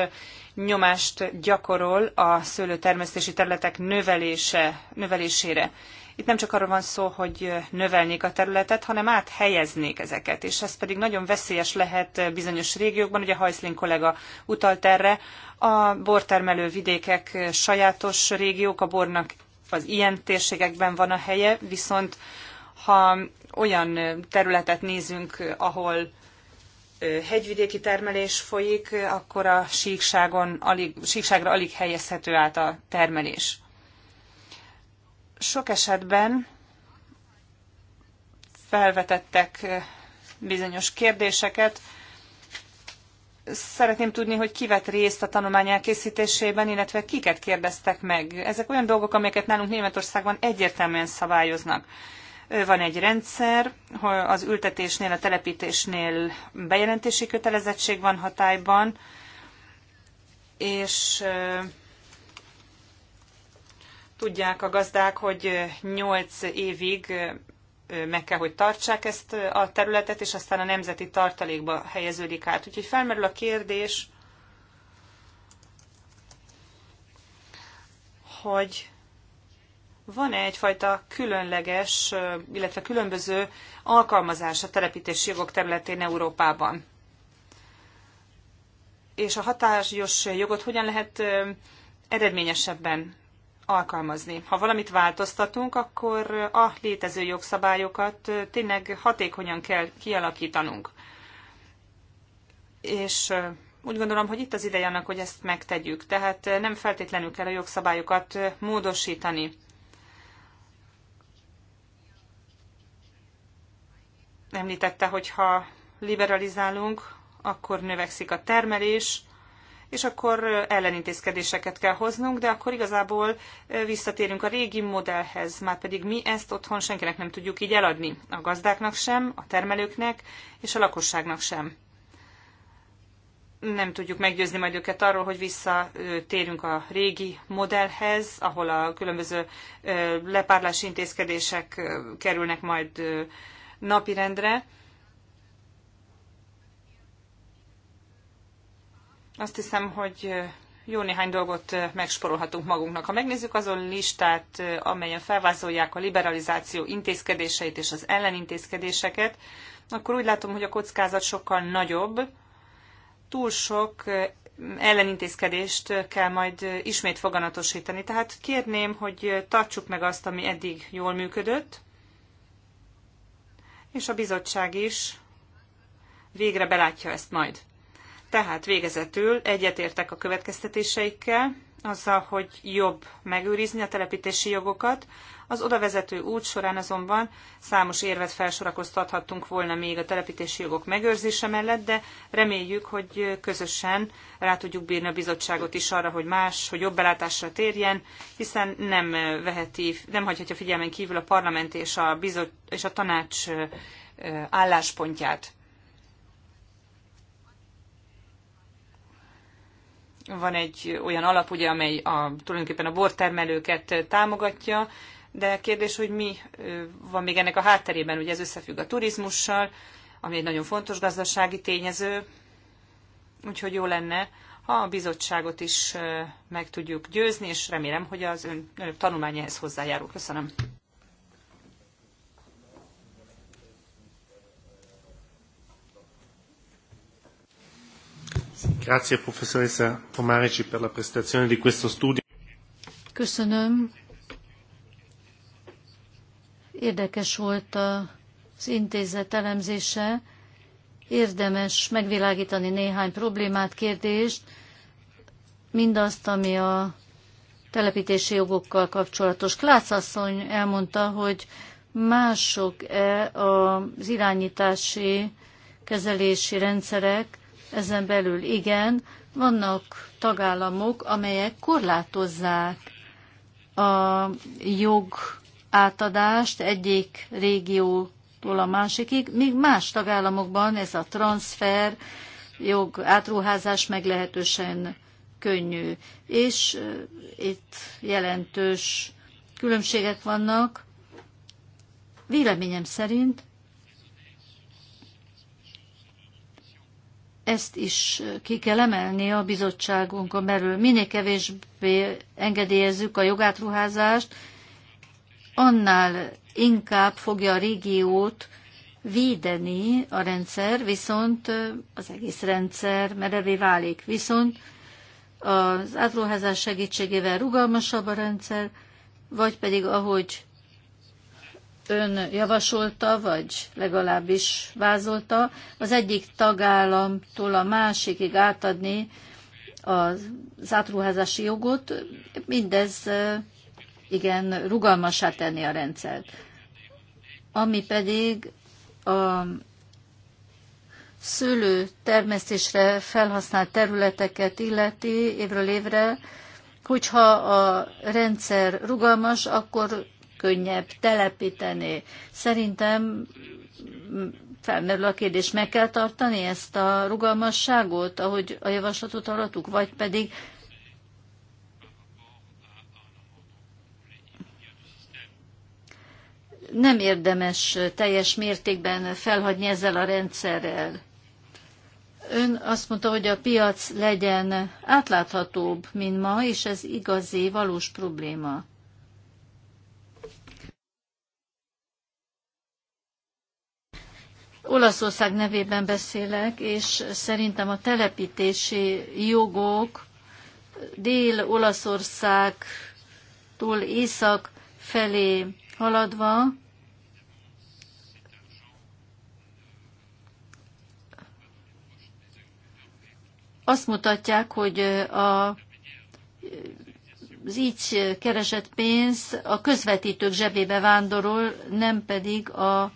nyomást gyakorol a szőlőtermesztési területek növelése, növelésére. Itt nem csak arról van szó, hogy növelnék a területet, hanem áthelyeznék ezeket, és ez pedig nagyon veszélyes lehet bizonyos régiókban, ugye Hajszlin kollega utalt erre, a bortermelő vidékek sajátos régiók, a bornak az ilyen térségekben van a helye, viszont ha olyan területet nézünk, ahol hegyvidéki termelés folyik, akkor a síkságon alig, síkságra alig helyezhető át a termelés. Sok esetben felvetettek bizonyos kérdéseket. Szeretném tudni, hogy ki vett részt a tanulmány elkészítésében, illetve kiket kérdeztek meg. Ezek olyan dolgok, amelyeket nálunk Németországban egyértelműen szabályoznak. Van egy rendszer, az ültetésnél, a telepítésnél bejelentési kötelezettség van hatályban, és tudják a gazdák, hogy 8 évig meg kell, hogy tartsák ezt a területet, és aztán a nemzeti tartalékba helyeződik át. Úgyhogy felmerül a kérdés, hogy van-e egyfajta különleges, illetve különböző alkalmazás a telepítési jogok területén Európában? És a hatályos jogot hogyan lehet eredményesebben alkalmazni? Ha valamit változtatunk, akkor a létező jogszabályokat tényleg hatékonyan kell kialakítanunk. És úgy gondolom, hogy itt az ideje annak, hogy ezt megtegyük. Tehát nem feltétlenül kell a jogszabályokat módosítani említette, hogy ha liberalizálunk, akkor növekszik a termelés, és akkor ellenintézkedéseket kell hoznunk, de akkor igazából visszatérünk a régi modellhez, már pedig mi ezt otthon senkinek nem tudjuk így eladni, a gazdáknak sem, a termelőknek és a lakosságnak sem. Nem tudjuk meggyőzni majd őket arról, hogy visszatérünk a régi modellhez, ahol a különböző lepárlási intézkedések kerülnek majd napirendre. Azt hiszem, hogy jó néhány dolgot megsporolhatunk magunknak. Ha megnézzük azon listát, amelyen felvázolják a liberalizáció intézkedéseit és az ellenintézkedéseket, akkor úgy látom, hogy a kockázat sokkal nagyobb. Túl sok ellenintézkedést kell majd ismét foganatosítani. Tehát kérném, hogy tartsuk meg azt, ami eddig jól működött, és a bizottság is végre belátja ezt majd. Tehát végezetül egyetértek a következtetéseikkel, azzal, hogy jobb megőrizni a telepítési jogokat. Az odavezető út során azonban számos érvet felsorakoztathattunk volna még a telepítési jogok megőrzése mellett, de reméljük, hogy közösen rá tudjuk bírni a bizottságot is arra, hogy más, hogy jobb belátásra térjen, hiszen nem veheti, nem hagyhatja figyelmen kívül a parlament és a, bizot, és a tanács álláspontját. Van egy olyan alap, ugye, amely a, tulajdonképpen a bortermelőket támogatja, de kérdés, hogy mi van még ennek a hátterében, ugye ez összefügg a turizmussal, ami egy nagyon fontos gazdasági tényező, úgyhogy jó lenne, ha a bizottságot is meg tudjuk győzni, és remélem, hogy az ön, tanulmányához hozzájárul. Köszönöm. Grazie professoressa Pomarici per la prestazione di questo studio. Köszönöm. Érdekes volt az intézet elemzése. Érdemes megvilágítani néhány problémát, kérdést, mindazt, ami a telepítési jogokkal kapcsolatos. Klász asszony elmondta, hogy mások-e az irányítási kezelési rendszerek, ezen belül igen, vannak tagállamok, amelyek korlátozzák a jog átadást egyik régiótól a másikig, míg más tagállamokban ez a transfer, jog átruházás meglehetősen könnyű. És eh, itt jelentős különbségek vannak. Véleményem szerint ezt is ki kell emelni a bizottságunkon belül. Minél kevésbé engedélyezzük a jogátruházást, annál inkább fogja a régiót védeni a rendszer, viszont az egész rendszer merevé válik. Viszont az átruházás segítségével rugalmasabb a rendszer, vagy pedig ahogy ön javasolta, vagy legalábbis vázolta, az egyik tagállamtól a másikig átadni az átruházási jogot, mindez igen rugalmasá tenni a rendszert. Ami pedig a szőlő termesztésre felhasznált területeket illeti évről évre, hogyha a rendszer rugalmas, akkor könnyebb telepíteni. Szerintem felmerül a kérdés, meg kell tartani ezt a rugalmasságot, ahogy a javaslatot alatuk, vagy pedig nem érdemes teljes mértékben felhagyni ezzel a rendszerrel. Ön azt mondta, hogy a piac legyen átláthatóbb, mint ma, és ez igazi, valós probléma. Olaszország nevében beszélek, és szerintem a telepítési jogok Dél-Olaszországtól észak felé haladva azt mutatják, hogy a, az így keresett pénz a közvetítők zsebébe vándorol, nem pedig a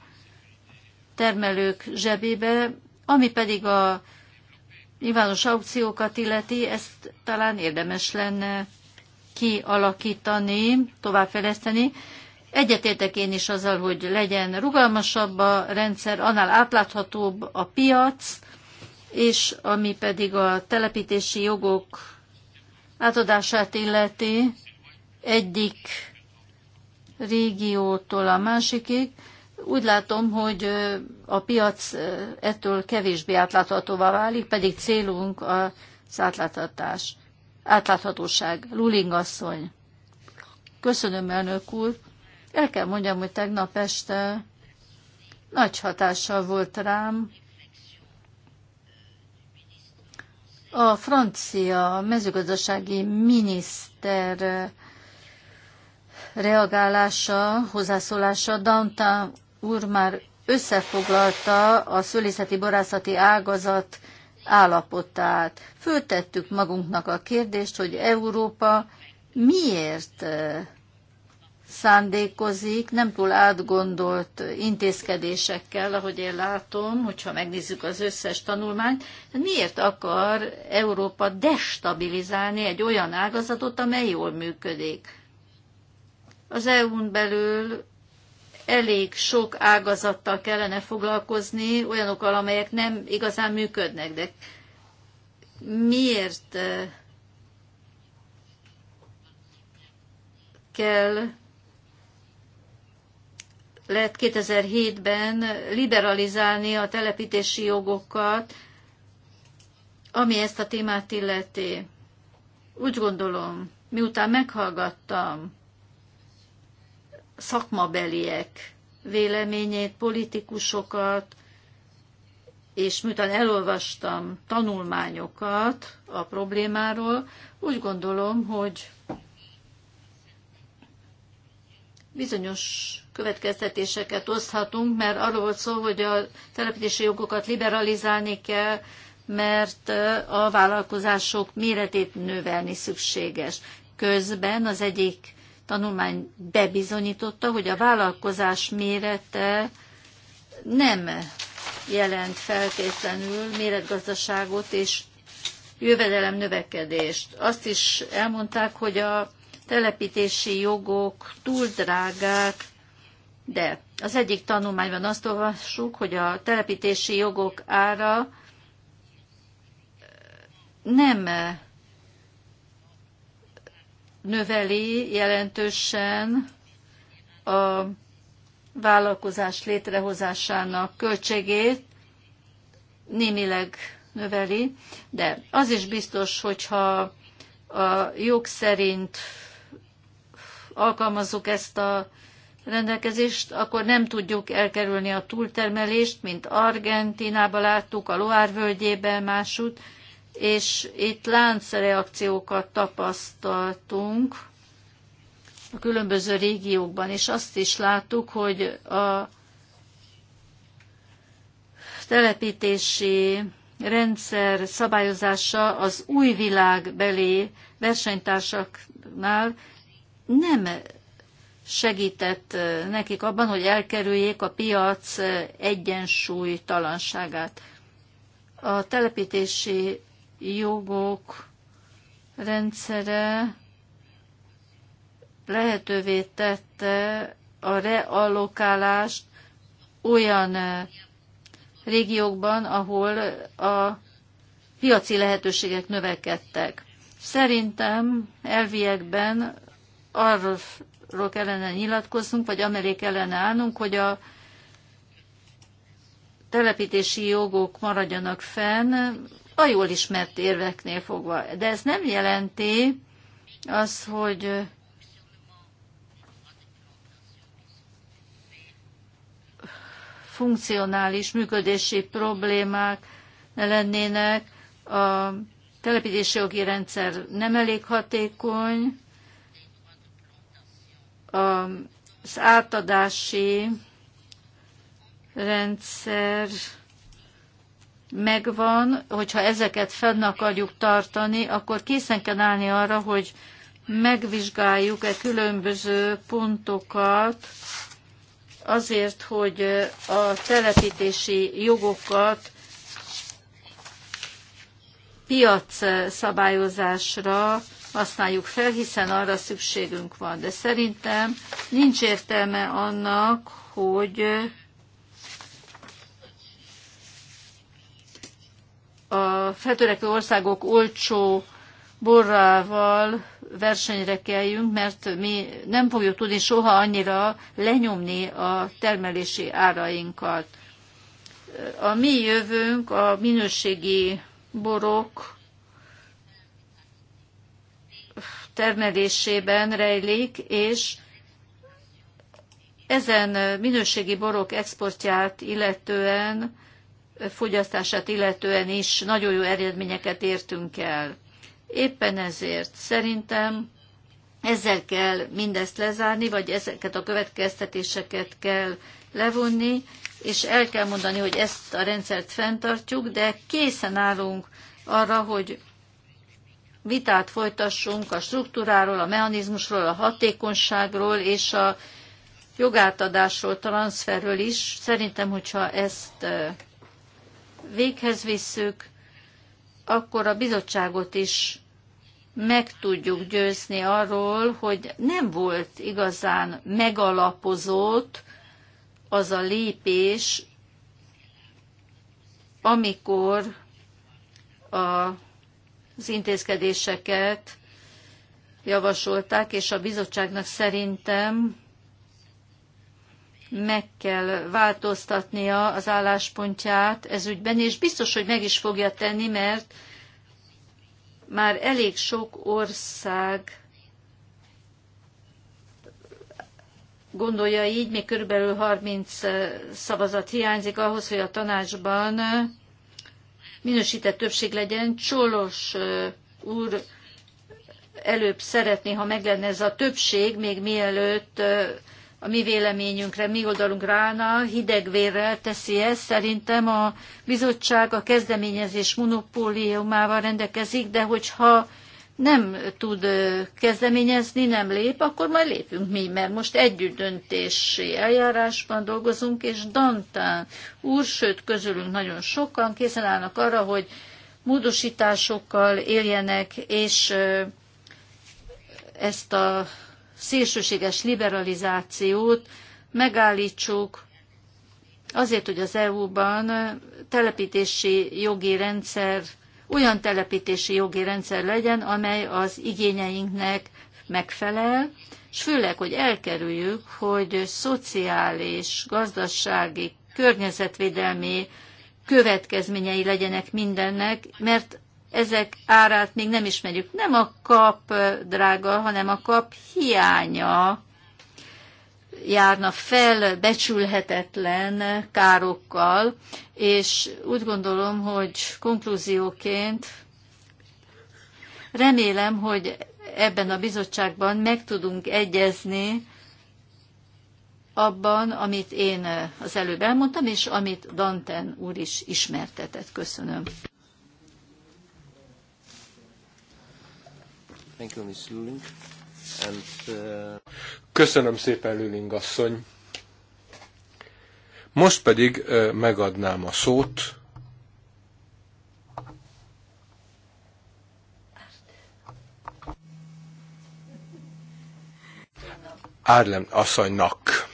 termelők zsebébe, ami pedig a nyilvános aukciókat illeti, ezt talán érdemes lenne kialakítani, továbbfejleszteni. Egyetértek én is azzal, hogy legyen rugalmasabb a rendszer, annál átláthatóbb a piac, és ami pedig a telepítési jogok átadását illeti egyik régiótól a másikig, úgy látom, hogy a piac ettől kevésbé átláthatóvá válik, pedig célunk az átláthatás. Átláthatóság. Luling asszony. Köszönöm, elnök úr. El kell mondjam, hogy tegnap este nagy hatással volt rám a francia mezőgazdasági miniszter reagálása, hozzászólása Dantin úr már összefoglalta a szülészeti borászati ágazat állapotát. Föltettük magunknak a kérdést, hogy Európa miért szándékozik, nem túl átgondolt intézkedésekkel, ahogy én látom, hogyha megnézzük az összes tanulmányt, hát miért akar Európa destabilizálni egy olyan ágazatot, amely jól működik? Az EU-n belül elég sok ágazattal kellene foglalkozni, olyanokkal, amelyek nem igazán működnek, de miért eh, kell lehet 2007-ben liberalizálni a telepítési jogokat, ami ezt a témát illeti. Úgy gondolom, miután meghallgattam szakmabeliek véleményét, politikusokat, és miután elolvastam tanulmányokat a problémáról, úgy gondolom, hogy bizonyos következtetéseket oszthatunk, mert arról volt szó, hogy a települési jogokat liberalizálni kell, mert a vállalkozások méretét növelni szükséges. Közben az egyik tanulmány bebizonyította, hogy a vállalkozás mérete nem jelent feltétlenül méretgazdaságot és jövedelem növekedést. Azt is elmondták, hogy a telepítési jogok túl drágák, de az egyik tanulmányban azt olvassuk, hogy a telepítési jogok ára nem növeli jelentősen a vállalkozás létrehozásának költségét, némileg növeli, de az is biztos, hogyha a jog szerint alkalmazzuk ezt a rendelkezést, akkor nem tudjuk elkerülni a túltermelést, mint Argentinába láttuk, a Loire völgyében másút, és itt láncreakciókat tapasztaltunk a különböző régiókban, és azt is láttuk, hogy a telepítési rendszer szabályozása az új belé versenytársaknál nem segített eh, nekik abban, hogy elkerüljék a piac eh, egyensúlytalanságát. A telepítési jogok rendszere lehetővé tette a reallokálást olyan régiókban, ahol a piaci lehetőségek növekedtek. Szerintem elviekben arról kellene nyilatkoznunk, vagy amellé kellene állnunk, hogy a telepítési jogok maradjanak fenn, a jól ismert érveknél fogva. De ez nem jelenti az, hogy funkcionális működési problémák lennének, a telepítési jogi rendszer nem elég hatékony, az átadási rendszer megvan, hogyha ezeket fenn akarjuk tartani, akkor készen kell állni arra, hogy megvizsgáljuk-e különböző pontokat azért, hogy a telepítési jogokat piac szabályozásra használjuk fel, hiszen arra szükségünk van. De szerintem nincs értelme annak, hogy a feltörekvő országok olcsó borrával versenyre kelljünk, mert mi nem fogjuk tudni soha annyira lenyomni a termelési árainkat. A mi jövőnk a minőségi borok termelésében rejlik, és ezen minőségi borok exportját illetően fogyasztását illetően is nagyon jó eredményeket értünk el. Éppen ezért szerintem ezzel kell mindezt lezárni, vagy ezeket a következtetéseket kell levonni, és el kell mondani, hogy ezt a rendszert fenntartjuk, de készen állunk arra, hogy vitát folytassunk a struktúráról, a mechanizmusról, a hatékonyságról és a jogátadásról, transferről is. Szerintem, hogyha ezt véghez visszük, akkor a bizottságot is meg tudjuk győzni arról, hogy nem volt igazán megalapozott az a lépés, amikor a, az intézkedéseket javasolták, és a bizottságnak szerintem meg kell változtatnia az álláspontját ez ügyben, és biztos, hogy meg is fogja tenni, mert már elég sok ország gondolja így, még körülbelül 30 eh, szavazat hiányzik ahhoz, hogy a tanácsban eh, minősített többség legyen. Csolos eh, úr előbb szeretné, ha meg lenne ez a többség, még mielőtt a mi véleményünkre, mi oldalunkra állna, hidegvérrel teszi ezt. Szerintem a bizottság a kezdeményezés monopóliumával rendelkezik, de hogyha nem tud kezdeményezni, nem lép, akkor majd lépünk mi, mert most együtt döntési eljárásban dolgozunk, és Dantán úr, sőt közülünk nagyon sokan készen állnak arra, hogy módosításokkal éljenek, és ezt a szélsőséges liberalizációt megállítsuk, azért, hogy az EU-ban telepítési jogi rendszer, olyan telepítési jogi rendszer legyen, amely az igényeinknek megfelel, és főleg, hogy elkerüljük, hogy szociális, gazdasági, környezetvédelmi következményei legyenek mindennek, mert ezek árát még nem ismerjük. Nem a kap drága, hanem a kap hiánya járna fel becsülhetetlen károkkal, és úgy gondolom, hogy konklúzióként remélem, hogy ebben a bizottságban meg tudunk egyezni abban, amit én az előbb elmondtam, és amit Danten úr is ismertetett. Köszönöm. Thank you, Ms. Luling. And, uh... Köszönöm szépen, Luling asszony. Most pedig uh, megadnám a szót. Árlem asszonynak.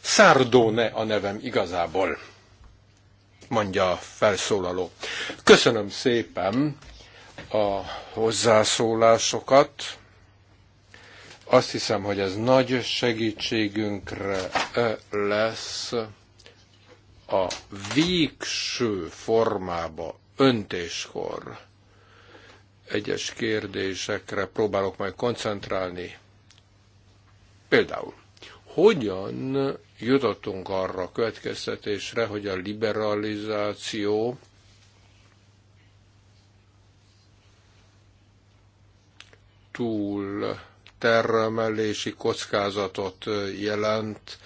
Szárdóne a nevem igazából, mondja a felszólaló. Köszönöm szépen, a hozzászólásokat. Azt hiszem, hogy ez nagy segítségünkre lesz a végső formába öntéskor. Egyes kérdésekre próbálok majd koncentrálni. Például, hogyan jutottunk arra a következtetésre, hogy a liberalizáció túl termelési kockázatot jelent,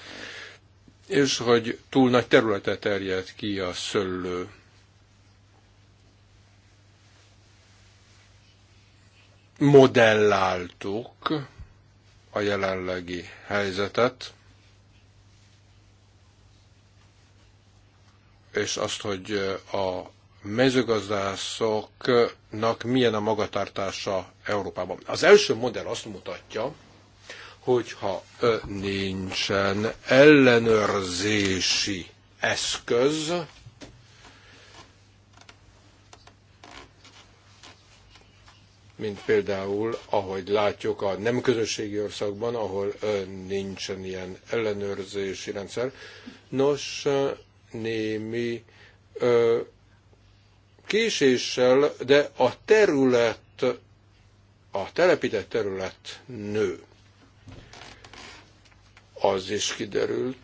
és hogy túl nagy területet terjed ki a szöllő. Modelláltuk a jelenlegi helyzetet, és azt, hogy a mezőgazdászoknak milyen a magatartása Európában. Az első modell azt mutatja, hogyha nincsen ellenőrzési eszköz, mint például, ahogy látjuk a nem közösségi országban, ahol nincsen ilyen ellenőrzési rendszer. Nos, némi késéssel, de a terület a telepített terület nő. Az is kiderült,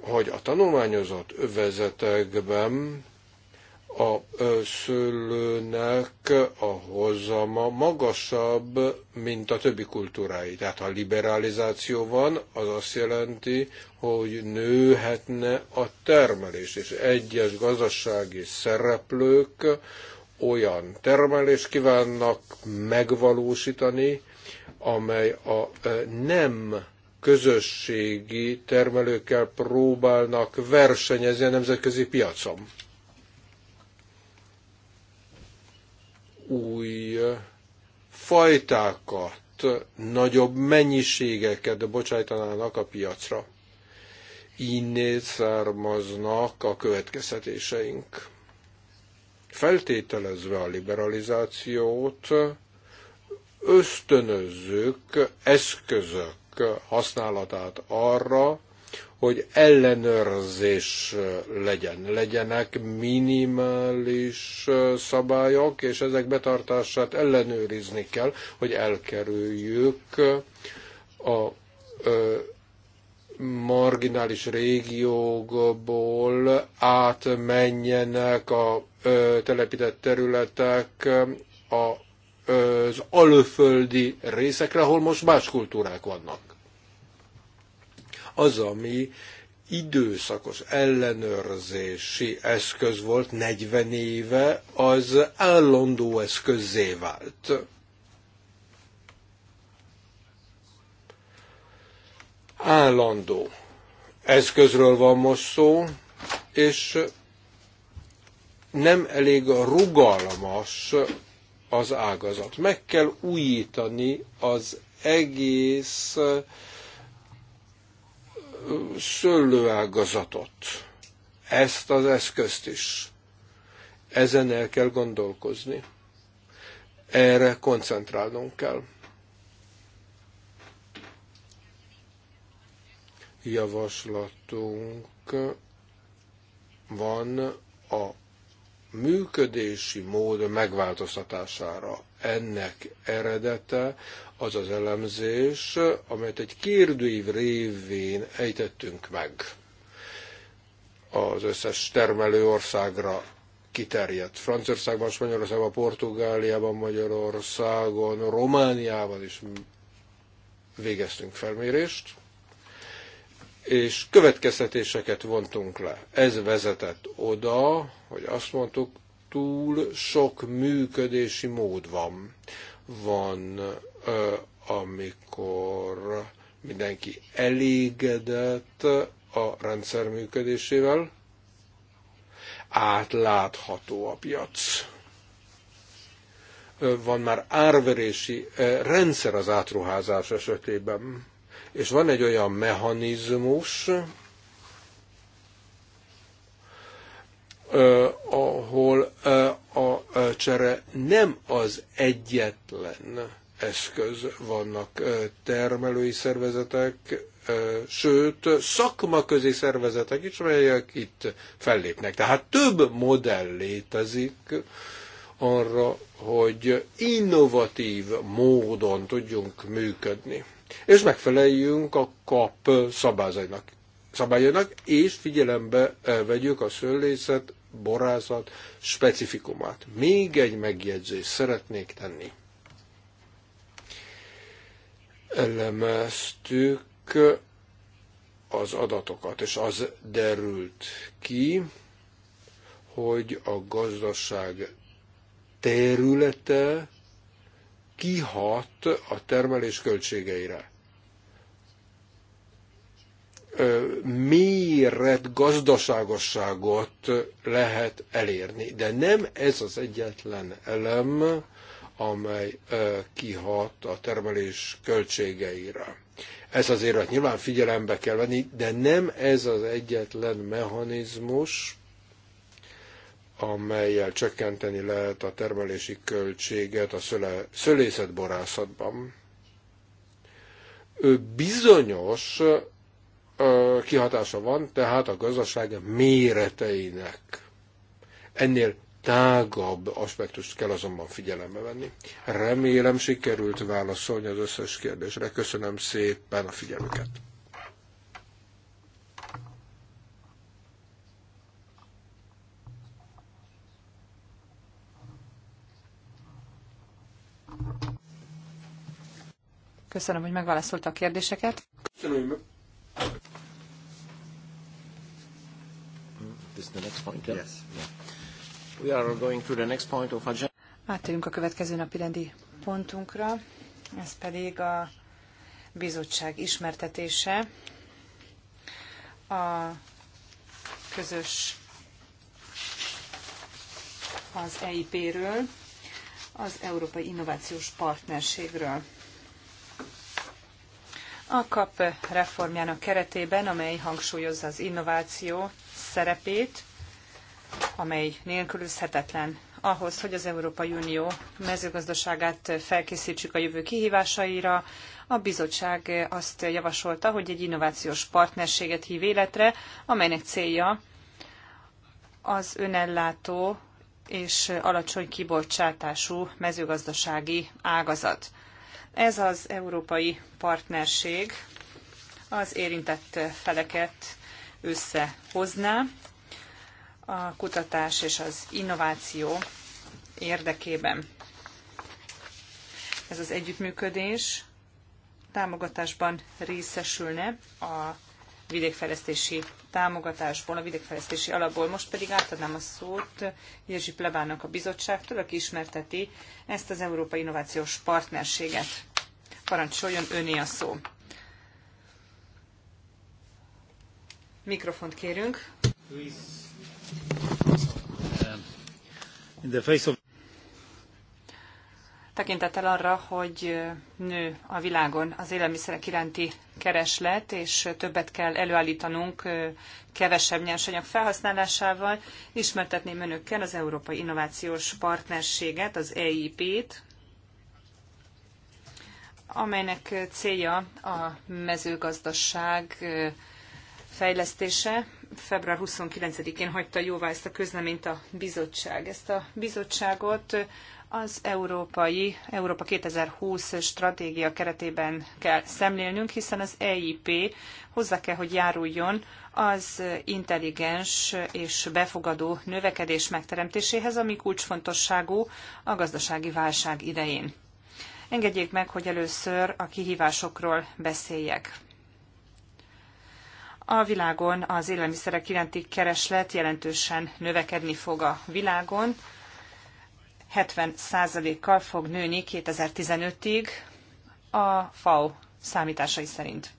hogy a tanulmányozott övezetekben a szőlőnek a hozama magasabb, mint a többi kultúrái. Tehát ha liberalizáció van, az azt jelenti, hogy nőhetne a termelés, és egyes gazdasági szereplők olyan termelést kívánnak megvalósítani, amely a e, nem közösségi termelőkkel próbálnak versenyezni a nemzetközi piacon. Új fajtákat, nagyobb mennyiségeket bocsájtanának a piacra. Innét származnak a következtetéseink. Feltételezve a liberalizációt, ösztönözzük eszközök használatát arra, hogy ellenőrzés legyen, legyenek minimális szabályok, és ezek betartását ellenőrizni kell, hogy elkerüljük a marginális régiókból átmenjenek a telepített területek a, az alföldi részekre, ahol most más kultúrák vannak. Az, ami időszakos ellenőrzési eszköz volt 40 éve, az állandó eszközzé vált állandó eszközről van most szó, és nem elég rugalmas az ágazat. Meg kell újítani az egész szőlőágazatot, ezt az eszközt is. Ezen el kell gondolkozni. Erre koncentrálnunk kell. javaslatunk van a működési mód megváltoztatására. Ennek eredete az az elemzés, amelyet egy kérdőív révén ejtettünk meg az összes termelő országra kiterjedt. Franciaországban, Spanyolországban, Portugáliában, Magyarországon, Romániában is végeztünk felmérést és következtetéseket vontunk le. Ez vezetett oda, hogy azt mondtuk, túl sok működési mód van. Van, amikor mindenki elégedett a rendszer működésével, átlátható a piac. Van már árverési rendszer az átruházás esetében és van egy olyan mechanizmus, ahol a csere nem az egyetlen eszköz, vannak termelői szervezetek, sőt szakmaközi szervezetek is, melyek itt fellépnek. Tehát több modell létezik arra, hogy innovatív módon tudjunk működni és megfeleljünk a kap szabályainak, szabályainak és figyelembe vegyük a szőlészet, borászat specifikumát. Még egy megjegyzést szeretnék tenni. Elemeztük az adatokat, és az derült ki, hogy a gazdaság területe kihat a termelés költségeire. Méret gazdaságosságot lehet elérni, de nem ez az egyetlen elem, amely kihat a termelés költségeire. Ez azért nyilván figyelembe kell venni, de nem ez az egyetlen mechanizmus, amelyel csökkenteni lehet a termelési költséget a szöle, szölészetborászatban. Bizonyos kihatása van tehát a gazdaság méreteinek. Ennél tágabb aspektust kell azonban figyelembe venni. Remélem sikerült válaszolni az összes kérdésre. Köszönöm szépen a figyelmüket. Köszönöm, hogy megválaszolta a kérdéseket. Átérünk Yes. Yeah. We are going to the next point of agenda. a következő napi rendi pontunkra, ez pedig a bizottság ismertetése a közös az EIP-ről az Európai Innovációs Partnerségről. A KAP reformjának keretében, amely hangsúlyozza az innováció szerepét, amely nélkülözhetetlen ahhoz, hogy az Európai Unió mezőgazdaságát felkészítsük a jövő kihívásaira, a bizottság azt javasolta, hogy egy innovációs partnerséget hív életre, amelynek célja az önellátó és alacsony kibocsátású mezőgazdasági ágazat. Ez az európai partnerség az érintett feleket összehozná a kutatás és az innováció érdekében. Ez az együttműködés támogatásban részesülne a vidékfejlesztési támogatásból, a vidékfejlesztési alapból. Most pedig átadnám a szót Jerzy Plebának a bizottságtól, aki ismerteti ezt az Európai Innovációs Partnerséget. Parancsoljon öné a szó. Mikrofont kérünk. In the face of tekintettel arra, hogy nő a világon az élelmiszerek iránti kereslet, és többet kell előállítanunk kevesebb nyersanyag felhasználásával. Ismertetném önökkel az Európai Innovációs Partnerséget, az EIP-t, amelynek célja a mezőgazdaság fejlesztése. Február 29-én hagyta jóvá ezt a közleményt a bizottság. Ezt a bizottságot az európai Európa 2020 stratégia keretében kell szemlélnünk, hiszen az EIP hozzá kell, hogy járuljon az intelligens és befogadó növekedés megteremtéséhez, ami kulcsfontosságú a gazdasági válság idején. Engedjék meg, hogy először a kihívásokról beszéljek. A világon az élelmiszerek iránti kereslet jelentősen növekedni fog a világon, 70%-kal fog nőni 2015-ig a FAO számításai szerint.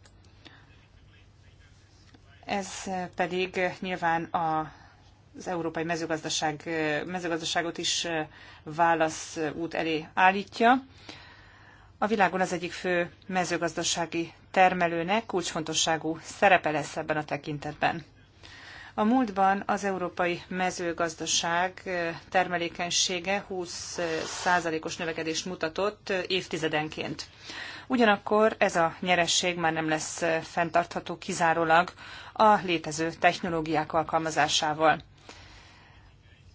Ez pedig nyilván a az európai mezőgazdaság, mezőgazdaságot is út elé állítja. A világon az egyik fő mezőgazdasági termelőnek kulcsfontosságú szerepe lesz ebben a tekintetben. A múltban az európai mezőgazdaság termelékenysége 20%-os növekedést mutatott évtizedenként. Ugyanakkor ez a nyeresség már nem lesz fenntartható kizárólag a létező technológiák alkalmazásával.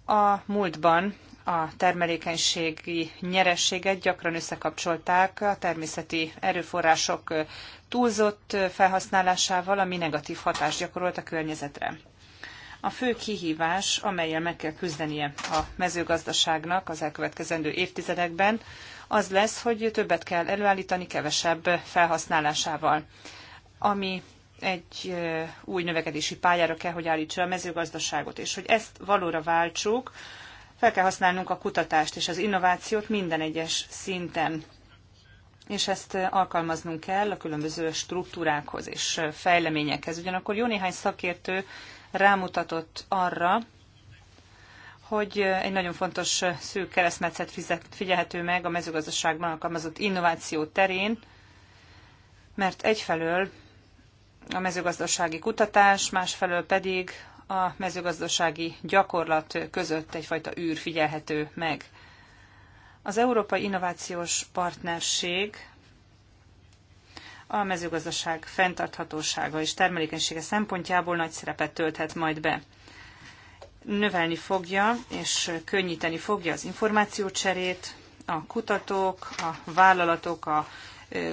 A múltban a termelékenységi nyerességet gyakran összekapcsolták a természeti erőforrások túlzott felhasználásával, ami negatív hatást gyakorolt a környezetre a fő kihívás, amelyel meg kell küzdenie a mezőgazdaságnak az elkövetkezendő évtizedekben, az lesz, hogy többet kell előállítani kevesebb felhasználásával, ami egy új növekedési pályára kell, hogy állítsa a mezőgazdaságot, és hogy ezt valóra váltsuk, fel kell használnunk a kutatást és az innovációt minden egyes szinten, és ezt alkalmaznunk kell a különböző struktúrákhoz és fejleményekhez. Ugyanakkor jó néhány szakértő rámutatott arra, hogy egy nagyon fontos szűk keresztmetszet figyelhető meg a mezőgazdaságban alkalmazott innováció terén, mert egyfelől a mezőgazdasági kutatás, másfelől pedig a mezőgazdasági gyakorlat között egyfajta űr figyelhető meg. Az Európai Innovációs Partnerség a mezőgazdaság fenntarthatósága és termelékenysége szempontjából nagy szerepet tölthet majd be. Növelni fogja és könnyíteni fogja az információcserét, a kutatók, a vállalatok, a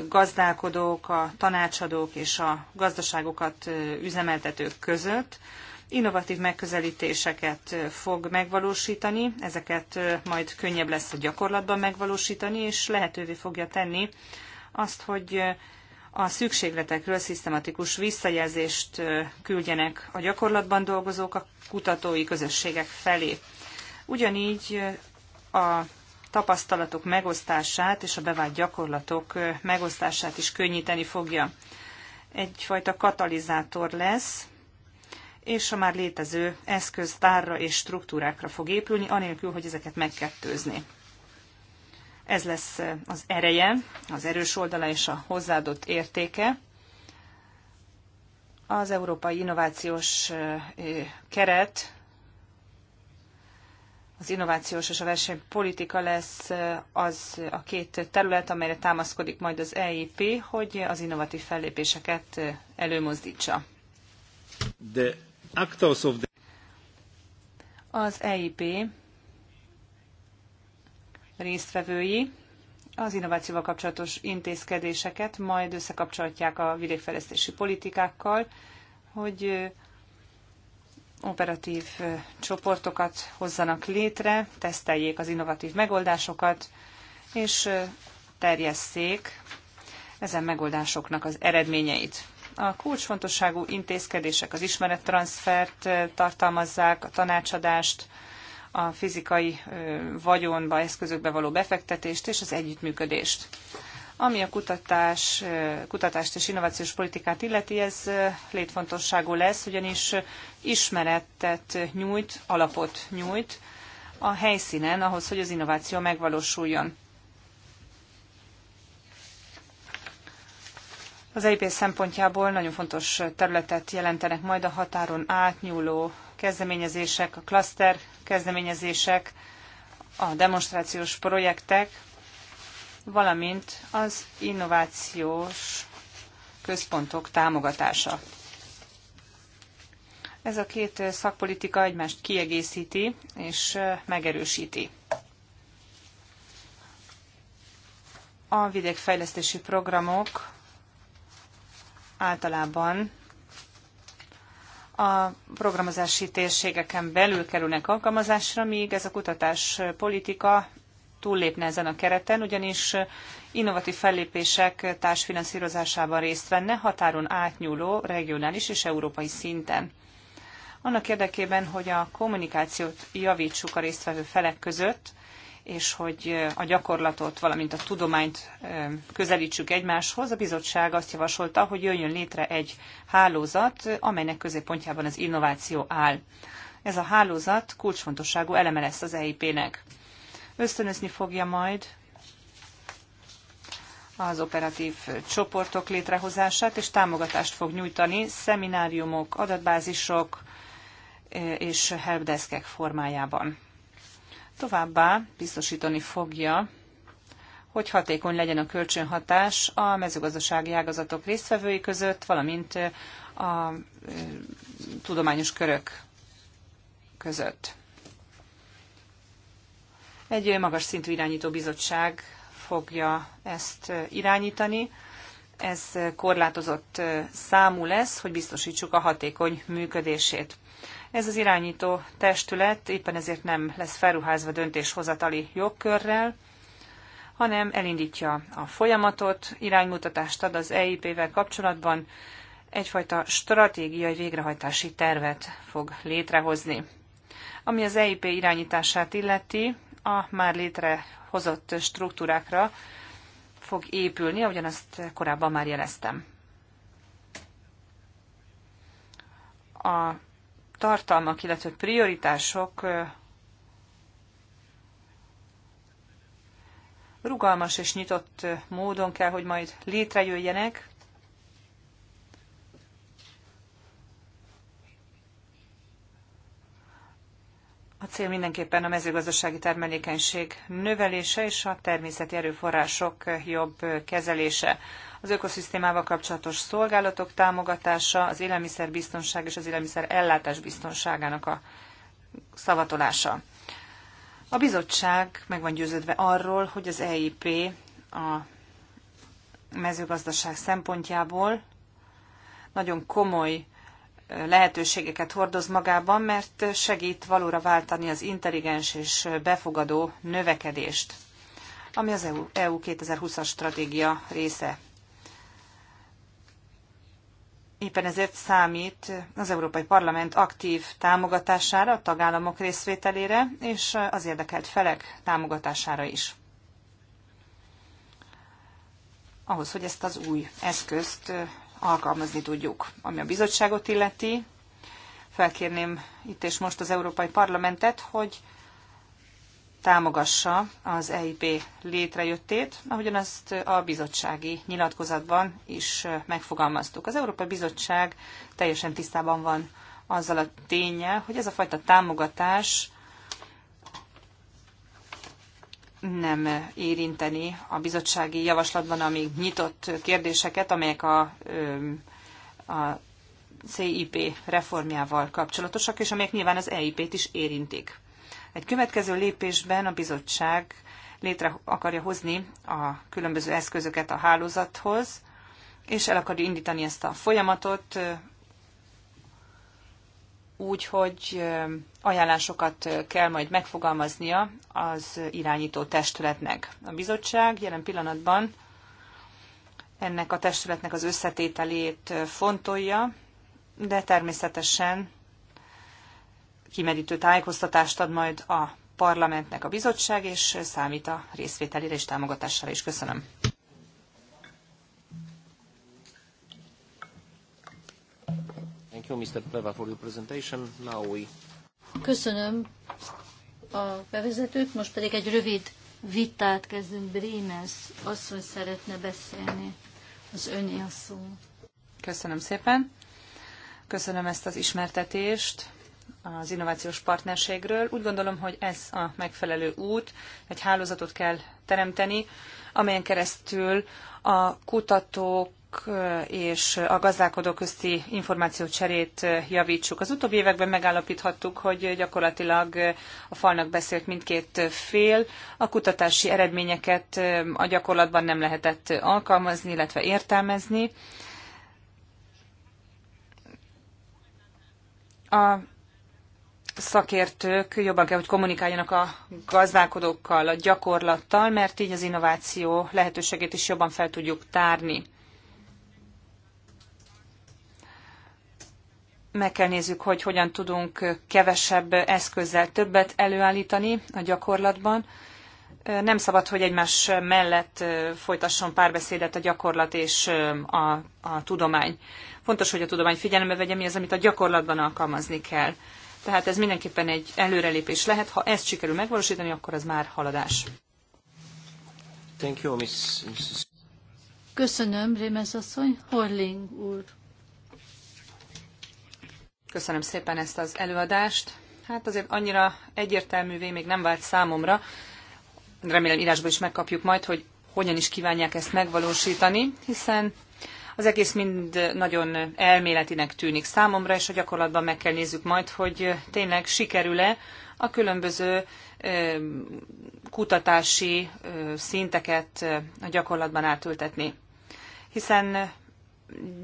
gazdálkodók, a tanácsadók és a gazdaságokat üzemeltetők között. Innovatív megközelítéseket fog megvalósítani, ezeket majd könnyebb lesz a gyakorlatban megvalósítani, és lehetővé fogja tenni azt, hogy a szükségletekről szisztematikus visszajelzést küldjenek a gyakorlatban dolgozók a kutatói közösségek felé. Ugyanígy a tapasztalatok megosztását és a bevált gyakorlatok megosztását is könnyíteni fogja. Egyfajta katalizátor lesz, és a már létező eszköztárra és struktúrákra fog épülni, anélkül, hogy ezeket megkettőzni. Ez lesz az ereje, az erős oldala és a hozzáadott értéke. Az Európai Innovációs Keret, az innovációs és a versenypolitika lesz az a két terület, amelyre támaszkodik majd az EIP, hogy az innovatív fellépéseket előmozdítsa. The actors of the... Az EIP résztvevői az innovációval kapcsolatos intézkedéseket majd összekapcsolhatják a vidékfejlesztési politikákkal, hogy operatív csoportokat hozzanak létre, teszteljék az innovatív megoldásokat, és terjesszék ezen megoldásoknak az eredményeit. A kulcsfontosságú intézkedések az ismerettranszfert tartalmazzák, a tanácsadást, a fizikai vagyonba, eszközökbe való befektetést és az együttműködést. Ami a kutatás, kutatást és innovációs politikát illeti, ez létfontosságú lesz, ugyanis ismerettet nyújt, alapot nyújt a helyszínen ahhoz, hogy az innováció megvalósuljon. Az EIP szempontjából nagyon fontos területet jelentenek majd a határon átnyúló kezdeményezések, a klaszter kezdeményezések, a demonstrációs projektek, valamint az innovációs központok támogatása. Ez a két szakpolitika egymást kiegészíti és megerősíti. A vidékfejlesztési programok általában a programozási térségeken belül kerülnek alkalmazásra, míg ez a kutatás politika túllépne ezen a kereten, ugyanis innovatív fellépések társfinanszírozásában részt venne határon átnyúló regionális és európai szinten. Annak érdekében, hogy a kommunikációt javítsuk a résztvevő felek között, és hogy a gyakorlatot, valamint a tudományt közelítsük egymáshoz, a bizottság azt javasolta, hogy jöjjön létre egy hálózat, amelynek középpontjában az innováció áll. Ez a hálózat kulcsfontosságú eleme lesz az EIP-nek. Ösztönözni fogja majd az operatív csoportok létrehozását, és támogatást fog nyújtani szemináriumok, adatbázisok és helpdeskek formájában. Továbbá biztosítani fogja, hogy hatékony legyen a kölcsönhatás a mezőgazdasági ágazatok résztvevői között, valamint a tudományos körök között. Egy magas szintű irányító bizottság fogja ezt irányítani. Ez korlátozott számú lesz, hogy biztosítsuk a hatékony működését. Ez az irányító testület éppen ezért nem lesz felruházva döntéshozatali jogkörrel, hanem elindítja a folyamatot, iránymutatást ad az EIP-vel kapcsolatban, egyfajta stratégiai végrehajtási tervet fog létrehozni. Ami az EIP irányítását illeti, a már létrehozott struktúrákra fog épülni, ahogyan azt korábban már jeleztem. A tartalmak, illetve prioritások rugalmas és nyitott módon kell, hogy majd létrejöjjenek. A cél mindenképpen a mezőgazdasági termelékenység növelése és a természeti erőforrások jobb kezelése az ökoszisztémával kapcsolatos szolgálatok támogatása, az élelmiszerbiztonság és az élelmiszer ellátás biztonságának a szavatolása. A bizottság meg van győződve arról, hogy az EIP a mezőgazdaság szempontjából nagyon komoly lehetőségeket hordoz magában, mert segít valóra váltani az intelligens és befogadó növekedést, ami az EU 2020-as e stratégia része Éppen ezért számít az Európai Parlament aktív támogatására, a tagállamok részvételére és az érdekelt felek támogatására is. Ahhoz, hogy ezt az új eszközt alkalmazni tudjuk. Ami a bizottságot illeti, felkérném itt és most az Európai Parlamentet, hogy támogassa az EIP létrejöttét, ahogyan azt a bizottsági nyilatkozatban is megfogalmaztuk. Az Európai Bizottság teljesen tisztában van azzal a ténye, hogy ez a fajta támogatás nem érinteni a bizottsági javaslatban amíg nyitott kérdéseket, amelyek a, a CIP reformjával kapcsolatosak, és amelyek nyilván az EIP-t is érintik. Egy következő lépésben a bizottság létre akarja hozni a különböző eszközöket a hálózathoz, és el akarja indítani ezt a folyamatot úgy, hogy ajánlásokat kell majd megfogalmaznia az irányító testületnek. A bizottság jelen pillanatban ennek a testületnek az összetételét fontolja, de természetesen kimerítő tájékoztatást ad majd a parlamentnek a bizottság, és számít a részvételére és támogatására is. Köszönöm. Thank you, Mr. Pleva, for your presentation. Now we... Köszönöm a bevezetőt, most pedig egy rövid vitát kezdünk. Brémez asszony szeretne beszélni. Az öné a szó. Köszönöm szépen. Köszönöm ezt az ismertetést az innovációs partnerségről. Úgy gondolom, hogy ez a megfelelő út, egy hálózatot kell teremteni, amelyen keresztül a kutatók és a gazdálkodók közti információcserét javítsuk. Az utóbbi években megállapíthattuk, hogy gyakorlatilag a falnak beszélt mindkét fél, a kutatási eredményeket a gyakorlatban nem lehetett alkalmazni, illetve értelmezni. A szakértők jobban kell, hogy kommunikáljanak a gazdálkodókkal, a gyakorlattal, mert így az innováció lehetőségét is jobban fel tudjuk tárni. Meg kell nézzük, hogy hogyan tudunk kevesebb eszközzel többet előállítani a gyakorlatban. Nem szabad, hogy egymás mellett folytasson párbeszédet a gyakorlat és a, a tudomány. Fontos, hogy a tudomány figyelembe vegye, mi az, amit a gyakorlatban alkalmazni kell tehát ez mindenképpen egy előrelépés lehet. Ha ezt sikerül megvalósítani, akkor az már haladás. Thank you, Miss, Mrs. Köszönöm, Rémez asszony. Horling úr. Köszönöm szépen ezt az előadást. Hát azért annyira egyértelművé még nem vált számomra. Remélem írásban is megkapjuk majd, hogy hogyan is kívánják ezt megvalósítani, hiszen az egész mind nagyon elméletinek tűnik számomra, és a gyakorlatban meg kell nézzük majd, hogy tényleg sikerül-e a különböző kutatási szinteket a gyakorlatban átültetni. Hiszen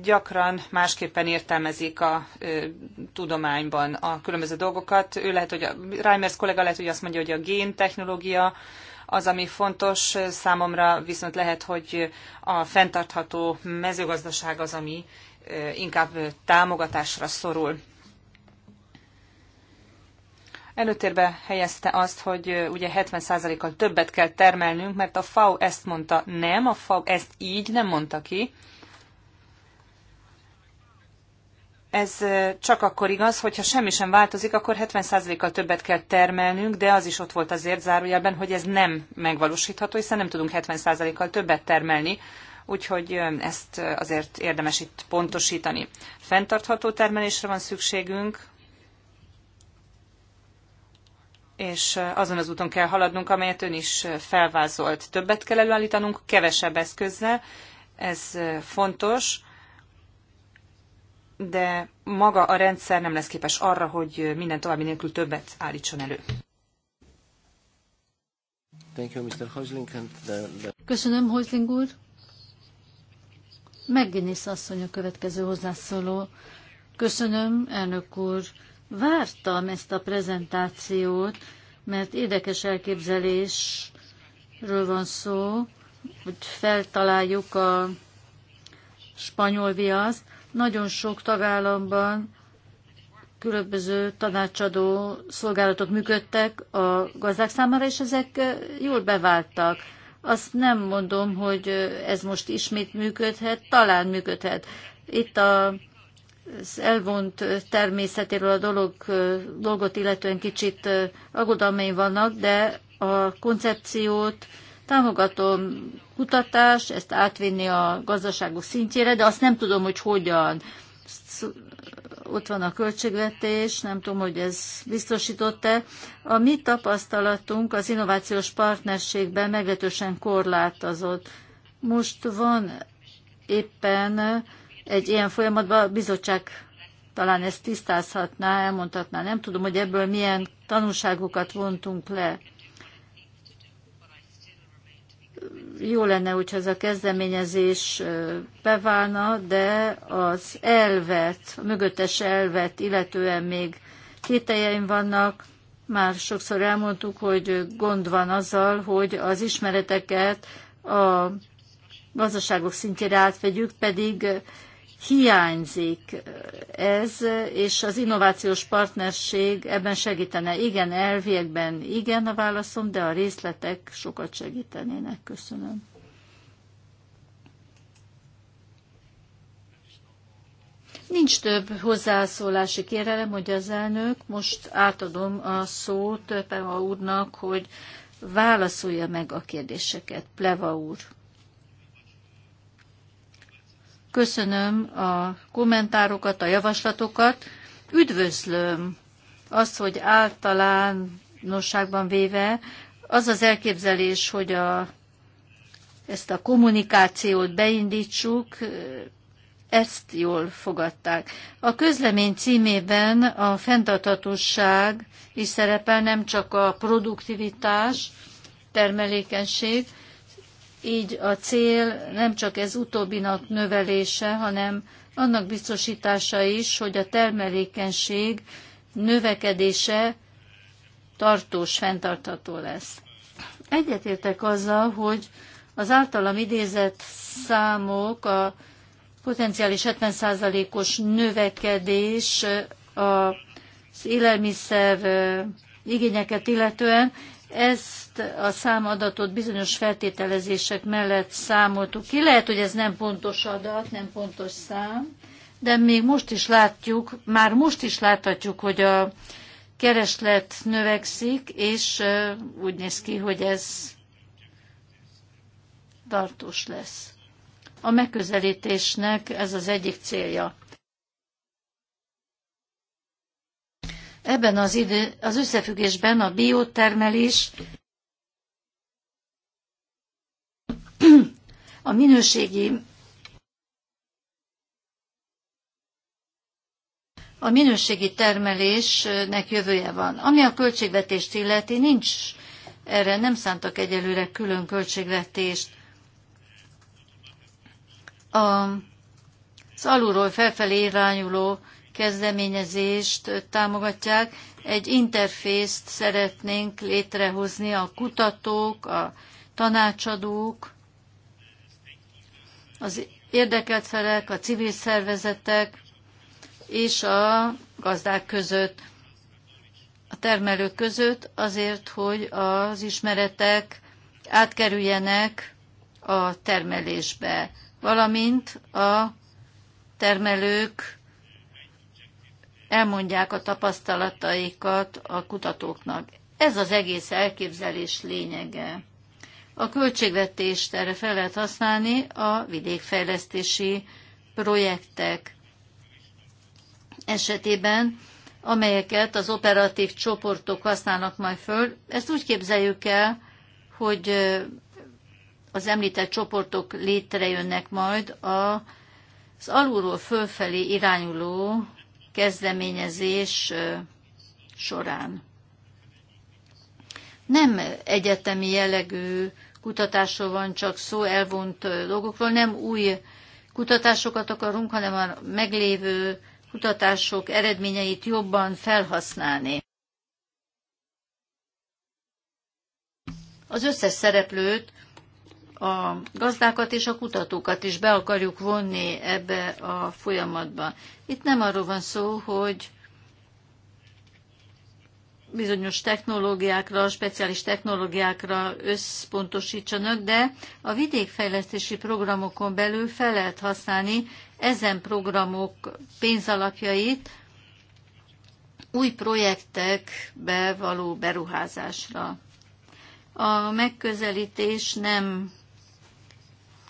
gyakran másképpen értelmezik a ö, tudományban a különböző dolgokat. Ő lehet, hogy a Reimers kollega lehet, hogy azt mondja, hogy a géntechnológia az, ami fontos számomra viszont lehet, hogy a fenntartható mezőgazdaság az, ami inkább támogatásra szorul. Előtérbe helyezte azt, hogy ugye 70%-kal többet kell termelnünk, mert a FAO ezt mondta nem, a FAO ezt így nem mondta ki, ez csak akkor igaz, hogyha semmi sem változik, akkor 70%-kal többet kell termelnünk, de az is ott volt azért zárójelben, hogy ez nem megvalósítható, hiszen nem tudunk 70%-kal többet termelni, úgyhogy ezt azért érdemes itt pontosítani. Fentartható termelésre van szükségünk, és azon az úton kell haladnunk, amelyet ön is felvázolt. Többet kell előállítanunk, kevesebb eszközzel, ez fontos de maga a rendszer nem lesz képes arra, hogy minden további nélkül többet állítson elő. Köszönöm, Hosling úr. Meggenész asszony a következő hozzászóló. Köszönöm, elnök úr. Vártam ezt a prezentációt, mert érdekes elképzelésről van szó, hogy feltaláljuk a spanyol viaszt. Nagyon sok tagállamban különböző tanácsadó szolgálatok működtek a gazdák számára, és ezek jól beváltak. Azt nem mondom, hogy ez most ismét működhet, talán működhet. Itt a az elvont természetéről a dolog, dolgot illetően kicsit aggodalmai vannak, de a koncepciót támogatom kutatás, ezt átvinni a gazdaságok szintjére, de azt nem tudom, hogy hogyan. Ott van a költségvetés, nem tudom, hogy ez biztosított-e. A mi tapasztalatunk az innovációs partnerségben meglehetősen korlátozott. Most van éppen egy ilyen folyamatban a bizottság talán ezt tisztázhatná, elmondhatná. Nem tudom, hogy ebből milyen tanulságokat vontunk le jó lenne, hogyha ez a kezdeményezés beválna, de az elvet, a mögöttes elvet illetően még kételjeim vannak. Már sokszor elmondtuk, hogy gond van azzal, hogy az ismereteket a gazdaságok szintjére átvegyük, pedig hiányzik ez, és az innovációs partnerség ebben segítene. Igen, elviekben igen a válaszom, de a részletek sokat segítenének. Köszönöm. Nincs több hozzászólási kérelem, hogy az elnök. Most átadom a szót Peva úrnak, hogy válaszolja meg a kérdéseket. Pleva úr köszönöm a kommentárokat, a javaslatokat. Üdvözlöm azt, hogy általánosságban véve az az elképzelés, hogy a, ezt a kommunikációt beindítsuk, ezt jól fogadták. A közlemény címében a fenntarthatóság is szerepel, nem csak a produktivitás, termelékenység, így a cél nem csak ez utóbbinak növelése, hanem annak biztosítása is, hogy a termelékenység növekedése tartós, fenntartható lesz. Egyetértek azzal, hogy az általam idézett számok a potenciális 70%-os növekedés az élelmiszer igényeket illetően ezt a számadatot bizonyos feltételezések mellett számoltuk ki. Lehet, hogy ez nem pontos adat, nem pontos szám, de még most is látjuk, már most is láthatjuk, hogy a kereslet növekszik, és úgy néz ki, hogy ez tartós lesz. A megközelítésnek ez az egyik célja. Ebben az, idő, az összefüggésben a biotermelés a minőségi a minőségi termelésnek jövője van. Ami a költségvetést illeti, nincs erre nem szántak egyelőre külön költségvetést. A, az alulról felfelé irányuló kezdeményezést támogatják. Egy interfészt szeretnénk létrehozni a kutatók, a tanácsadók, az érdekelt felek, a civil szervezetek és a gazdák között, a termelők között, azért, hogy az ismeretek átkerüljenek a termelésbe, valamint a termelők elmondják a tapasztalataikat a kutatóknak. Ez az egész elképzelés lényege. A költségvetést erre fel lehet használni a vidékfejlesztési projektek esetében, amelyeket az operatív csoportok használnak majd föl. Ezt úgy képzeljük el, hogy az említett csoportok létrejönnek majd az alulról fölfelé irányuló kezdeményezés során. Nem egyetemi jellegű kutatásról van csak szó, elvont dolgokról, nem új kutatásokat akarunk, hanem a meglévő kutatások eredményeit jobban felhasználni. Az összes szereplőt a gazdákat és a kutatókat is be akarjuk vonni ebbe a folyamatba. Itt nem arról van szó, hogy bizonyos technológiákra, speciális technológiákra összpontosítsanak, de a vidékfejlesztési programokon belül fel lehet használni ezen programok pénzalapjait új projektekbe való beruházásra. A megközelítés nem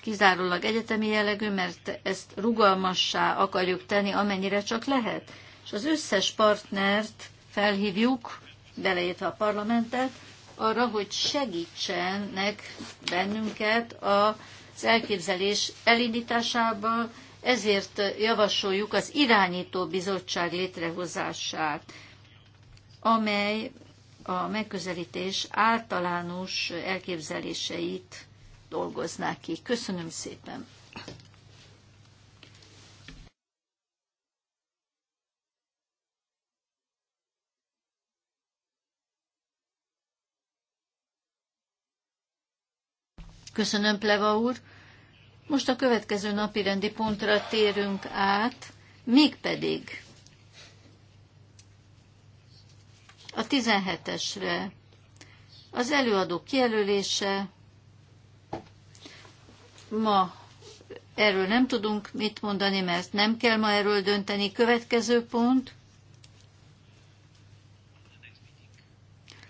kizárólag egyetemi jellegű, mert ezt rugalmassá akarjuk tenni, amennyire csak lehet. És az összes partnert felhívjuk, beleértve a parlamentet, arra, hogy segítsenek bennünket az elképzelés elindításában, ezért javasoljuk az irányító bizottság létrehozását, amely a megközelítés általános elképzeléseit dolgozná ki. Köszönöm szépen! Köszönöm, Pleva úr. Most a következő napi rendi pontra térünk át, mégpedig a 17-esre. Az előadó kijelölése, ma erről nem tudunk mit mondani, mert nem kell ma erről dönteni. Következő pont.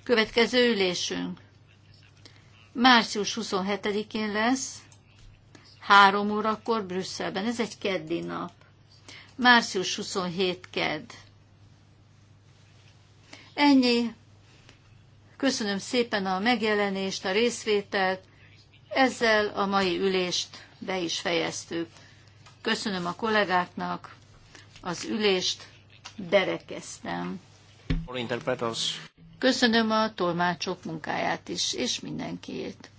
Következő ülésünk. Március 27-én lesz, három órakor Brüsszelben. Ez egy keddi nap. Március 27 kedd. Ennyi. Köszönöm szépen a megjelenést, a részvételt. Ezzel a mai ülést be is fejeztük. Köszönöm a kollégáknak, az ülést berekeztem. Köszönöm a tolmácsok munkáját is, és mindenkiét.